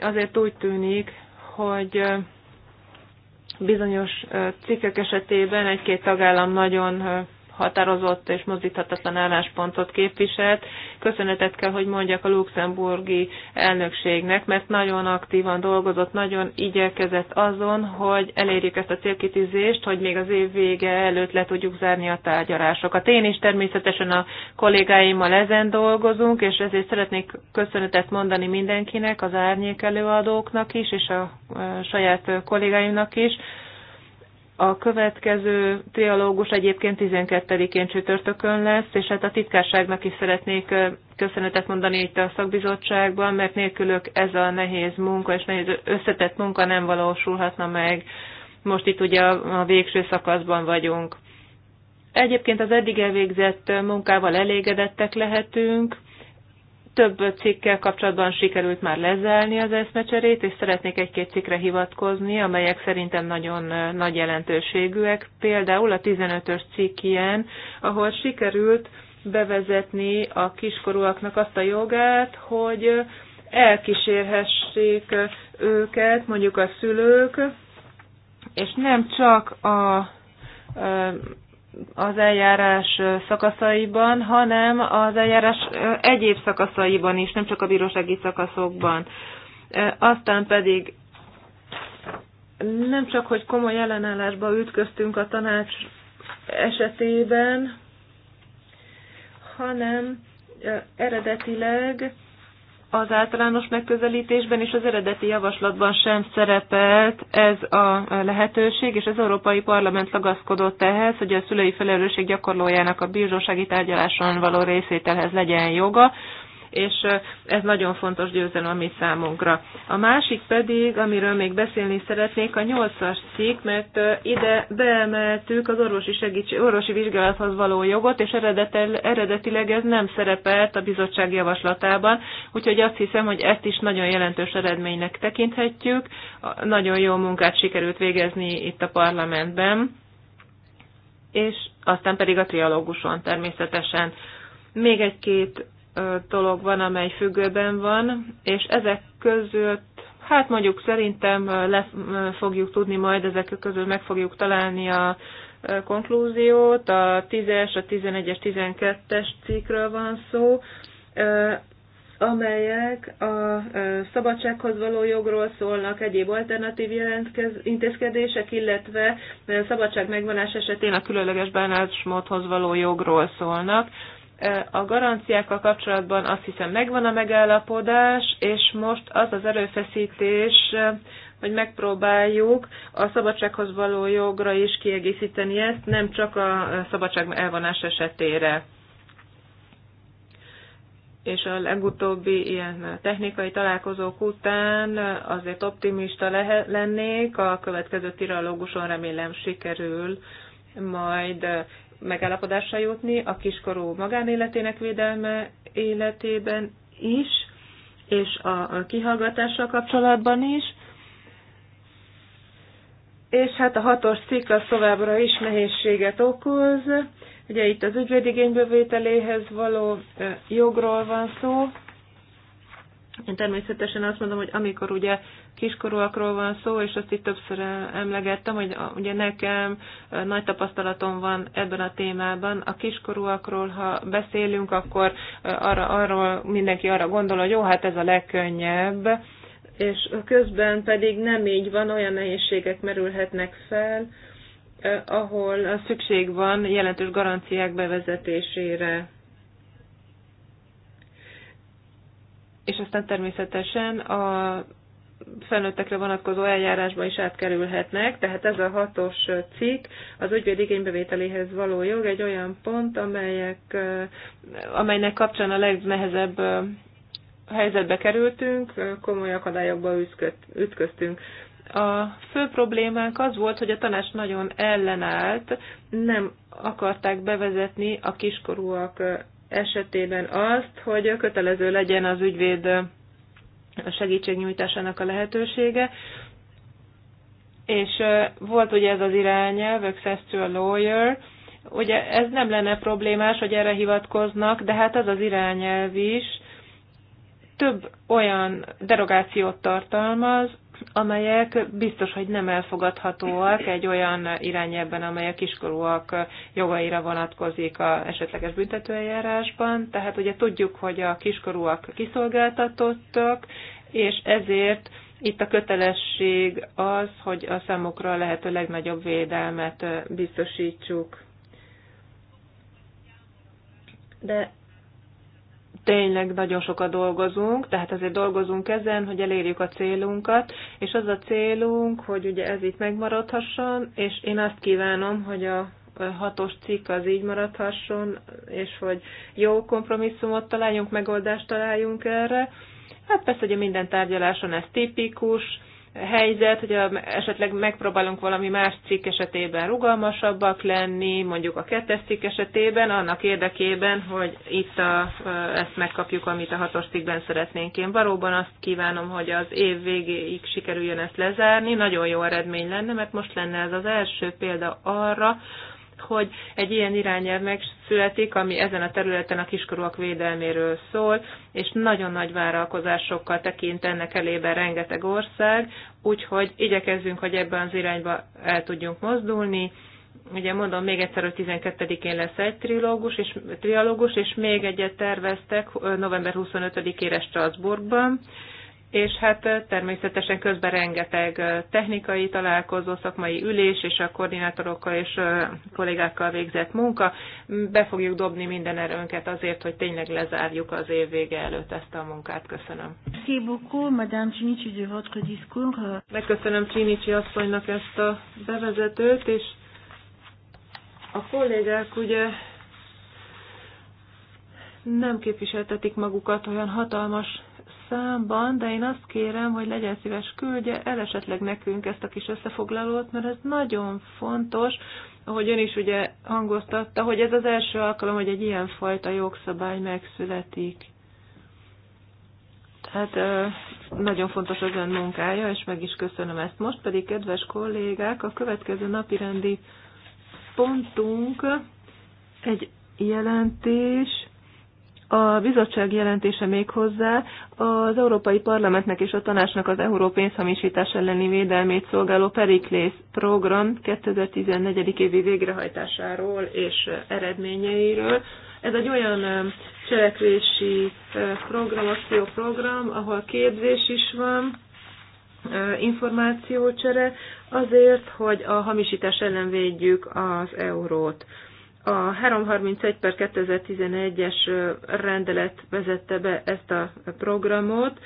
azért úgy tűnik, hogy bizonyos cikkek esetében egy-két tagállam nagyon határozott és mozdíthatatlan álláspontot képviselt. Köszönetet kell, hogy mondjak a luxemburgi elnökségnek, mert nagyon aktívan dolgozott, nagyon igyekezett azon, hogy elérjük ezt a célkitűzést, hogy még az év vége előtt le tudjuk zárni a tárgyalásokat. Én is természetesen a kollégáimmal ezen dolgozunk, és ezért szeretnék köszönetet mondani mindenkinek, az árnyék előadóknak is, és a saját kollégáimnak is, a következő trialógus egyébként 12-én csütörtökön lesz, és hát a titkárságnak is szeretnék köszönetet mondani itt a szakbizottságban, mert nélkülök ez a nehéz munka és nehéz összetett munka nem valósulhatna meg. Most itt ugye a végső szakaszban vagyunk. Egyébként az eddig elvégzett munkával elégedettek lehetünk, több cikkel kapcsolatban sikerült már lezelni az eszmecserét, és szeretnék egy-két cikkre hivatkozni, amelyek szerintem nagyon nagy jelentőségűek. Például a 15-ös cikk ilyen, ahol sikerült bevezetni a kiskorúaknak azt a jogát, hogy elkísérhessék őket, mondjuk a szülők, és nem csak a az eljárás szakaszaiban, hanem az eljárás egyéb szakaszaiban is, nem csak a bírósági szakaszokban. Aztán pedig nem csak, hogy komoly ellenállásba ütköztünk a tanács esetében, hanem eredetileg az általános megközelítésben és az eredeti javaslatban sem szerepelt ez a lehetőség, és az Európai Parlament ragaszkodott ehhez, hogy a szülői felelősség gyakorlójának a bírósági tárgyaláson való részételhez legyen joga, és ez nagyon fontos győzelem mi számunkra. A másik pedig, amiről még beszélni szeretnék, a nyolcas cikk, mert ide beemeltük az orvosi, segítség, orvosi vizsgálathoz való jogot, és eredetel, eredetileg ez nem szerepelt a bizottság javaslatában, úgyhogy azt hiszem, hogy ezt is nagyon jelentős eredménynek tekinthetjük. Nagyon jó munkát sikerült végezni itt a parlamentben és aztán pedig a trialóguson természetesen. Még egy-két dolog van, amely függőben van, és ezek között, hát mondjuk szerintem le fogjuk tudni majd, ezek közül meg fogjuk találni a konklúziót, a 10-es, a 11-es, 12-es cikkről van szó, amelyek a szabadsághoz való jogról szólnak, egyéb alternatív jelentkez, intézkedések, illetve szabadság megvonás esetén a különleges bánásmódhoz való jogról szólnak. A garanciákkal kapcsolatban azt hiszem megvan a megállapodás, és most az az erőfeszítés, hogy megpróbáljuk a szabadsághoz való jogra is kiegészíteni ezt, nem csak a szabadság elvonás esetére. És a legutóbbi ilyen technikai találkozók után azért optimista lehet, lennék, a következő tiralóguson remélem sikerül majd megállapodásra jutni a kiskorú magánéletének védelme életében is, és a kihallgatással kapcsolatban is. És hát a hatos cikk az továbbra is nehézséget okoz. Ugye itt az ügyvédigénybővételéhez való jogról van szó, én természetesen azt mondom, hogy amikor ugye kiskorúakról van szó, és azt itt többször e- emlegettem, hogy ugye nekem nagy tapasztalatom van ebben a témában. A kiskorúakról, ha beszélünk, akkor arra, arról mindenki arra gondol, hogy jó, hát ez a legkönnyebb, és közben pedig nem így van, olyan nehézségek merülhetnek fel, ahol szükség van jelentős garanciák bevezetésére és aztán természetesen a felnőttekre vonatkozó eljárásba is átkerülhetnek, tehát ez a hatos cikk az ügyvéd igénybevételéhez való jog egy olyan pont, amelyek, amelynek kapcsán a legnehezebb helyzetbe kerültünk, komoly akadályokba ütköztünk. A fő problémánk az volt, hogy a tanács nagyon ellenállt, nem akarták bevezetni a kiskorúak esetében azt, hogy kötelező legyen az ügyvéd segítségnyújtásának a lehetősége. És volt ugye ez az irányelv, access to a lawyer, ugye ez nem lenne problémás, hogy erre hivatkoznak, de hát az az irányelv is több olyan derogációt tartalmaz, amelyek biztos, hogy nem elfogadhatóak egy olyan irányelben, amely a kiskorúak jogaira vonatkozik a esetleges büntetőeljárásban. Tehát ugye tudjuk, hogy a kiskorúak kiszolgáltatottak, és ezért itt a kötelesség az, hogy a számukra a lehető legnagyobb védelmet biztosítsuk. De tényleg nagyon sokat dolgozunk, tehát azért dolgozunk ezen, hogy elérjük a célunkat, és az a célunk, hogy ugye ez itt megmaradhasson, és én azt kívánom, hogy a hatos cikk az így maradhasson, és hogy jó kompromisszumot találjunk, megoldást találjunk erre. Hát persze a minden tárgyaláson ez tipikus, helyzet, hogy esetleg megpróbálunk valami más cikk esetében rugalmasabbak lenni, mondjuk a kettes cikk esetében, annak érdekében, hogy itt a, ezt megkapjuk, amit a hatos cikkben szeretnénk. Én valóban azt kívánom, hogy az év végéig sikerüljön ezt lezárni, nagyon jó eredmény lenne, mert most lenne ez az első példa arra, hogy egy ilyen irányelv megszületik, ami ezen a területen a kiskorúak védelméről szól, és nagyon nagy várakozásokkal tekint ennek elébe rengeteg ország, úgyhogy igyekezzünk, hogy ebben az irányba el tudjunk mozdulni. Ugye mondom, még egyszer, hogy 12-én lesz egy trilógus, és, trialógus, és még egyet terveztek november 25-ére Strasbourgban, és hát természetesen közben rengeteg technikai találkozó, szakmai ülés és a koordinátorokkal és kollégákkal végzett munka. Be fogjuk dobni minden erőnket azért, hogy tényleg lezárjuk az év vége előtt ezt a munkát. Köszönöm. Euh, Megköszönöm Csinicsi asszonynak ezt a bevezetőt, és a kollégák ugye nem képviseltetik magukat olyan hatalmas számban, de én azt kérem, hogy legyen szíves küldje el esetleg nekünk ezt a kis összefoglalót, mert ez nagyon fontos, ahogy ön is ugye hangoztatta, hogy ez az első alkalom, hogy egy ilyenfajta jogszabály megszületik. Tehát nagyon fontos az ön munkája, és meg is köszönöm ezt. Most pedig, kedves kollégák, a következő napirendi pontunk egy jelentés, a bizottság jelentése még hozzá az Európai Parlamentnek és a Tanácsnak az euró pénzhamisítás elleni védelmét szolgáló Periklész program 2014. évi végrehajtásáról és eredményeiről. Ez egy olyan cselekvési program, akcióprogram, ahol képzés is van, információcsere, azért, hogy a hamisítás ellen védjük az eurót. A 331 per 2011-es rendelet vezette be ezt a programot,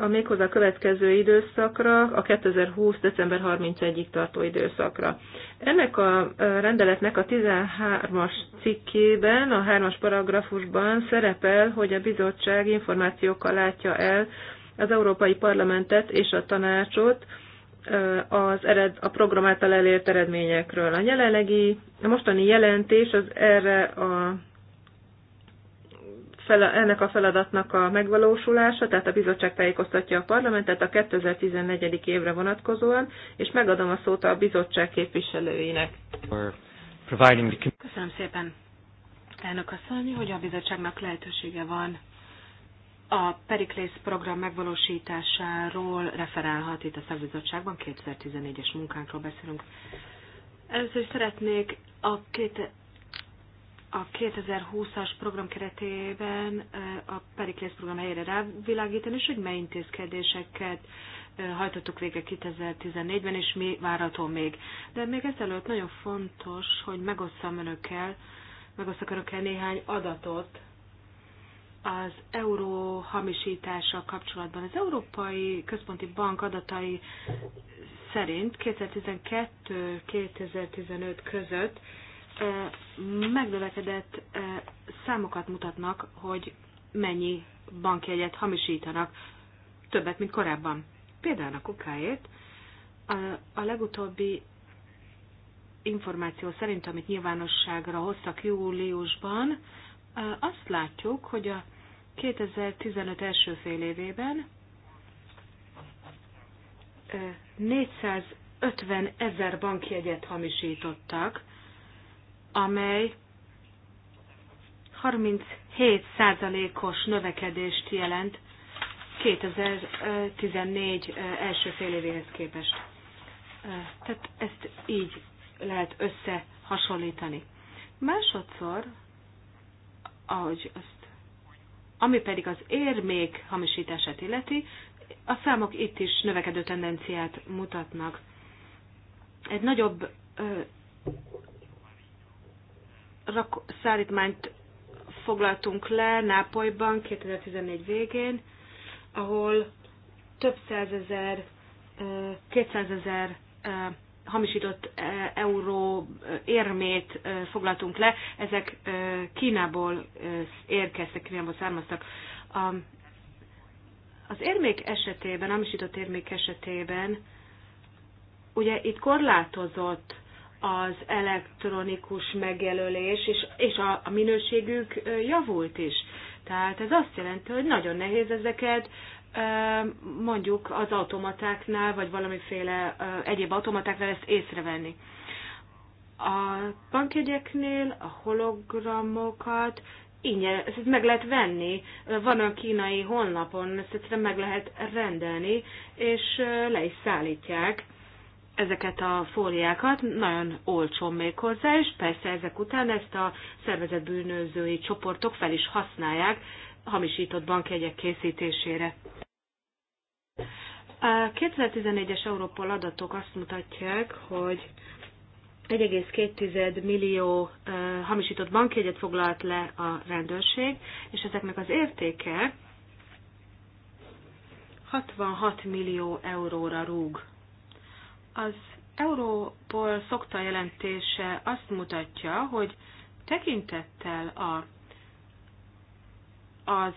a méghozzá a következő időszakra, a 2020. december 31-ig tartó időszakra. Ennek a rendeletnek a 13-as cikkében, a 3-as paragrafusban szerepel, hogy a bizottság információkkal látja el az Európai Parlamentet és a tanácsot, az ered, a program által elért eredményekről. A jelenlegi, a mostani jelentés az erre a fel, ennek a feladatnak a megvalósulása, tehát a bizottság tájékoztatja a parlamentet a 2014. évre vonatkozóan, és megadom a szót a bizottság képviselőinek. Köszönöm szépen, elnök asszony, hogy a bizottságnak lehetősége van a Periklész program megvalósításáról referálhat itt a szakbizottságban, 2014-es munkánkról beszélünk. Először is szeretnék a, két, a 2020-as program keretében a Periklész program helyére rávilágítani, és hogy mely intézkedéseket hajtottuk végre 2014-ben, és mi várható még. De még ezelőtt nagyon fontos, hogy megosszam önökkel, megosszak önökkel néhány adatot, az euró hamisítása kapcsolatban. Az Európai Központi Bank adatai szerint 2012-2015 között megnövekedett számokat mutatnak, hogy mennyi bankjegyet hamisítanak, többet, mint korábban. Például a kukáért a legutóbbi információ szerint, amit nyilvánosságra hoztak júliusban, azt látjuk, hogy a 2015 első fél évében 450 ezer bankjegyet hamisítottak, amely 37%-os növekedést jelent 2014 első fél évéhez képest. Tehát ezt így lehet összehasonlítani. Másodszor ahogy azt, ami pedig az érmék hamisítását illeti, a számok itt is növekedő tendenciát mutatnak. Egy nagyobb ö, rak, szállítmányt foglaltunk le Nápolyban 2014 végén, ahol több százezer, kétszázezer hamisított e, euró e, érmét e, foglaltunk le, ezek Kínából érkeztek, Kínából származtak. Az érmék esetében, hamisított érmék esetében, ugye itt korlátozott az elektronikus megjelölés, és, és a, a minőségük javult is. Tehát ez azt jelenti, hogy nagyon nehéz ezeket mondjuk az automatáknál, vagy valamiféle egyéb automatáknál ezt észrevenni. A bankjegyeknél a hologramokat ingyen, ezt meg lehet venni, van a kínai honlapon, ezt egyszerűen meg lehet rendelni, és le is szállítják ezeket a fóliákat, nagyon olcsón még hozzá, és persze ezek után ezt a szervezetbűnözői csoportok fel is használják, hamisított bankjegyek készítésére. A 2014-es Európol adatok azt mutatják, hogy 1,2 millió hamisított bankjegyet foglalt le a rendőrség, és ezeknek az értéke 66 millió euróra rúg. Az Európol szokta jelentése azt mutatja, hogy tekintettel a az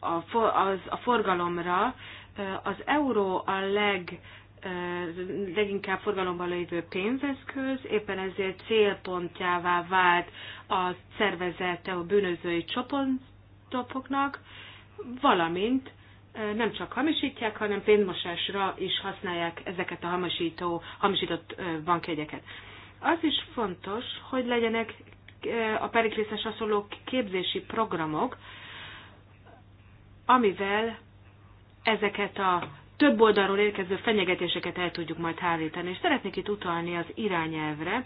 a, for, az, a forgalomra, az euró a leg leginkább forgalomban lévő pénzeszköz, éppen ezért célpontjává vált a szervezete a bűnözői csoportoknak, valamint nem csak hamisítják, hanem pénzmosásra is használják ezeket a hamisító, hamisított bankjegyeket. Az is fontos, hogy legyenek a periklészes hasonló képzési programok, amivel ezeket a több oldalról érkező fenyegetéseket el tudjuk majd hárítani. És szeretnék itt utalni az irányelvre,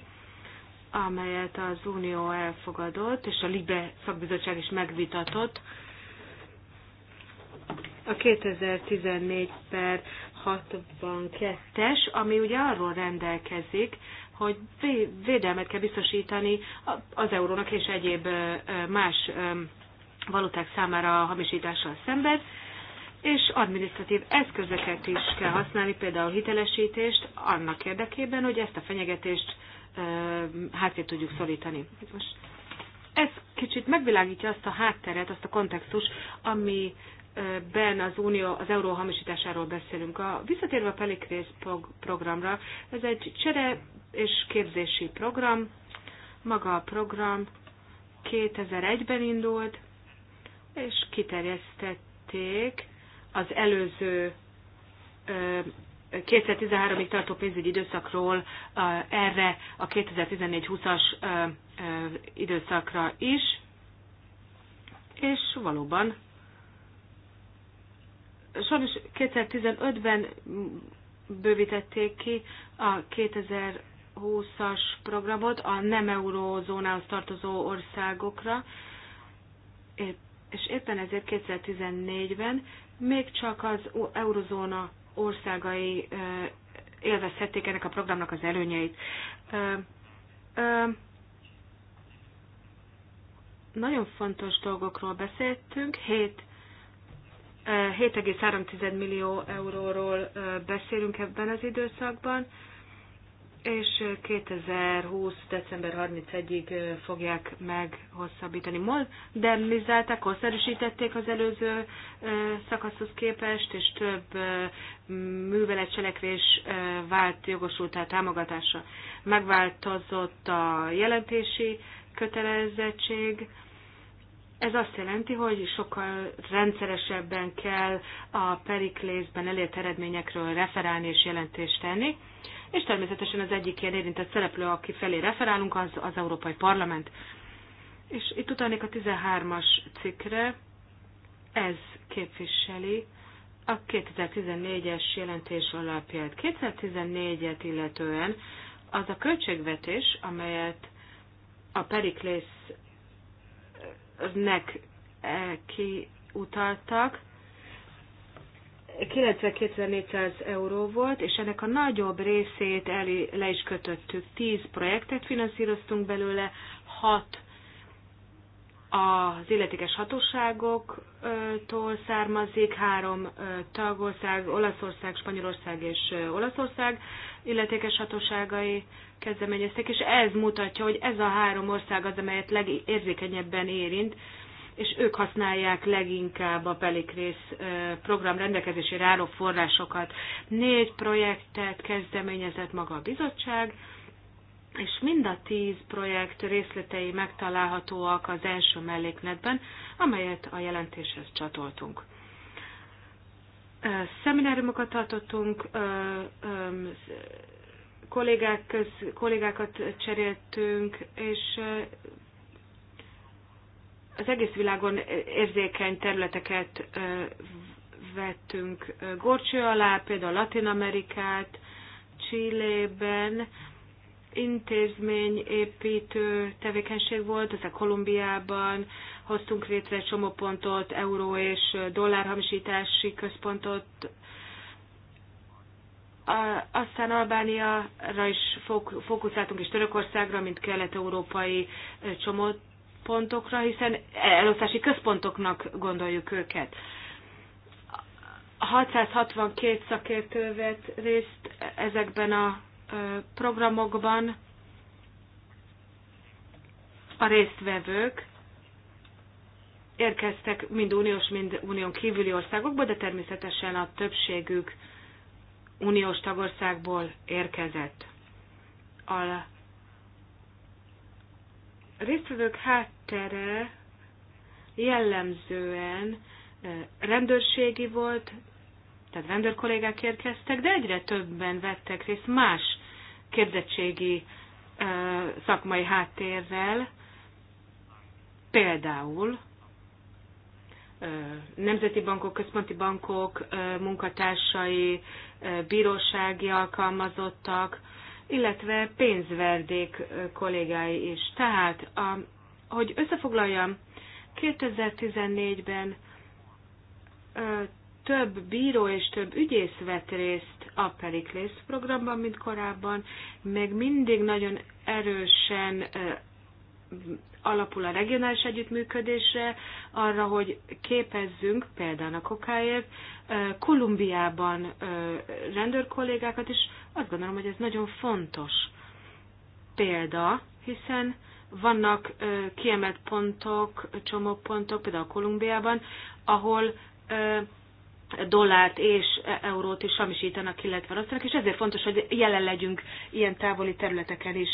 amelyet az Unió elfogadott, és a LIBE szakbizottság is megvitatott, a 2014 per 62-es, ami ugye arról rendelkezik, hogy védelmet kell biztosítani az eurónak és egyéb más valuták számára a hamisítással szemben, és administratív eszközöket is kell használni, például hitelesítést, annak érdekében, hogy ezt a fenyegetést hátrébb tudjuk szorítani. Most ez kicsit megvilágítja azt a hátteret, azt a kontextus, ami ben az unió az euró hamisításáról beszélünk. A, visszatérve a Pelikrész programra, ez egy csere és képzési program, maga a program 2001-ben indult, és kiterjesztették az előző 2013-ig tartó pénzügyi időszakról erre a 2014-20-as időszakra is, és valóban sajnos 2015-ben bővítették ki a 2020-as programot a nem eurózónához tartozó országokra, és éppen ezért 2014-ben még csak az eurozóna országai élvezhették ennek a programnak az előnyeit. Nagyon fontos dolgokról beszéltünk, 7,3 millió euróról beszélünk ebben az időszakban, és 2020. december 31-ig fogják meghosszabbítani. Modernizálták, korszerűsítették az előző szakaszhoz képest, és több műveletcselekvés vált jogosultá támogatása. Megváltozott a jelentési kötelezettség, ez azt jelenti, hogy sokkal rendszeresebben kell a periklészben elért eredményekről referálni és jelentést tenni és természetesen az egyik ilyen érintett szereplő, aki felé referálunk, az az Európai Parlament. És itt utalnék a 13-as cikkre, ez képviseli a 2014-es jelentés alapját. 2014-et illetően az a költségvetés, amelyet a Periklésznek eh, kiutaltak, 92.400 euró volt, és ennek a nagyobb részét el, le is kötöttük. 10 projektet finanszíroztunk belőle, 6 az illetékes hatóságoktól származik, három tagország, Olaszország, Spanyolország és Olaszország illetékes hatóságai kezdeményeztek, és ez mutatja, hogy ez a három ország az, amelyet legérzékenyebben érint, és ők használják leginkább a Pelikrész program rendelkezésére álló forrásokat. Négy projektet kezdeményezett maga a bizottság, és mind a tíz projekt részletei megtalálhatóak az első mellékletben, amelyet a jelentéshez csatoltunk. Szemináriumokat tartottunk, kollégák köz, kollégákat cseréltünk, és az egész világon érzékeny területeket vettünk gorcső alá, például Latin Amerikát, Csillében intézményépítő tevékenység volt, a Kolumbiában hoztunk létre egy pontot, euró és dollárhamisítási központot, aztán Albániára is fókuszáltunk, és Törökországra, mint kelet-európai pontokra, hiszen elosztási központoknak gondoljuk őket. 662 szakértő vett részt ezekben a programokban a résztvevők érkeztek mind uniós, mind unión kívüli országokból, de természetesen a többségük uniós tagországból érkezett. A résztvevők háttere jellemzően rendőrségi volt, tehát rendőrkollégák érkeztek, de egyre többen vettek részt más képzettségi szakmai háttérrel, például nemzeti bankok, központi bankok munkatársai, bírósági alkalmazottak, illetve pénzverdék kollégái is. Tehát, a, hogy összefoglaljam, 2014-ben több bíró és több ügyész vett részt a Periklész programban, mint korábban, meg mindig nagyon erősen alapul a regionális együttműködésre, arra, hogy képezzünk például a kokáért Kolumbiában rendőrkollégákat, és azt gondolom, hogy ez nagyon fontos példa, hiszen vannak kiemelt pontok, csomópontok, például Kolumbiában, ahol dollárt és e- eurót is hamisítanak, illetve rosszanak, és ezért fontos, hogy jelen legyünk ilyen távoli területeken is.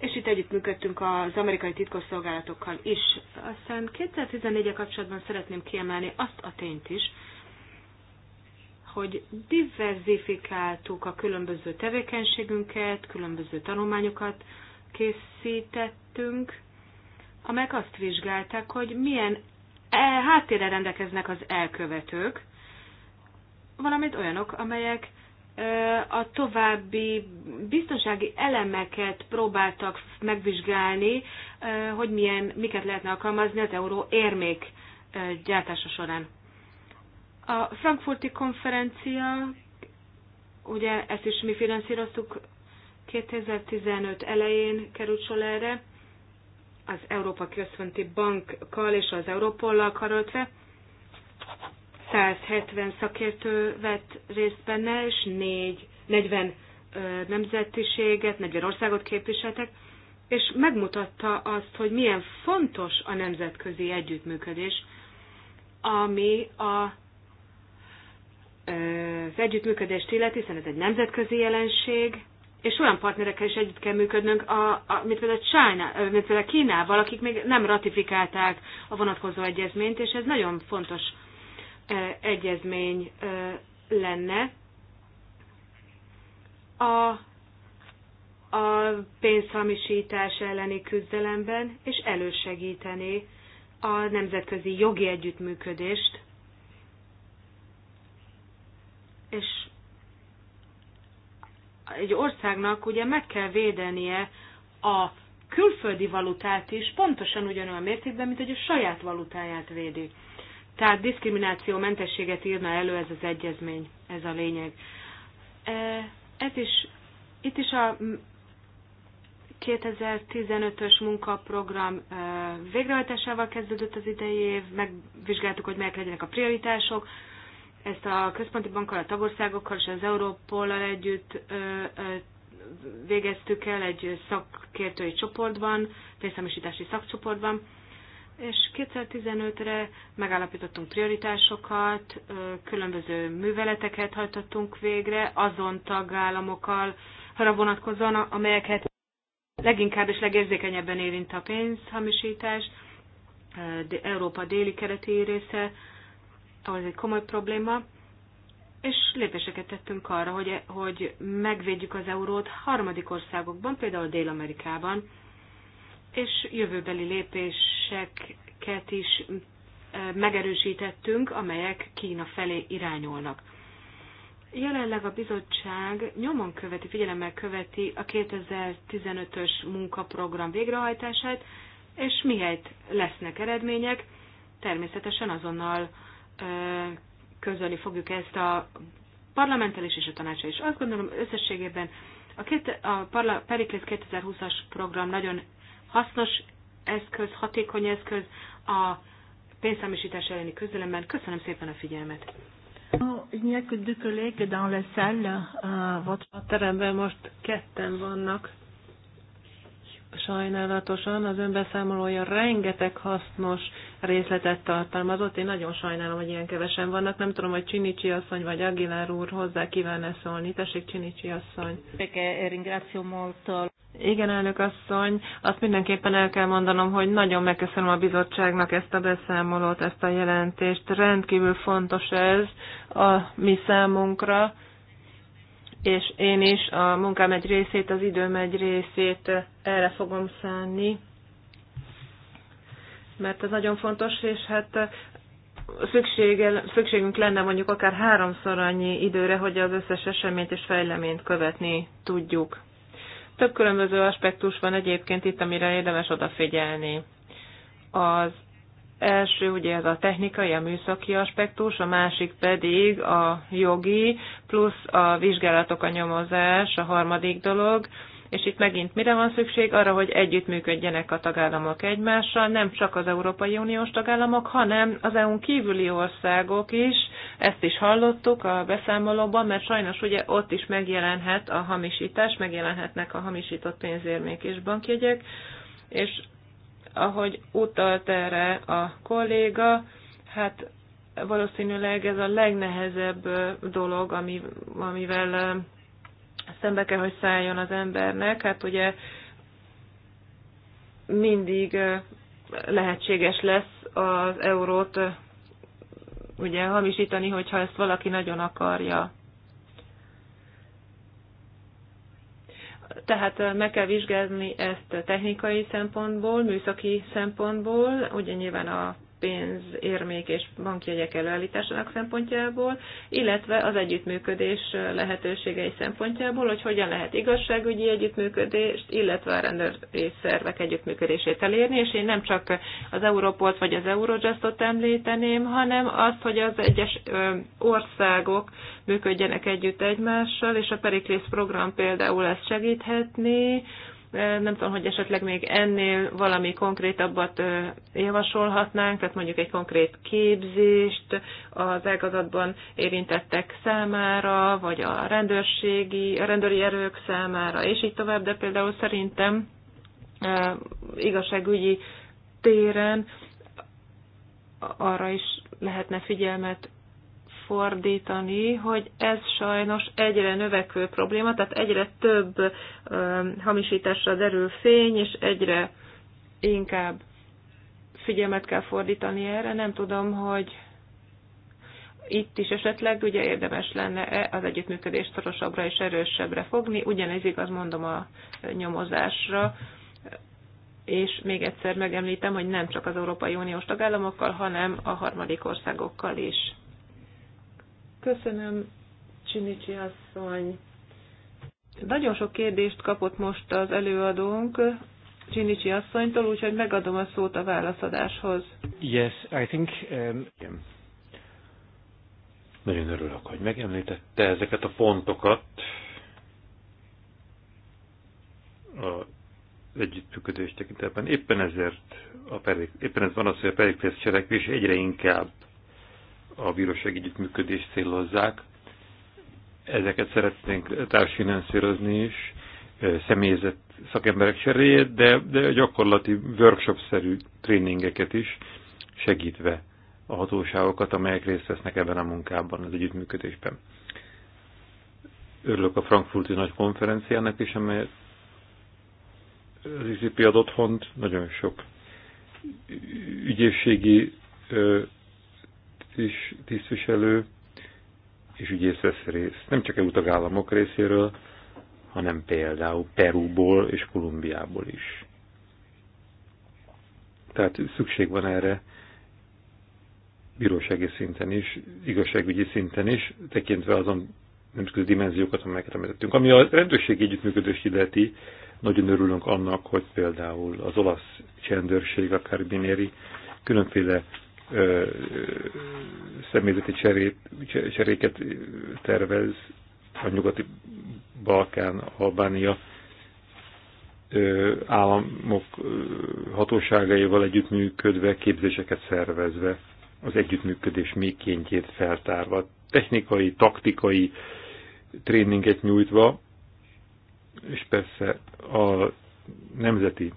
És itt együtt működtünk az amerikai titkosszolgálatokkal is. Aztán 2014-e kapcsolatban szeretném kiemelni azt a tényt is, hogy diversifikáltuk a különböző tevékenységünket, különböző tanulmányokat készítettünk, amelyek azt vizsgálták, hogy milyen e, háttérre rendelkeznek az elkövetők, valamint olyanok, amelyek e, a további biztonsági elemeket próbáltak megvizsgálni, e, hogy milyen, miket lehetne alkalmazni az euró érmék gyártása során. A frankfurti konferencia, ugye ezt is mi finanszíroztuk 2015 elején került sor erre, az Európa Központi Bankkal és az Európollal karöltve. 170 szakértő vett részt benne, és 4, 40 nemzetiséget, 40 országot képviseltek, és megmutatta azt, hogy milyen fontos a nemzetközi együttműködés, ami a az együttműködést illeti, hiszen ez egy nemzetközi jelenség, és olyan partnerekkel is együtt kell működnünk, a, a, mint például, China, mint például Kínával, akik még nem ratifikálták a vonatkozó egyezményt, és ez nagyon fontos e, egyezmény e, lenne. A, a pénzhamisítás elleni küzdelemben, és elősegíteni a nemzetközi jogi együttműködést és egy országnak ugye meg kell védenie a külföldi valutát is pontosan ugyanolyan mértékben, mint hogy a saját valutáját védi. Tehát diszkrimináció mentességet írna elő ez az egyezmény, ez a lényeg. E, ez is, itt is a 2015-ös munkaprogram e, végrehajtásával kezdődött az idei év, megvizsgáltuk, hogy melyek legyenek a prioritások, ezt a központi bankkal, a tagországokkal és az Európollal együtt ö, ö, végeztük el egy szakértői csoportban, pénzszemesítési szakcsoportban, és 2015-re megállapítottunk prioritásokat, különböző műveleteket hajtottunk végre azon tagállamokkal, arra vonatkozóan, amelyeket leginkább és legérzékenyebben érint a pénzhamisítás, Európa déli kereti része, ahol ez egy komoly probléma, és lépéseket tettünk arra, hogy, hogy megvédjük az eurót harmadik országokban, például Dél-Amerikában, és jövőbeli lépéseket is megerősítettünk, amelyek Kína felé irányolnak. Jelenleg a bizottság nyomon követi, figyelemmel követi a 2015-ös munkaprogram végrehajtását, és mihelyt lesznek eredmények, természetesen azonnal közölni fogjuk ezt a parlamenttel és a tanácsa is. Azt gondolom összességében a, két, a Parla, Periklis 2020-as program nagyon hasznos eszköz, hatékony eszköz a pénzszámosítás elleni küzdelemben. Köszönöm szépen a figyelmet! Il n'y a que deux collègues dans la salle. Uh, votre... A teremben most ketten vannak, sajnálatosan az önbeszámolója rengeteg hasznos részletet tartalmazott. Én nagyon sajnálom, hogy ilyen kevesen vannak. Nem tudom, hogy Csinicsi asszony vagy Aguilar úr hozzá kíván-e szólni. Tessék, Csinicsi asszony. Igen, elnök asszony, azt mindenképpen el kell mondanom, hogy nagyon megköszönöm a bizottságnak ezt a beszámolót, ezt a jelentést. Rendkívül fontos ez a mi számunkra és én is a munkám egy részét, az időm egy részét erre fogom szánni, mert ez nagyon fontos, és hát szüksége, szükségünk lenne mondjuk akár háromszor annyi időre, hogy az összes eseményt és fejleményt követni tudjuk. Több különböző aspektus van egyébként itt, amire érdemes odafigyelni. Az első ugye ez a technikai, a műszaki aspektus, a másik pedig a jogi, plusz a vizsgálatok, a nyomozás, a harmadik dolog, és itt megint mire van szükség? Arra, hogy együttműködjenek a tagállamok egymással, nem csak az Európai Uniós tagállamok, hanem az EU-n kívüli országok is. Ezt is hallottuk a beszámolóban, mert sajnos ugye ott is megjelenhet a hamisítás, megjelenhetnek a hamisított pénzérmék és bankjegyek, és ahogy utalt erre a kolléga, hát valószínűleg ez a legnehezebb dolog, ami, amivel szembe kell, hogy szálljon az embernek. Hát ugye mindig lehetséges lesz az eurót ugye hamisítani, hogyha ezt valaki nagyon akarja. tehát meg kell vizsgálni ezt technikai szempontból, műszaki szempontból, ugye nyilván a pénz, érmék és bankjegyek előállításának szempontjából, illetve az együttműködés lehetőségei szempontjából, hogy hogyan lehet igazságügyi együttműködést, illetve a rendőri szervek együttműködését elérni, és én nem csak az Europolt vagy az Eurojustot említeném, hanem azt, hogy az egyes országok működjenek együtt egymással, és a Periklész program például ezt segíthetné, nem tudom, hogy esetleg még ennél valami konkrétabbat javasolhatnánk, tehát mondjuk egy konkrét képzést az ágazatban érintettek számára, vagy a rendőrségi, a rendőri erők számára, és így tovább, de például szerintem igazságügyi téren arra is lehetne figyelmet fordítani, hogy ez sajnos egyre növekvő probléma, tehát egyre több ö, hamisításra derül fény, és egyre inkább figyelmet kell fordítani erre. Nem tudom, hogy itt is esetleg ugye érdemes lenne -e az együttműködést szorosabbra és erősebbre fogni, ugyanez igaz mondom a nyomozásra, és még egyszer megemlítem, hogy nem csak az Európai Uniós tagállamokkal, hanem a harmadik országokkal is. Köszönöm, Csinicsi asszony. Nagyon sok kérdést kapott most az előadónk Csinicsi asszonytól, úgyhogy megadom a szót a válaszadáshoz. Yes, I think... Um... Nagyon örülök, hogy megemlítette ezeket a pontokat. A együttműködés tekintetben. Éppen ezért a pedig, éppen ez van az, hogy a pedig cselekvés egyre inkább a bíróság együttműködés célozzák. Ezeket szeretnénk társfinanszírozni is, személyzet szakemberek cseréjét, de, de gyakorlati workshop-szerű tréningeket is segítve a hatóságokat, amelyek részt vesznek ebben a munkában, az együttműködésben. Örülök a Frankfurti nagy konferenciának is, amely az ICP ad otthont, nagyon sok ügyészségi is tisztviselő és ügyész vesz részt. Nem csak EU tagállamok részéről, hanem például Perúból és Kolumbiából is. Tehát szükség van erre bírósági szinten is, igazságügyi szinten is, tekintve azon nemzetközi dimenziókat, amelyeket említettünk. Ami a rendőrség együttműködést illeti, nagyon örülünk annak, hogy például az olasz csendőrség, a Carabinieri különféle személyzeti cserét, cseréket tervez a nyugati Balkán, Albánia államok hatóságaival együttműködve, képzéseket szervezve, az együttműködés mélykéntjét feltárva, technikai, taktikai tréninget nyújtva, és persze a nemzeti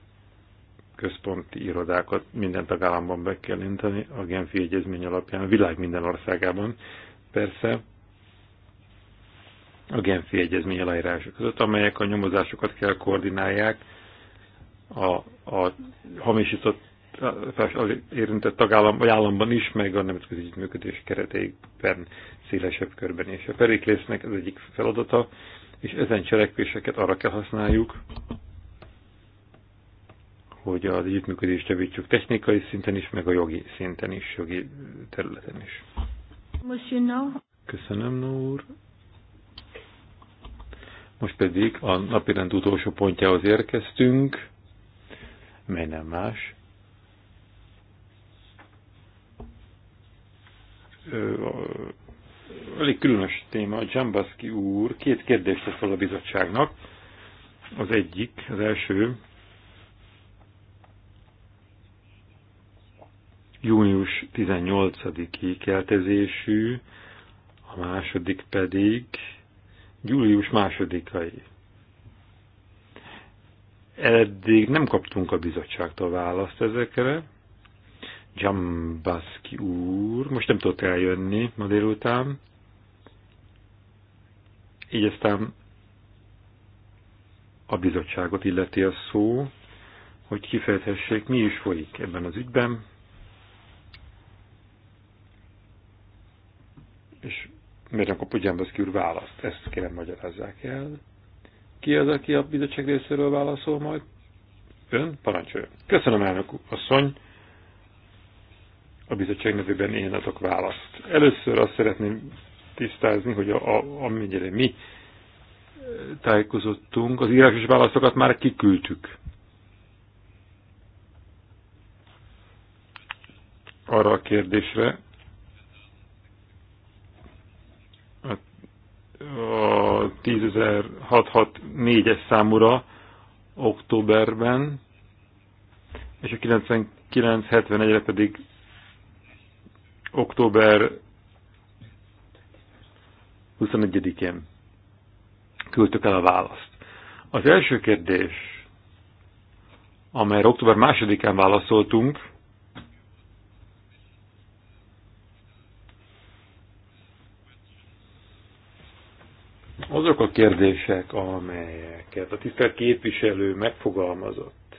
központi irodákat minden tagállamban be kell inteni a Genfi Egyezmény alapján, a világ minden országában persze a Genfi Egyezmény aláírása között, amelyek a nyomozásokat kell koordinálják a, a hamisított érintett tagállam vagy államban is, meg a nemzetközi működés kereteikben szélesebb körben. És a Periklésznek az egyik feladata, és ezen cselekvéseket arra kell használjuk, hogy az együttműködést javítsuk technikai szinten is, meg a jogi szinten is, jogi területen is. Köszönöm, Nó Most pedig a napirend utolsó pontjához érkeztünk, mely nem más. Elég különös téma, Jambaszki úr két kérdést tesz fel a bizottságnak. Az egyik, az első, június 18-i keltezésű, a második pedig július másodikai. Eddig nem kaptunk a bizottságtól választ ezekre. Jambaszki úr most nem tudott eljönni ma délután, így aztán a bizottságot illeti a szó, hogy kifejthessék, mi is folyik ebben az ügyben, És miért akkor Pugyámbaszki úr választ? Ezt kérem magyarázzák el. Ki az, aki a bizottság részéről válaszol majd? Ön? Parancsolja. Köszönöm, elnök asszony. A bizottság nevében én adok választ. Először azt szeretném tisztázni, hogy a, a, amennyire mi eh, tájékozottunk, az írásos válaszokat már kiküldtük. Arra a kérdésre, a 10.664-es számúra októberben, és a 99.71-re pedig október 21-én küldtük el a választ. Az első kérdés, amelyre október másodikán válaszoltunk, Azok a kérdések, amelyeket a tisztelt képviselő megfogalmazott,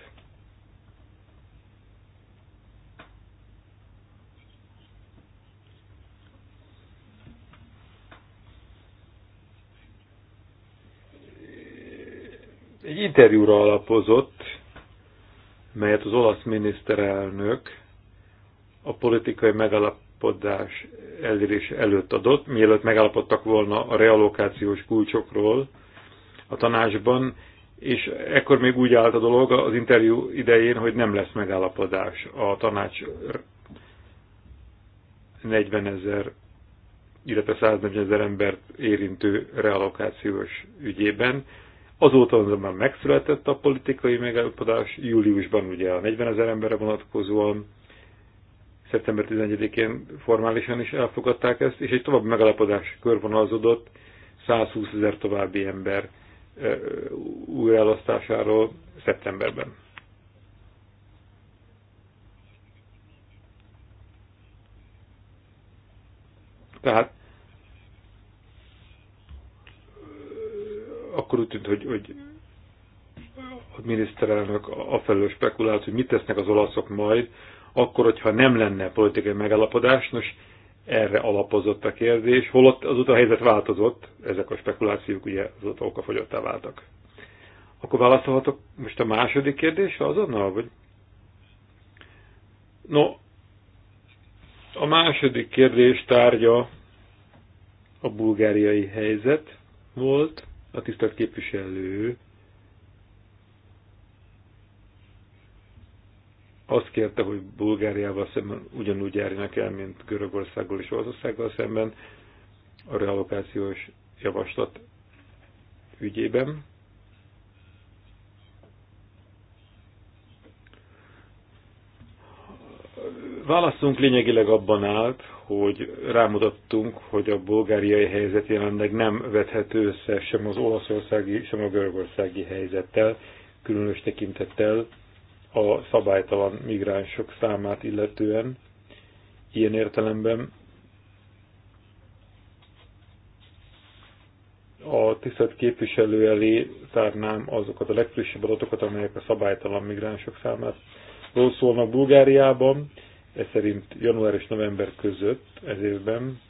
egy interjúra alapozott, melyet az olasz miniszterelnök a politikai megalap megállapodás elérése előtt adott, mielőtt megállapodtak volna a realokációs kulcsokról a tanácsban, és ekkor még úgy állt a dolog az interjú idején, hogy nem lesz megállapodás a tanács 40 ezer, illetve 140 ezer embert érintő realokációs ügyében. Azóta azonban megszületett a politikai megállapodás, júliusban ugye a 40 ezer emberre vonatkozóan, szeptember 11-én formálisan is elfogadták ezt, és egy további megalapodás körvonalazódott 120 ezer további ember újraelosztásáról szeptemberben. Tehát akkor úgy tűnt, hogy, hogy a miniszterelnök afelől spekulált, hogy mit tesznek az olaszok majd akkor, hogyha nem lenne politikai megállapodás, nos, erre alapozott a kérdés, holott azóta a helyzet változott, ezek a spekulációk ugye azóta okafogyottá váltak. Akkor válaszolhatok most a második kérdésre azonnal, vagy? No, a második kérdés tárgya a bulgáriai helyzet volt, a tisztelt képviselő azt kérte, hogy Bulgáriával szemben ugyanúgy járjanak el, mint Görögországgal és Olaszországgal szemben a realokációs javaslat ügyében. Válaszunk lényegileg abban állt, hogy rámutattunk, hogy a bulgáriai helyzet jelenleg nem vethető össze sem az olaszországi, sem a görögországi helyzettel, különös tekintettel a szabálytalan migránsok számát illetően. Ilyen értelemben a tisztelt képviselő elé tárnám azokat a legfrissebb adatokat, amelyek a szabálytalan migránsok számát ról szólnak Bulgáriában, ez szerint január és november között ez évben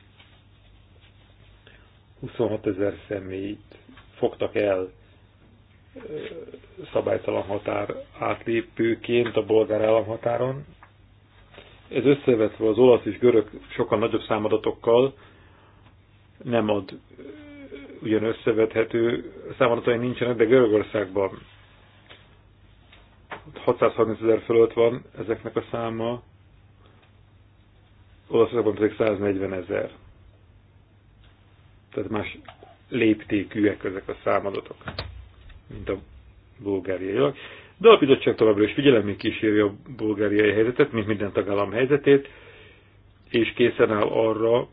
26 ezer személyt fogtak el szabálytalan határ átlépőként a bolgár államhatáron. Ez összevetve az olasz és görög sokkal nagyobb számadatokkal nem ad ugyan összevethető számadatai nincsenek, de Görögországban 630 ezer fölött van ezeknek a száma, Olaszországban pedig 140 ezer. Tehát más léptékűek ezek a számadatok mint a bulgáriaiak. De a bizottság továbbra is figyelemmel kíséri a bulgáriai helyzetet, mint minden tagállam helyzetét, és készen áll arra,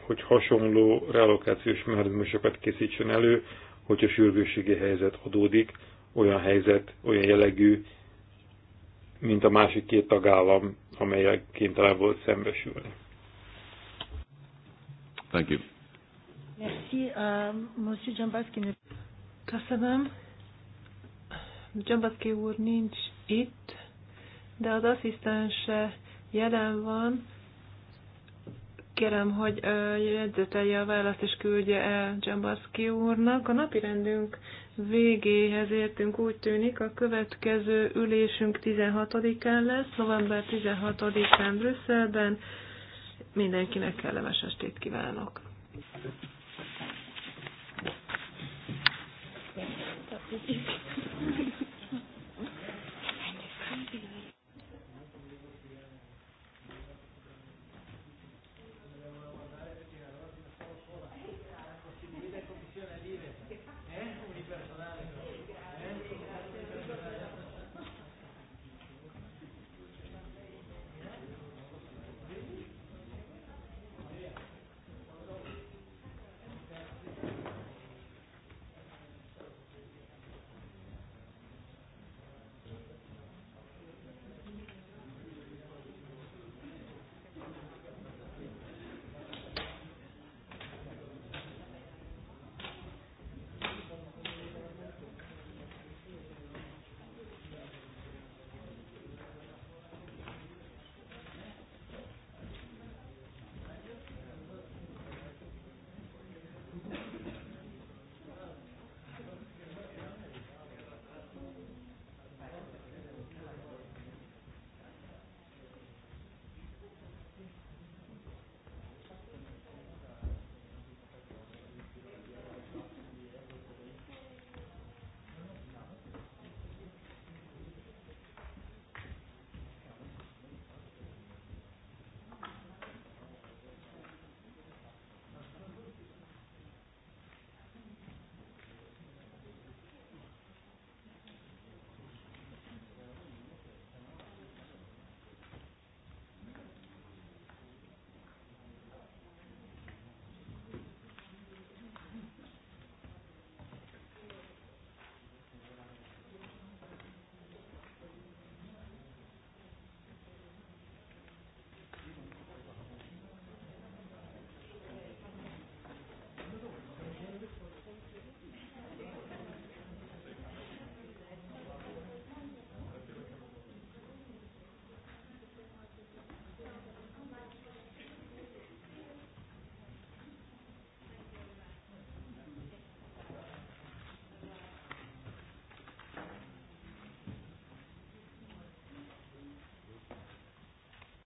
hogy hasonló relokációs mechanizmusokat készítsen elő, hogyha sürgőségi helyzet adódik, olyan helyzet, olyan jellegű, mint a másik két tagállam, amelyek kénytelen volt szembesülni. Thank you. Merci, uh, Monsieur Dzsambaszki. Köszönöm. Dzsambaszki úr nincs itt, de az asszisztense jelen van. Kérem, hogy jegyzetelje a választ és küldje el Dzsambaszki úrnak. A napi rendünk végéhez értünk, úgy tűnik, a következő ülésünk 16-án lesz, november 16-án Brüsszelben. Mindenkinek kellemes estét kívánok! Köszönöm.